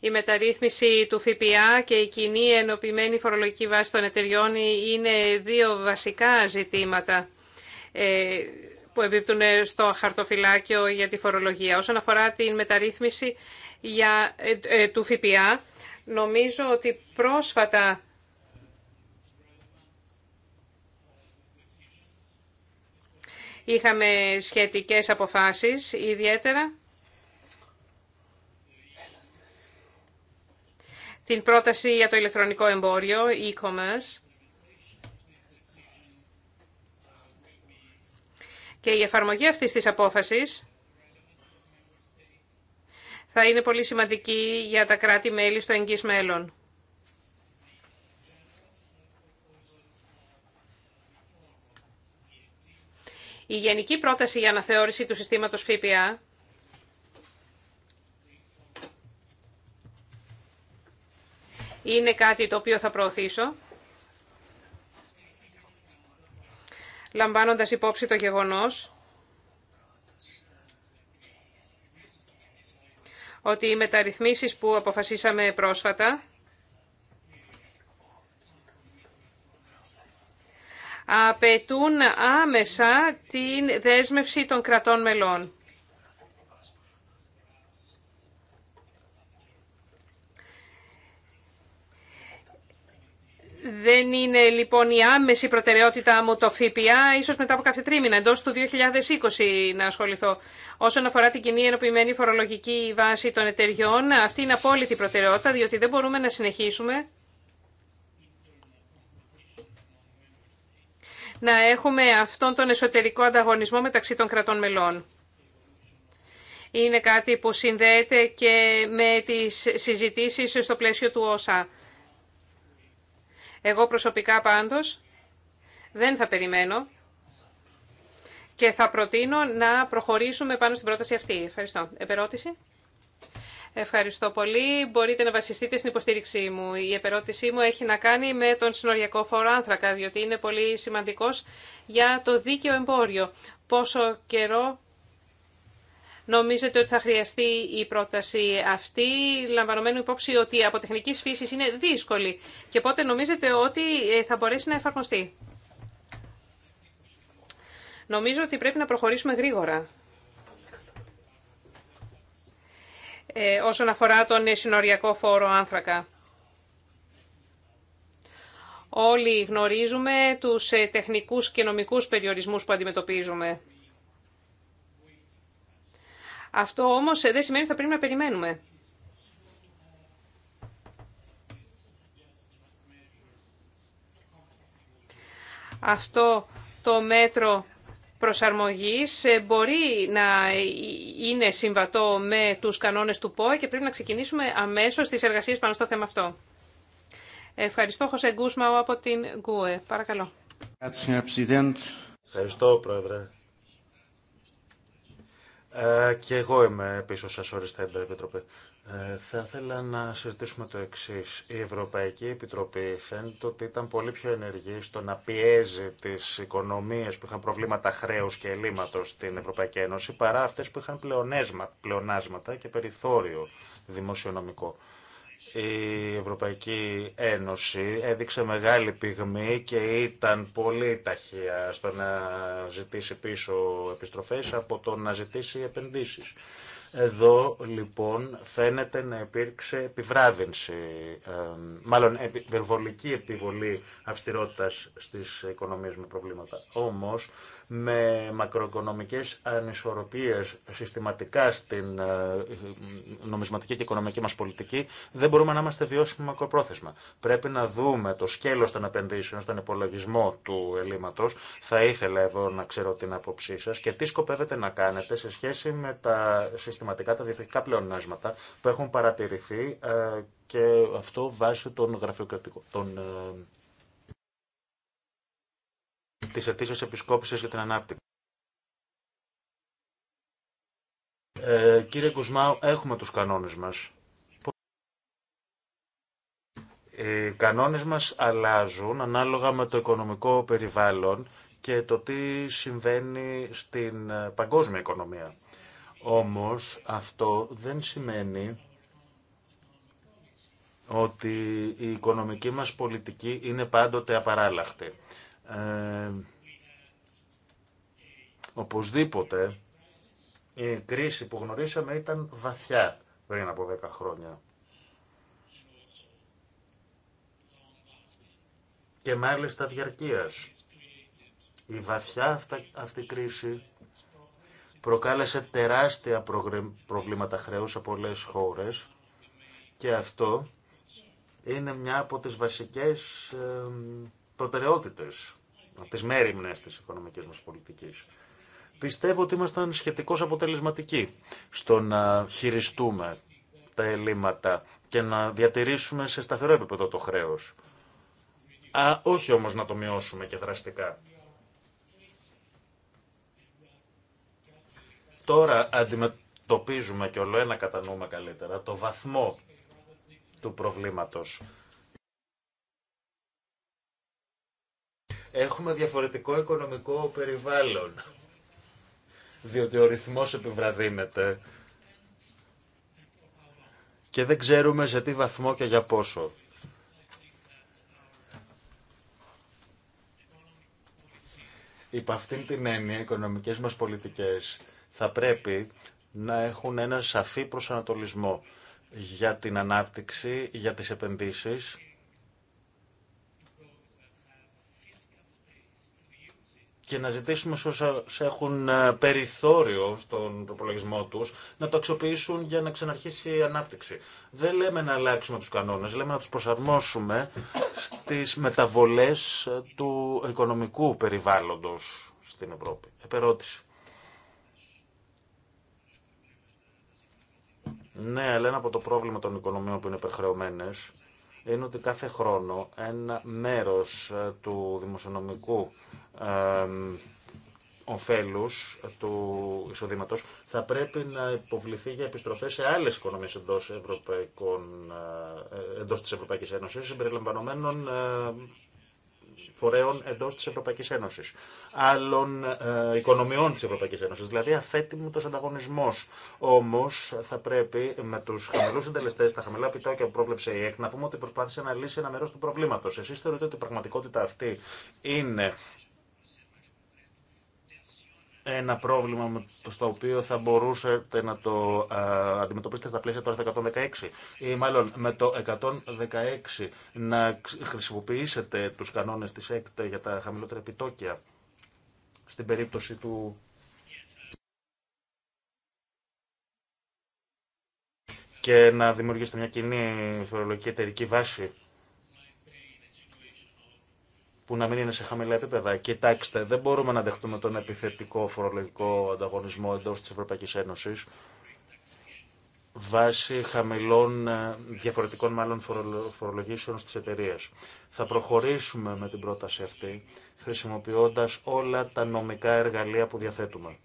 Η μεταρρύθμιση του ΦΠΑ και η κοινή ενωπημένη φορολογική βάση των εταιριών είναι δύο βασικά ζητήματα ε, που εμπίπτουν στο χαρτοφυλάκιο για τη φορολογία. Όσον αφορά τη μεταρρύθμιση για, ε, ε, του ΦΠΑ, Νομίζω ότι πρόσφατα είχαμε σχετικές αποφάσεις ιδιαίτερα. Την πρόταση για το ηλεκτρονικό εμπόριο, e-commerce. Και η εφαρμογή αυτής της απόφασης θα είναι πολύ σημαντική για τα κράτη-μέλη στο εγγύς μέλλον. Η γενική πρόταση για αναθεώρηση του συστήματος ΦΠΑ είναι κάτι το οποίο θα προωθήσω, λαμβάνοντας υπόψη το γεγονός ότι οι μεταρρυθμίσεις που αποφασίσαμε πρόσφατα απαιτούν άμεσα την δέσμευση των κρατών μελών. Δεν είναι λοιπόν η άμεση προτεραιότητά μου το ΦΠΑ, ίσως μετά από κάποια τρίμηνα, εντό του 2020 να ασχοληθώ. Όσον αφορά την κοινή ενοποιημένη φορολογική βάση των εταιριών, αυτή είναι απόλυτη προτεραιότητα, διότι δεν μπορούμε να συνεχίσουμε να έχουμε αυτόν τον εσωτερικό ανταγωνισμό μεταξύ των κρατών μελών. Είναι κάτι που συνδέεται και με τις συζητήσεις στο πλαίσιο του ΩΣΑ. Εγώ προσωπικά πάντως δεν θα περιμένω και θα προτείνω να προχωρήσουμε πάνω στην πρόταση αυτή. Ευχαριστώ. Επερώτηση. Ευχαριστώ πολύ. Μπορείτε να βασιστείτε στην υποστήριξή μου. Η επερώτησή μου έχει να κάνει με τον συνοριακό φόρο άνθρακα, διότι είναι πολύ σημαντικός για το δίκαιο εμπόριο. Πόσο καιρό Νομίζετε ότι θα χρειαστεί η πρόταση αυτή, λαμβανομένου υπόψη ότι από τεχνική φύση είναι δύσκολη. Και πότε νομίζετε ότι ε, θα μπορέσει να εφαρμοστεί. Νομίζω ότι πρέπει να προχωρήσουμε γρήγορα. Ε, όσον αφορά τον συνοριακό φόρο άνθρακα. Όλοι γνωρίζουμε τους ε, τεχνικούς και νομικούς περιορισμούς που αντιμετωπίζουμε. Αυτό όμως ε, δεν σημαίνει ότι θα πρέπει να περιμένουμε. Αυτό το μέτρο προσαρμογής ε, μπορεί να είναι συμβατό με τους κανόνες του ΠΟΕ και πρέπει να ξεκινήσουμε αμέσως τις εργασίες πάνω στο θέμα αυτό. Ευχαριστώ, Χωσέ Γκούσμαου από την Γκούε. Παρακαλώ. Ευχαριστώ, Πρόεδρε. Ε, και εγώ είμαι πίσω σας, ορίστε, Επίτροπε. θα ήθελα να συζητήσουμε το εξή. Η Ευρωπαϊκή Επιτροπή φαίνεται ότι ήταν πολύ πιο ενεργή στο να πιέζει τι οικονομίε που είχαν προβλήματα χρέου και ελλείμματο στην Ευρωπαϊκή Ένωση παρά αυτέ που είχαν πλεονάσματα και περιθώριο δημοσιονομικό η Ευρωπαϊκή Ένωση έδειξε μεγάλη πυγμή και ήταν πολύ ταχεία στο να ζητήσει πίσω επιστροφές από το να ζητήσει επενδύσεις. Εδώ λοιπόν φαίνεται να υπήρξε επιβράδυνση, μάλλον υπερβολική επιβολή αυστηρότητας στις οικονομίες με προβλήματα. Όμως με μακροοικονομικές ανισορροπίες συστηματικά στην ε, νομισματική και οικονομική μας πολιτική δεν μπορούμε να είμαστε βιώσιμοι μακροπρόθεσμα. Πρέπει να δούμε το σκέλος των επενδύσεων στον υπολογισμό του ελλείμματος. Θα ήθελα εδώ να ξέρω την άποψή σας και τι σκοπεύετε να κάνετε σε σχέση με τα συστηματικά συστηματικά τα διευθυντικά πλεονάσματα που έχουν παρατηρηθεί ε, και αυτό βάσει των γραφειοκρατικών. Των, ε, της αιτήσεως για την ανάπτυξη. Ε, κύριε Κουσμάου, έχουμε τους κανόνες μας. Οι κανόνες μας αλλάζουν ανάλογα με το οικονομικό περιβάλλον και το τι συμβαίνει στην ε, παγκόσμια οικονομία. Όμως αυτό δεν σημαίνει ότι η οικονομική μας πολιτική είναι πάντοτε απαράλλαχτη. Ε, οπωσδήποτε η κρίση που γνωρίσαμε ήταν βαθιά πριν από 10 χρόνια. Και μάλιστα διαρκείας. Η βαθιά αυτή, αυτή κρίση προκάλεσε τεράστια προβλήματα χρέους σε πολλές χώρες και αυτό είναι μια από τις βασικές προτεραιότητες, της τις μέρημνες της οικονομικής μας πολιτικής. Πιστεύω ότι ήμασταν σχετικώς αποτελεσματικοί στο να χειριστούμε τα ελλείμματα και να διατηρήσουμε σε σταθερό επίπεδο το χρέος. Α, όχι όμως να το μειώσουμε και δραστικά. Τώρα αντιμετωπίζουμε και όλο ένα κατανοούμε καλύτερα το βαθμό του προβλήματος. Έχουμε διαφορετικό οικονομικό περιβάλλον, διότι ο ρυθμός επιβραδύνεται και δεν ξέρουμε σε τι βαθμό και για πόσο. Υπ' αυτήν την έννοια, οι οικονομικές μας πολιτικές θα πρέπει να έχουν ένα σαφή προσανατολισμό για την ανάπτυξη, για τις επενδύσεις και να ζητήσουμε σε όσους έχουν ε, περιθώριο στον προπολογισμό τους να το αξιοποιήσουν για να ξαναρχίσει η ανάπτυξη. Δεν λέμε να αλλάξουμε τους κανόνες, λέμε να τους προσαρμόσουμε στις μεταβολές ε, του οικονομικού περιβάλλοντος στην Ευρώπη. Επερώτηση. Ναι, αλλά ένα από το πρόβλημα των οικονομιών που είναι υπερχρεωμένε είναι ότι κάθε χρόνο ένα μέρο ε, του δημοσιονομικού ωφέλου ε, του εισοδήματο θα πρέπει να υποβληθεί για επιστροφέ σε άλλε οικονομίε εντό εντός, ε, τη Ευρωπαϊκή Ένωση, συμπεριλαμβανομένων φορέων εντό τη Ευρωπαϊκή Ένωση, άλλων ε, οικονομιών τη Ευρωπαϊκή Ένωση. Δηλαδή, τον ανταγωνισμό. Όμω, θα πρέπει με του χαμηλού συντελεστέ, τα χαμηλά επιτόκια που πρόβλεψε η ΕΚ, να πούμε ότι προσπάθησε να λύσει ένα μέρο του προβλήματο. Εσεί θεωρείτε ότι η πραγματικότητα αυτή είναι ένα πρόβλημα στο οποίο θα μπορούσατε να το αντιμετωπίσετε στα πλαίσια του 116 ή μάλλον με το 116 να χρησιμοποιήσετε τους κανόνες της ΕΚΤ για τα χαμηλότερα επιτόκια στην περίπτωση του και να δημιουργήσετε μια κοινή φορολογική εταιρική βάση που να μην είναι σε χαμηλά επίπεδα. Κοιτάξτε, δεν μπορούμε να δεχτούμε τον επιθετικό φορολογικό ανταγωνισμό εντό τη Ευρωπαϊκή Ένωση βάσει χαμηλών ε, διαφορετικών μάλλον φορολογήσεων στις εταιρείε. Θα προχωρήσουμε με την πρόταση αυτή, χρησιμοποιώντας όλα τα νομικά εργαλεία που διαθέτουμε.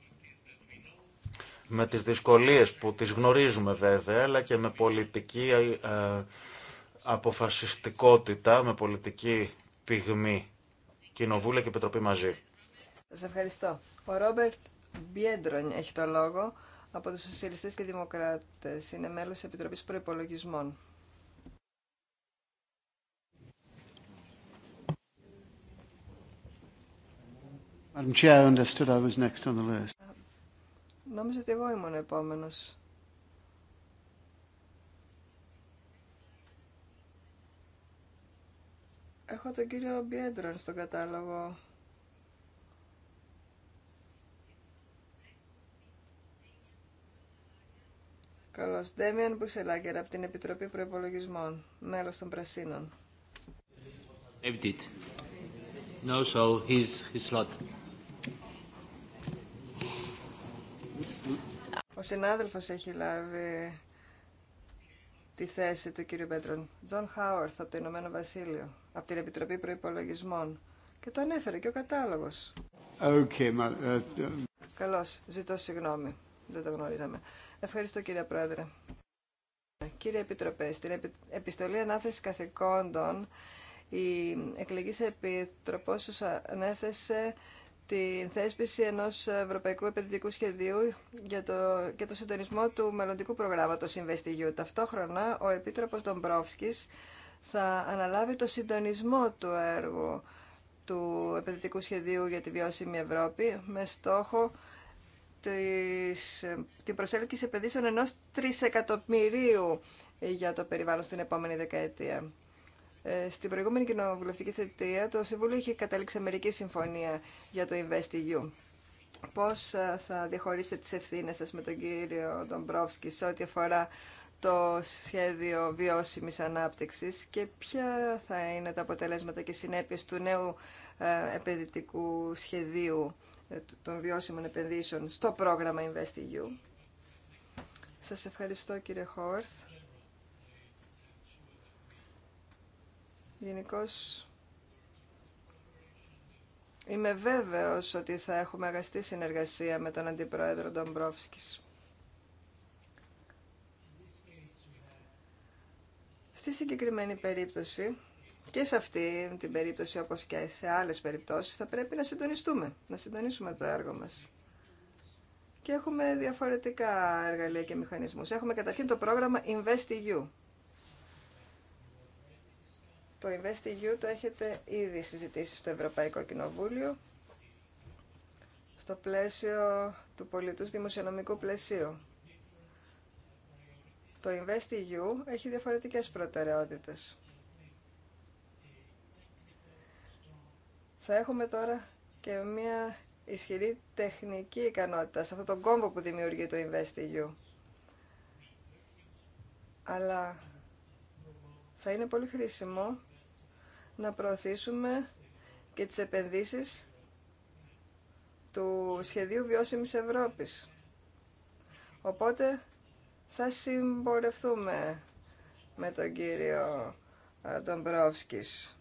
Με τις δυσκολίες που τις γνωρίζουμε βέβαια, αλλά και με πολιτική ε, ε, αποφασιστικότητα, με πολιτική πυγμή Κοινοβούλια και Επιτροπή μαζί. Σας ευχαριστώ. Ο Ρόμπερτ Μπιέντρον έχει το λόγο από τους Σοσιαλιστές και Δημοκράτες. Είναι μέλος της Επιτροπής Προϋπολογισμών. Νόμιζα ότι εγώ ήμουν ο επόμενος. Έχω τον κύριο Μπιέντρον στον κατάλογο. Καλώ. Ντέμιον Μπουσελάγκερ από την Επιτροπή Προπολογισμών, μέλο των Πρασίνων. Ο συνάδελφο έχει λάβει τη θέση του κύριου Μπέντρον. Τζον Χάουαρθ από το Ηνωμένο Βασίλειο από την Επιτροπή Προϋπολογισμών. Και το ανέφερε και ο κατάλογος. Okay, ε, ε, Καλώς, ζητώ συγγνώμη. Δεν το γνωρίζαμε. Ευχαριστώ κύριε Πρόεδρε. Κύριε Επιτροπέ, στην επιστολή ανάθεση καθηκόντων η εκλεγής επιτροπός σας ανέθεσε την θέσπιση ενός Ευρωπαϊκού Επενδυτικού Σχεδίου για το, και το συντονισμό του μελλοντικού προγράμματος InvestEU. Ταυτόχρονα, ο Επίτροπος Ντομπρόφσκης θα αναλάβει το συντονισμό του έργου του επενδυτικού σχεδίου για τη βιώσιμη Ευρώπη με στόχο της, την προσέλκυση επενδύσεων ενός τρισεκατομμυρίου για το περιβάλλον στην επόμενη δεκαετία. Ε, στην προηγούμενη κοινοβουλευτική θετία το Συμβούλιο είχε καταλήξει μερική συμφωνία για το InvestEU. Πώς ε, θα διαχωρίσετε τις ευθύνες σας με τον κύριο Ντομπρόφσκι σε ό,τι αφορά το σχέδιο βιώσιμης ανάπτυξης και ποια θα είναι τα αποτελέσματα και συνέπειες του νέου ε, επενδυτικού σχεδίου ε, των βιώσιμων επενδύσεων στο πρόγραμμα InvestEU. Σας ευχαριστώ κύριε Χόρθ. Γενικώ είμαι βέβαιος ότι θα έχουμε αγαστή συνεργασία με τον Αντιπρόεδρο Ντομπρόφσκης. Στη συγκεκριμένη περίπτωση και σε αυτή την περίπτωση όπως και σε άλλες περιπτώσεις θα πρέπει να συντονιστούμε, να συντονίσουμε το έργο μας. Και έχουμε διαφορετικά εργαλεία και μηχανισμούς. Έχουμε καταρχήν το πρόγραμμα InvestEU. Το InvestEU το έχετε ήδη συζητήσει στο Ευρωπαϊκό Κοινοβούλιο στο πλαίσιο του πολιτούς δημοσιονομικού πλαισίου. Το InvestEU έχει διαφορετικές προτεραιότητες. Θα έχουμε τώρα και μια ισχυρή τεχνική ικανότητα σε αυτό το κόμπο που δημιουργεί το InvestEU. Αλλά θα είναι πολύ χρήσιμο να προωθήσουμε και τις επενδύσεις του Σχεδίου Βιώσιμης Ευρώπης. Οπότε θα συμπορευτούμε με τον κύριο Ντομπρόφσκης.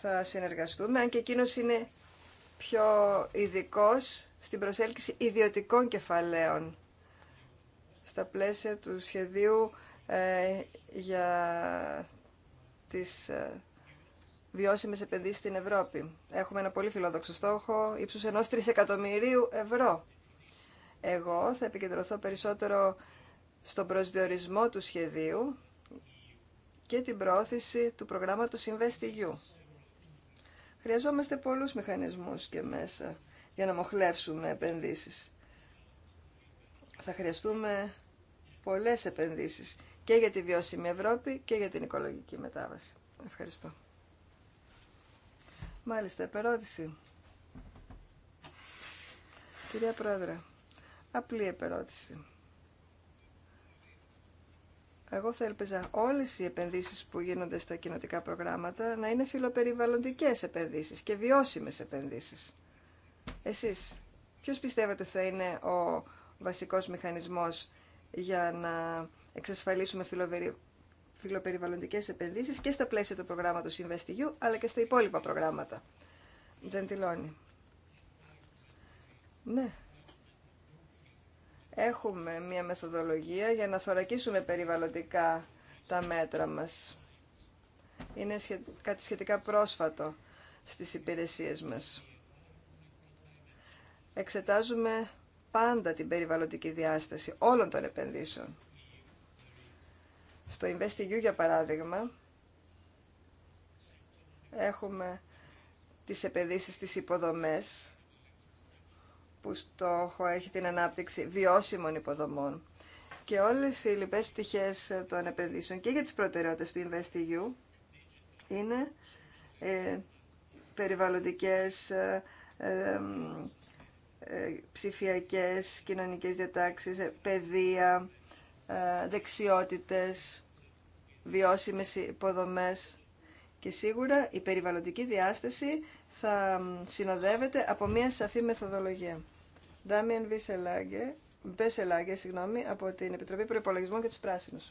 Θα συνεργαστούμε, αν και εκείνος είναι πιο ειδικό στην προσέλκυση ιδιωτικών κεφαλαίων στα πλαίσια του σχεδίου ε, για τις ε, βιώσιμες επενδύσεις στην Ευρώπη. Έχουμε ένα πολύ φιλόδοξο στόχο ύψους ενός τρισεκατομμυρίου ευρώ. Εγώ θα επικεντρωθώ περισσότερο στον προσδιορισμό του σχεδίου και την πρόθεση του προγράμματος InvestEU. Χρειαζόμαστε πολλούς μηχανισμούς και μέσα για να μοχλεύσουμε επενδύσεις. Θα χρειαστούμε πολλές επενδύσεις και για τη βιώσιμη Ευρώπη και για την οικολογική μετάβαση. Ευχαριστώ. Μάλιστα, επερώτηση. Κυρία Πρόεδρε, απλή επερώτηση. Εγώ θα ελπίζα όλες οι επενδύσεις που γίνονται στα κοινοτικά προγράμματα να είναι φιλοπεριβαλλοντικές επενδύσεις και βιώσιμες επενδύσεις. Εσείς, ποιο πιστεύετε θα είναι ο βασικός μηχανισμός για να εξασφαλίσουμε φιλοπεριβαλλοντικές επενδύσεις και στα πλαίσια του προγράμματος InvestEU, αλλά και στα υπόλοιπα προγράμματα. Τζεντιλόνι. Ναι, έχουμε μια μεθοδολογία για να θωρακίσουμε περιβαλλοντικά τα μέτρα μας. Είναι κάτι σχετικά πρόσφατο στις υπηρεσίες μας. Εξετάζουμε πάντα την περιβαλλοντική διάσταση όλων των επενδύσεων. Στο InvestEU, για παράδειγμα, έχουμε τις επενδύσεις στις υποδομές που στόχο έχει την ανάπτυξη βιώσιμων υποδομών και όλες οι λοιπές πτυχές των επενδύσεων και για τις προτεραιότητες του InvestEU είναι ε, περιβαλλοντικές, ε, ε, ψηφιακές, κοινωνικές διατάξεις, ε, παιδεία, ε, δεξιότητες, βιώσιμες υποδομές και σίγουρα η περιβαλλοντική διάσταση θα συνοδεύεται από μια σαφή μεθοδολογία. Ντάμιεν Μπέσελάγκε συγγνώμη, από την Επιτροπή Προπολογισμών και του Πράσινου.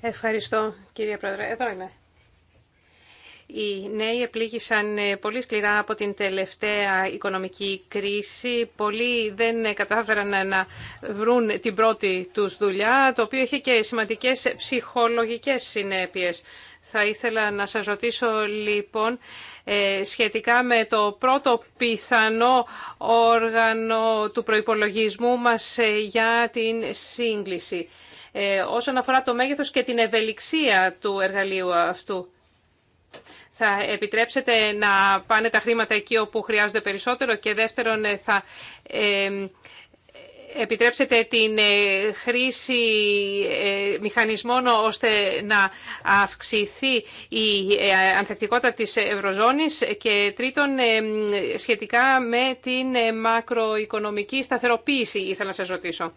Ευχαριστώ, κύριε Πρόεδρε. Εδώ είμαι. Οι νέοι επλήγησαν ε, πολύ σκληρά από την τελευταία οικονομική κρίση. Πολλοί δεν κατάφεραν να βρουν την πρώτη τους δουλειά, το οποίο είχε και σημαντικές ψυχολογικές συνέπειες. Θα ήθελα να σας ρωτήσω λοιπόν ε, σχετικά με το πρώτο πιθανό όργανο του προϋπολογισμού μας ε, για την σύγκληση. Ε, όσον αφορά το μέγεθος και την ευελιξία του εργαλείου αυτού. Θα επιτρέψετε να πάνε τα χρήματα εκεί όπου χρειάζονται περισσότερο και δεύτερον θα επιτρέψετε την ε, χρήση ε, μηχανισμών ώστε να αυξηθεί η ε, ανθεκτικότητα της Ευρωζώνης και τρίτον σχετικά με την μακροοικονομική σταθεροποίηση ήθελα να σας ρωτήσω.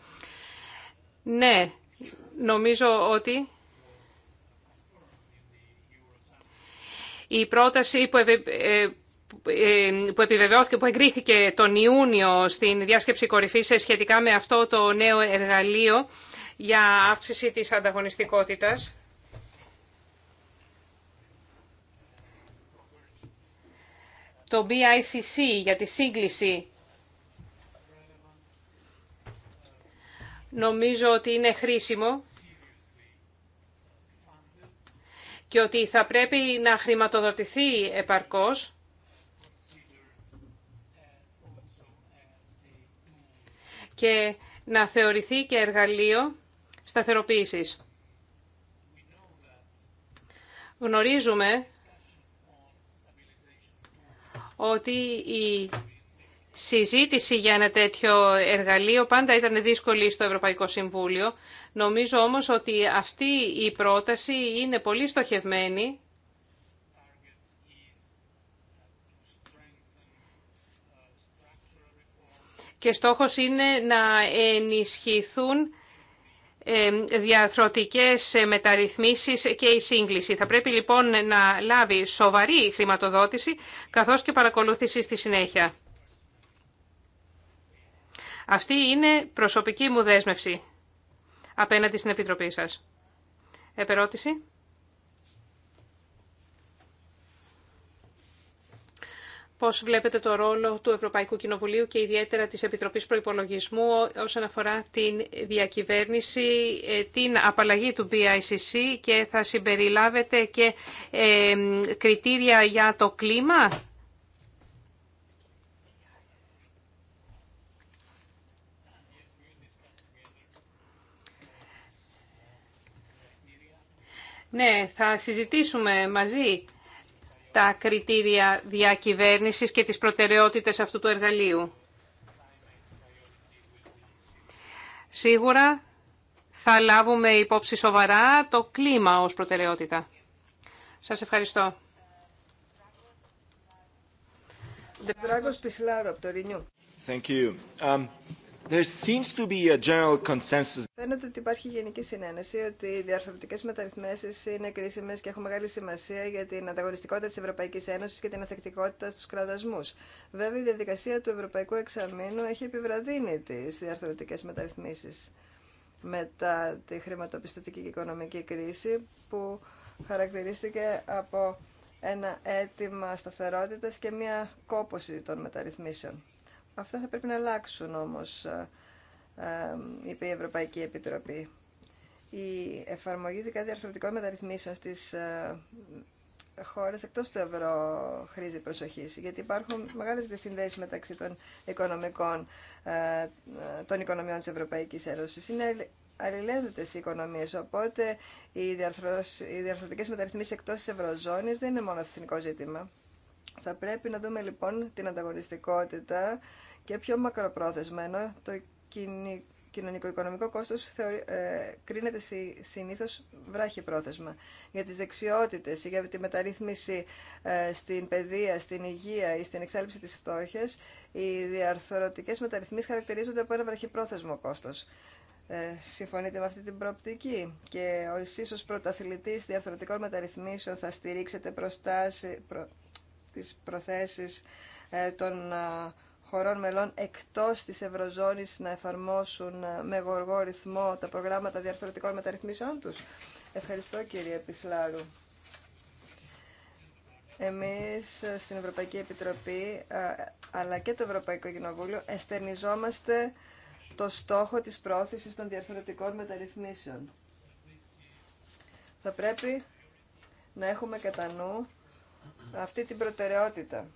Ναι, νομίζω ότι... Η πρόταση που ε, που επιβεβαιώθηκε, που εγκρίθηκε τον Ιούνιο στην διάσκεψη κορυφής σχετικά με αυτό το νέο εργαλείο για αύξηση της ανταγωνιστικότητας. Το BICC για τη σύγκληση νομίζω ότι είναι χρήσιμο και ότι θα πρέπει να χρηματοδοτηθεί επαρκώς και να θεωρηθεί και εργαλείο σταθεροποίησης. Γνωρίζουμε ότι η συζήτηση για ένα τέτοιο εργαλείο πάντα ήταν δύσκολη στο Ευρωπαϊκό Συμβούλιο. Νομίζω όμως ότι αυτή η πρόταση είναι πολύ στοχευμένη και στόχος είναι να ενισχυθούν ε, διαθροτικές ε, μεταρρυθμίσεις και η σύγκληση. Θα πρέπει λοιπόν να λάβει σοβαρή χρηματοδότηση καθώς και παρακολούθηση στη συνέχεια. Αυτή είναι προσωπική μου δέσμευση απέναντι στην Επιτροπή σας. Επερώτηση. Πώ βλέπετε το ρόλο του Ευρωπαϊκού Κοινοβουλίου και ιδιαίτερα της Επιτροπής Προϋπολογισμού όσον αφορά την διακυβέρνηση, ε, την απαλλαγή του BICC και θα συμπεριλάβετε και ε, κριτήρια για το κλίμα. Ναι, θα συζητήσουμε μαζί τα κριτήρια διακυβέρνησης και τις προτεραιότητες αυτού του εργαλείου. Σίγουρα θα λάβουμε υπόψη σοβαρά το κλίμα ως προτεραιότητα. Σας ευχαριστώ. Δράγος από um, There Φαίνεται ότι υπάρχει γενική συνένεση ότι οι διαρθρωτικέ μεταρρυθμίσει είναι κρίσιμε και έχουν μεγάλη σημασία για την ανταγωνιστικότητα τη Ευρωπαϊκή Ένωση και την αθεκτικότητα στου κραδασμού. Βέβαια, η διαδικασία του Ευρωπαϊκού Εξαμήνου έχει επιβραδύνει τι διαρθρωτικέ μεταρρυθμίσει μετά τη χρηματοπιστωτική και οικονομική κρίση που χαρακτηρίστηκε από ένα αίτημα σταθερότητας και μια κόποση των μεταρρυθμίσεων. Αυτά θα πρέπει να αλλάξουν όμως, ε, ε, είπε η Ευρωπαϊκή Επιτροπή. Η εφαρμογή δικά δηλαδή διαρθρωτικών μεταρρυθμίσεων στις ε, χώρες εκτός του ευρώ χρήζει προσοχή. γιατί υπάρχουν μεγάλες δεσυνδέσεις μεταξύ των, οικονομικών, των οικονομιών της Ευρωπαϊκής Ένωσης. Είναι αλληλένδετες οι οικονομίες, οπότε οι, διαρθρωτικές μεταρρυθμίσεις εκτός της ευρωζώνης δεν είναι μόνο εθνικό ζήτημα. Θα πρέπει να δούμε λοιπόν την ανταγωνιστικότητα και πιο μακροπρόθεσμα, ενώ το κοινωνικο-οικονομικό κόστος θεωρεί, ε, κρίνεται συνήθως βράχη πρόθεσμα. Για τις δεξιότητες, για τη μεταρρύθμιση ε, στην παιδεία, στην υγεία ή στην εξάλληψη της φτώχειας, οι διαρθρωτικές μεταρρυθμίσεις χαρακτηρίζονται από ένα πρόθεσμο κόστος. Ε, συμφωνείτε με αυτή την προοπτική και ο εσείς ως πρωταθλητής διαρθρωτικών μεταρρυθμίσεων θα στηρίξετε προστάσεις τις προθέσεις ε, των ε, χωρών μελών εκτός της Ευρωζώνης να εφαρμόσουν ε, με γοργό ρυθμό τα προγράμματα διαρθρωτικών μεταρρυθμίσεων τους. Ευχαριστώ κύριε Πισλάρου. Εμείς στην Ευρωπαϊκή Επιτροπή αλλά και το Ευρωπαϊκό Κοινοβούλιο εστερνιζόμαστε το στόχο της πρόθεσης των διαρθρωτικών μεταρρυθμίσεων. Θα πρέπει να έχουμε κατά νου αυτή την προτεραιότητα.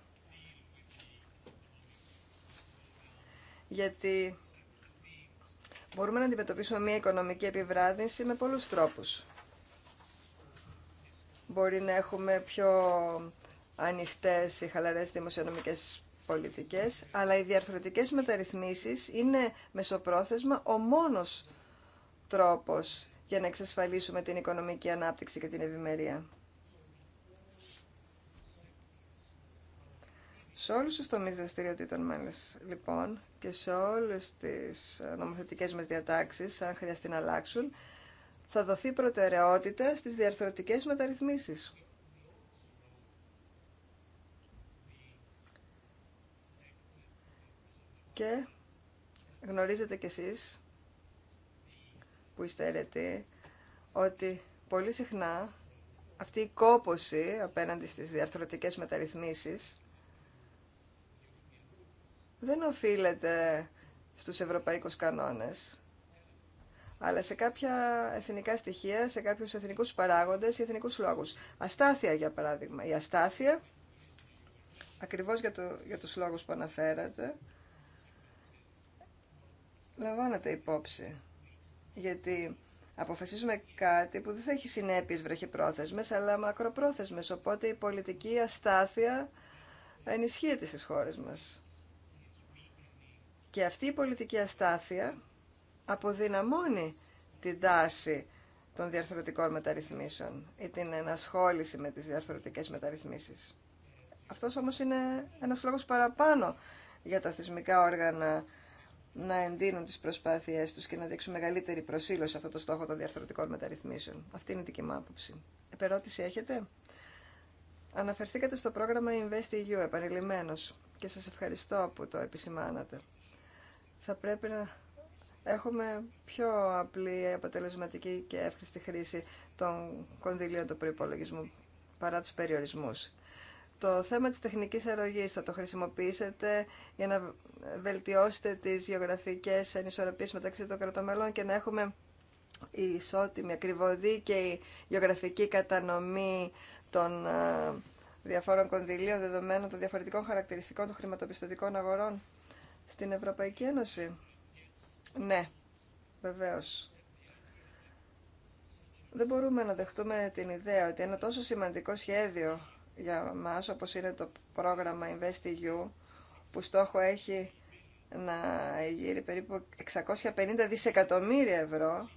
Γιατί μπορούμε να αντιμετωπίσουμε μια οικονομική επιβράδυνση με πολλούς τρόπους. Μπορεί να έχουμε πιο ανοιχτές ή χαλαρές δημοσιονομικές πολιτικές, αλλά οι διαρθρωτικές μεταρρυθμίσεις είναι μεσοπρόθεσμα ο μόνος τρόπος για να εξασφαλίσουμε την οικονομική ανάπτυξη και την ευημερία. Σε όλους τους τομείς δραστηριοτήτων μας, λοιπόν, και σε όλες τις ε, νομοθετικές μας διατάξεις, αν χρειαστεί να αλλάξουν, θα δοθεί προτεραιότητα στις διαρθρωτικές μεταρρυθμίσεις. Και γνωρίζετε κι εσείς που είστε αιρετοί, ότι πολύ συχνά αυτή η κόποση απέναντι στις διαρθρωτικές μεταρρυθμίσεις δεν οφείλεται στους ευρωπαϊκούς κανόνες, αλλά σε κάποια εθνικά στοιχεία, σε κάποιους εθνικούς παράγοντες ή εθνικούς λόγους. Αστάθεια, για παράδειγμα. Η αστάθεια, ακριβώς για, το, για τους λόγους που αναφέρατε, λαμβάνεται υπόψη. Γιατί αποφασίζουμε κάτι που δεν θα έχει συνέπειες βραχυπρόθεσμες, αλλά μακροπρόθεσμες, οπότε η πολιτική αστάθεια ενισχύεται στις χώρες μας. Και αυτή η πολιτική αστάθεια αποδυναμώνει την τάση των διαρθρωτικών μεταρρυθμίσεων ή την ενασχόληση με τις διαρθρωτικές μεταρρυθμίσεις. Αυτός όμως είναι ένας λόγος παραπάνω για τα θεσμικά όργανα να εντείνουν τις προσπάθειές τους και να δείξουν μεγαλύτερη προσήλωση σε αυτό το στόχο των διαρθρωτικών μεταρρυθμίσεων. Αυτή είναι η δική μου άποψη. Επερώτηση έχετε? Αναφερθήκατε στο πρόγραμμα InvestEU επανειλημμένως και σας ευχαριστώ που το επισημάνατε θα πρέπει να έχουμε πιο απλή, αποτελεσματική και εύχριστη χρήση των κονδυλίων του προϋπολογισμού παρά τους περιορισμούς. Το θέμα της τεχνικής αρρωγής θα το χρησιμοποιήσετε για να βελτιώσετε τις γεωγραφικές ανισορροπίες μεταξύ των κρατομελών και να έχουμε η ισότιμη, ακριβωδή και η γεωγραφική κατανομή των ε, διαφόρων κονδυλίων δεδομένων των διαφορετικών χαρακτηριστικών των χρηματοπιστωτικών αγορών στην Ευρωπαϊκή Ένωση. Ναι, βεβαίως. Δεν μπορούμε να δεχτούμε την ιδέα ότι ένα τόσο σημαντικό σχέδιο για μας, όπως είναι το πρόγραμμα InvestEU, που στόχο έχει να γύρει περίπου 650 δισεκατομμύρια ευρώ,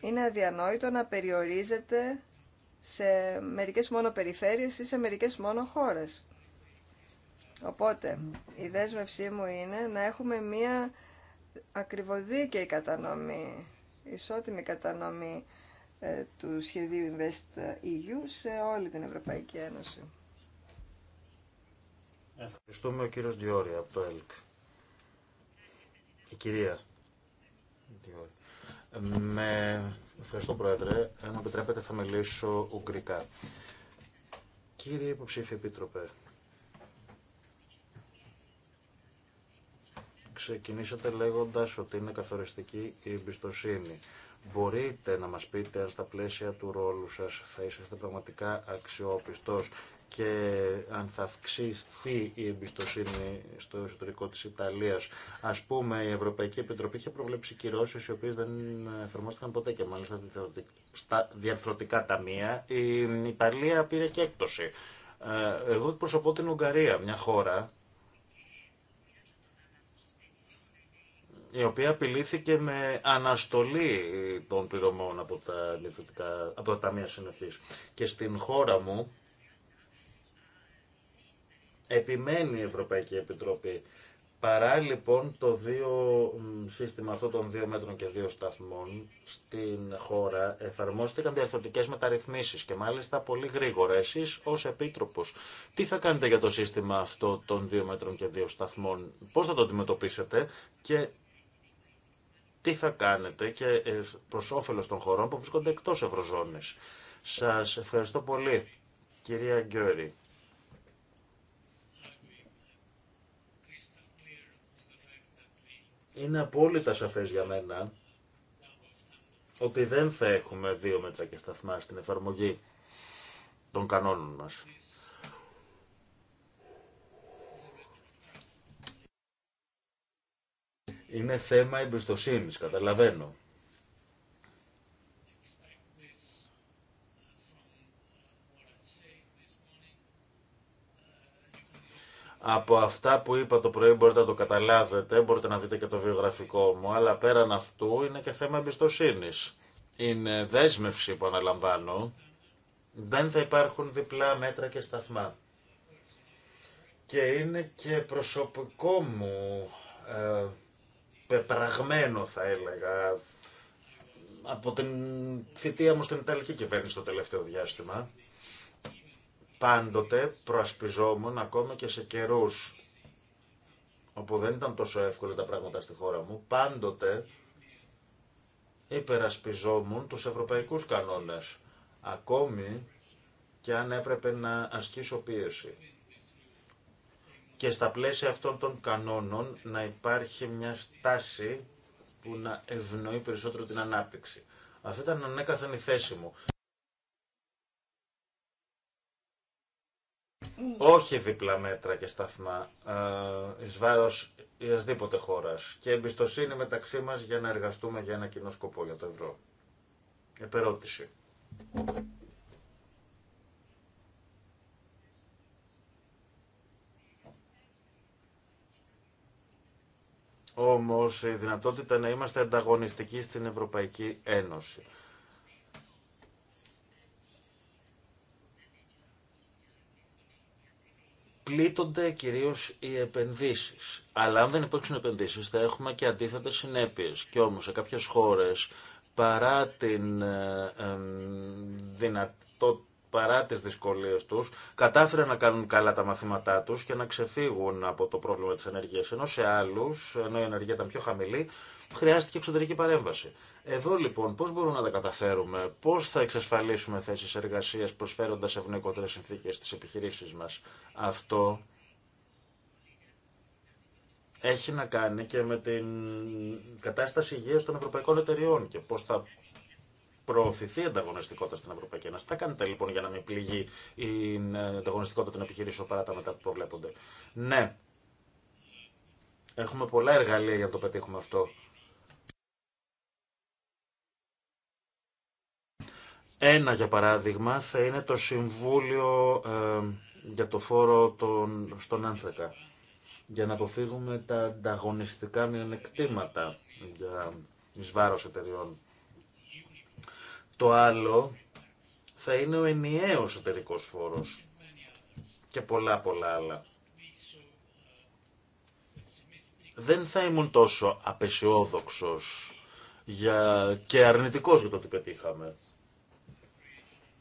είναι αδιανόητο να περιορίζεται σε μερικές μόνο περιφέρειες ή σε μερικές μόνο χώρες. Οπότε, η δέσμευσή μου είναι να έχουμε μία ακριβοδίκαιη κατανομή, ισότιμη κατανομή ε, του σχεδίου Invest EU σε όλη την Ευρωπαϊκή Ένωση. Ευχαριστούμε ο κύριος Διόρη από το ΕΛΚ. Η κυρία Διόρη. Ε, με... Ευχαριστώ Πρόεδρε. Ε, αν επιτρέπετε θα μιλήσω ουγγρικά. Κύριε Υποψήφιε Επίτροπε, Ξεκινήσατε λέγοντας ότι είναι καθοριστική η εμπιστοσύνη. Μπορείτε να μας πείτε αν στα πλαίσια του ρόλου σας θα είσαστε πραγματικά αξιόπιστος και αν θα αυξηθεί η εμπιστοσύνη στο εσωτερικό της Ιταλίας. Ας πούμε, η Ευρωπαϊκή Επιτροπή είχε προβλέψει κυρώσεις οι οποίες δεν εφαρμόστηκαν ποτέ και μάλιστα στα διαρθρωτικά ταμεία η Ιταλία πήρε και έκπτωση. Ε, εγώ εκπροσωπώ την Ουγγαρία, μια χώρα η οποία απειλήθηκε με αναστολή των πληρωμών από τα, από τα Ταμεία Συνοχής. Και στην χώρα μου επιμένει η Ευρωπαϊκή Επιτροπή. Παρά λοιπόν το δύο, σύστημα αυτό των δύο μέτρων και δύο σταθμών στην χώρα εφαρμόστηκαν διαρθωτικές μεταρρυθμίσεις και μάλιστα πολύ γρήγορα. Εσείς ως Επίτροπος, τι θα κάνετε για το σύστημα αυτό των δύο μέτρων και δύο σταθμών, πώς θα το αντιμετωπίσετε και τι θα κάνετε και ε, προς όφελος των χωρών που βρίσκονται εκτός Ευρωζώνης. Σας ευχαριστώ πολύ, κυρία Γκιόρη. Είναι απόλυτα σαφές για μένα ότι δεν θα έχουμε δύο μέτρα και σταθμά στην εφαρμογή των κανόνων μας. Είναι θέμα εμπιστοσύνη, καταλαβαίνω. Από αυτά που είπα το πρωί μπορείτε να το καταλάβετε, μπορείτε να δείτε και το βιογραφικό μου, αλλά πέραν αυτού είναι και θέμα εμπιστοσύνη. Είναι δέσμευση που αναλαμβάνω. Δεν θα υπάρχουν διπλά μέτρα και σταθμά. Και είναι και προσωπικό μου ε, πεπραγμένο θα έλεγα από την θητεία μου στην Ιταλική κυβέρνηση το τελευταίο διάστημα. Πάντοτε προασπιζόμουν ακόμα και σε καιρούς όπου δεν ήταν τόσο εύκολα τα πράγματα στη χώρα μου, πάντοτε υπερασπιζόμουν τους ευρωπαϊκούς κανόνες, ακόμη και αν έπρεπε να ασκήσω πίεση και στα πλαίσια αυτών των κανόνων να υπάρχει μια στάση που να ευνοεί περισσότερο την ανάπτυξη. Αυτό ήταν ανέκαθεν η θέση μου. Mm. Όχι δίπλα μέτρα και σταθμά ε, εις βάρος ιασδήποτε χώρας και εμπιστοσύνη μεταξύ μας για να εργαστούμε για ένα κοινό σκοπό για το ευρώ. Επερώτηση. όμως η δυνατότητα να είμαστε ανταγωνιστικοί στην Ευρωπαϊκή Ένωση. πλήττονται κυρίως οι επενδύσεις. Αλλά αν δεν υπάρξουν επενδύσεις θα έχουμε και αντίθετε συνέπειες. Και όμως σε κάποιες χώρες παρά την ε, ε, δυνατότητα παρά τις δυσκολίες τους, κατάφεραν να κάνουν καλά τα μαθήματά τους και να ξεφύγουν από το πρόβλημα της ενεργείας. Ενώ σε άλλους, ενώ η ενεργεία ήταν πιο χαμηλή, χρειάστηκε εξωτερική παρέμβαση. Εδώ λοιπόν πώς μπορούμε να τα καταφέρουμε, πώς θα εξασφαλίσουμε θέσεις εργασίας προσφέροντας ευνοϊκότερες συνθήκες στις επιχειρήσεις μας. Αυτό έχει να κάνει και με την κατάσταση υγείας των ευρωπαϊκών εταιριών και πώς θα προωθηθεί η ανταγωνιστικότητα στην Ευρωπαϊκή Ένωση. Τι θα κάνετε λοιπόν για να μην πληγεί η ανταγωνιστικότητα των επιχειρήσεων παρά τα μετά που προβλέπονται. Ναι, έχουμε πολλά εργαλεία για να το πετύχουμε αυτό. Ένα για παράδειγμα θα είναι το Συμβούλιο ε, για το φόρο στον άνθρακα για να αποφύγουμε τα ανταγωνιστικά μειονεκτήματα για εις βάρος εταιριών. Το άλλο θα είναι ο ενιαίος εταιρικός φόρος και πολλά πολλά άλλα. Δεν θα ήμουν τόσο απεσιόδοξος για... και αρνητικός για το ότι πετύχαμε.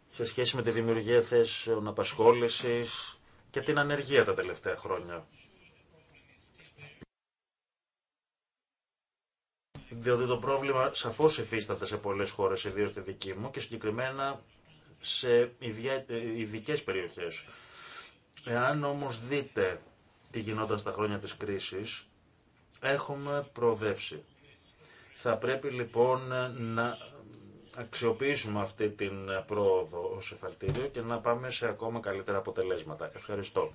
Σε σχέση με τη δημιουργία θέσεων απασχόλησης και την ανεργία τα τελευταία χρόνια. Διότι το πρόβλημα σαφώς υφίσταται σε πολλές χώρες, ιδίως τη δική μου και συγκεκριμένα σε ειδικέ περιοχές. Εάν όμως δείτε τι γινόταν στα χρόνια της κρίσης, έχουμε προοδεύσει. Θα πρέπει λοιπόν να αξιοποιήσουμε αυτή την πρόοδο ως εφαλτήριο και να πάμε σε ακόμα καλύτερα αποτελέσματα. Ευχαριστώ.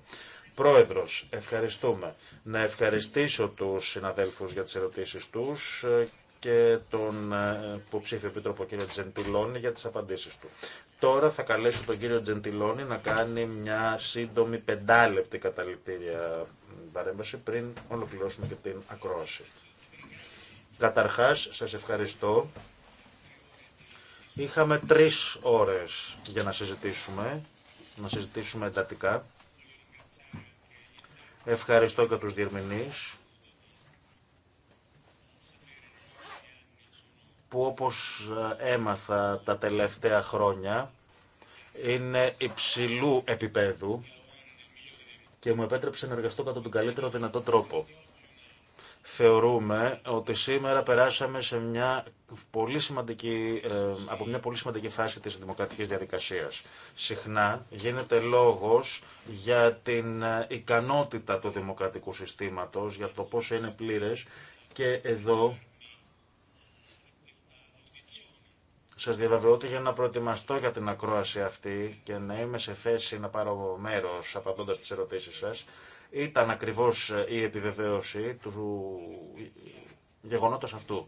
Πρόεδρος, ευχαριστούμε. Να ευχαριστήσω τους συναδέλφους για τις ερωτήσεις τους ε, και τον ε, υποψήφιο επίτροπο κύριο Τζεντιλόνι για τις απαντήσεις του. Τώρα θα καλέσω τον κύριο Τζεντιλόνι να κάνει μια σύντομη πεντάλεπτη καταληκτήρια παρέμβαση πριν ολοκληρώσουμε και την ακρόαση. Καταρχάς, σας ευχαριστώ. Είχαμε τρεις ώρες για να συζητήσουμε, να συζητήσουμε εντατικά. Ευχαριστώ και τους διερμηνείς που όπως ε, έμαθα τα τελευταία χρόνια είναι υψηλού επίπεδου και μου επέτρεψε να εργαστώ κατά τον καλύτερο δυνατό τρόπο θεωρούμε ότι σήμερα περάσαμε σε μια πολύ σημαντική, ε, από μια πολύ σημαντική φάση της δημοκρατικής διαδικασίας. Συχνά γίνεται λόγος για την ε, ικανότητα του δημοκρατικού συστήματος, για το πόσο είναι πλήρες και εδώ Σας διαβεβαιώ ότι για να προετοιμαστώ για την ακρόαση αυτή και να είμαι σε θέση να πάρω μέρος απαντώντας τις ερωτήσεις σας, ήταν ακριβώς ε, η επιβεβαίωση του γεγονότος αυτού.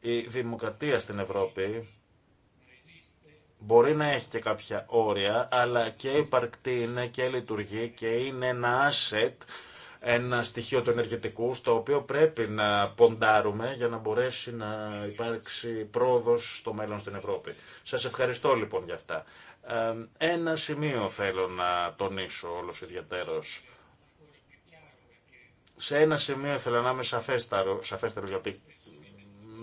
Η δημοκρατία στην Ευρώπη μπορεί να έχει και κάποια όρια, αλλά και υπαρκτή είναι και λειτουργεί και είναι ένα asset, ένα στοιχείο του ενεργητικού, στο οποίο πρέπει να ποντάρουμε για να μπορέσει να υπάρξει πρόοδος στο μέλλον στην Ευρώπη. Σας ευχαριστώ λοιπόν για αυτά. Ε, ένα σημείο θέλω να τονίσω όλος ιδιαίτερος. Σε ένα σημείο θέλω να είμαι σαφέστερο, σαφέστερος, γιατί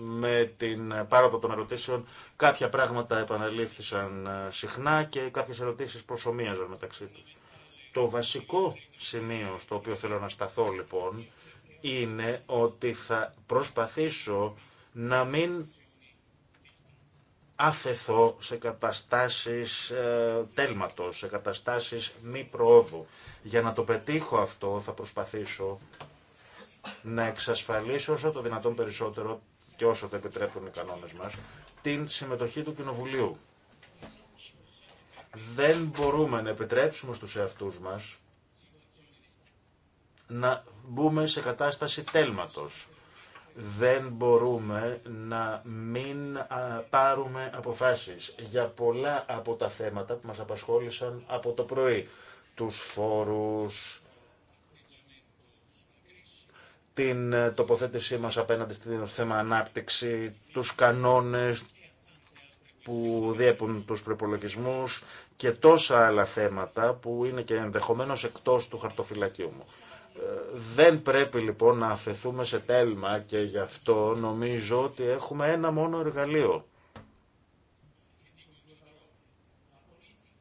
με την πάροδο των ερωτήσεων κάποια πράγματα επαναλήφθησαν ε, συχνά και κάποιες ερωτήσεις προσωμίαζαν μεταξύ του. Το βασικό σημείο στο οποίο θέλω να σταθώ λοιπόν είναι ότι θα προσπαθήσω να μην άθεθω σε καταστάσεις ε, τέλματος, σε καταστάσεις μη προόδου. Για να το πετύχω αυτό θα προσπαθήσω να εξασφαλίσω όσο το δυνατόν περισσότερο και όσο το επιτρέπουν οι κανόνες μας, την συμμετοχή του Κοινοβουλίου. Δεν μπορούμε να επιτρέψουμε στους εαυτούς μας να μπούμε σε κατάσταση τέλματος δεν μπορούμε να μην πάρουμε αποφάσεις για πολλά από τα θέματα που μας απασχόλησαν από το πρωί. Τους φόρους, την ε, τοποθέτησή μας απέναντι στο θέμα ανάπτυξη, τους κανόνες που διέπουν τους προπολογισμού και τόσα άλλα θέματα που είναι και ενδεχομένως εκτός του χαρτοφυλακίου μου δεν πρέπει λοιπόν να αφαιθούμε σε τέλμα και γι' αυτό νομίζω ότι έχουμε ένα μόνο εργαλείο.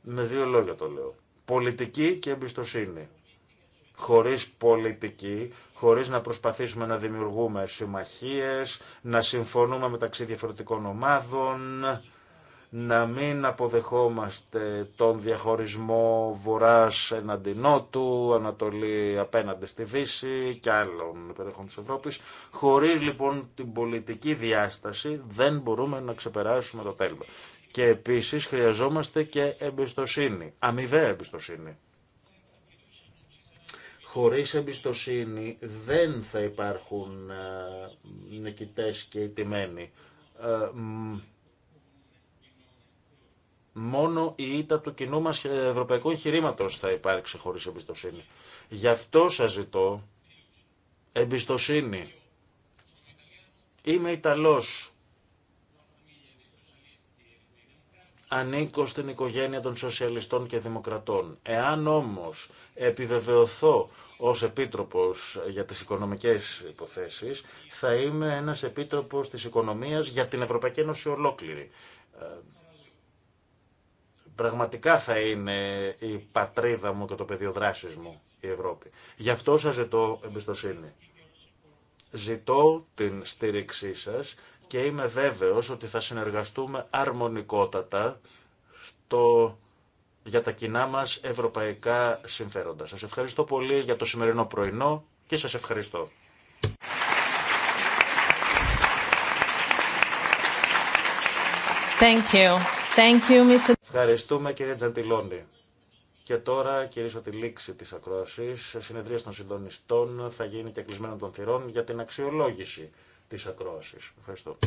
Με δύο λόγια το λέω. Πολιτική και εμπιστοσύνη. Χωρίς πολιτική, χωρίς να προσπαθήσουμε να δημιουργούμε συμμαχίες, να συμφωνούμε μεταξύ διαφορετικών ομάδων, να μην αποδεχόμαστε τον διαχωρισμό βοράς εναντί νότου, Ανατολή απέναντι στη Δύση και άλλων περιοχών της Ευρώπης. Χωρίς λοιπόν την πολιτική διάσταση δεν μπορούμε να ξεπεράσουμε το τέλμα. Και επίσης χρειαζόμαστε και εμπιστοσύνη, αμοιβαία εμπιστοσύνη. Χωρίς εμπιστοσύνη δεν θα υπάρχουν ε, νικητές και ιτημένοι. Ε, Μόνο η ήττα του κοινού μας ε, ευρωπαϊκού εγχειρήματο θα υπάρξει χωρίς εμπιστοσύνη. Γι' αυτό σας ζητώ εμπιστοσύνη. Είμαι Ιταλός. Ανήκω στην οικογένεια των σοσιαλιστών και δημοκρατών. Εάν όμως επιβεβαιωθώ ως Επίτροπος για τις οικονομικές υποθέσεις, θα είμαι ένας Επίτροπος της Οικονομίας για την Ευρωπαϊκή Ένωση ολόκληρη. Ε, Πραγματικά θα είναι η πατρίδα μου και το πεδίο δράση μου η Ευρώπη. Γι' αυτό σας ζητώ εμπιστοσύνη. Ζητώ την στήριξή σας και είμαι βέβαιος ότι θα συνεργαστούμε αρμονικότατα στο... για τα κοινά μας ευρωπαϊκά συμφέροντα. Σας ευχαριστώ πολύ για το σημερινό πρωινό και σας ευχαριστώ. Thank you. Ευχαριστούμε κύριε Τζαντιλόνη. Και τώρα κυρίσω τη λήξη της ακρόασης. Συνεδρία των συντονιστών θα γίνει και κλεισμένο των θυρών για την αξιολόγηση της ακρόασης. Ευχαριστώ.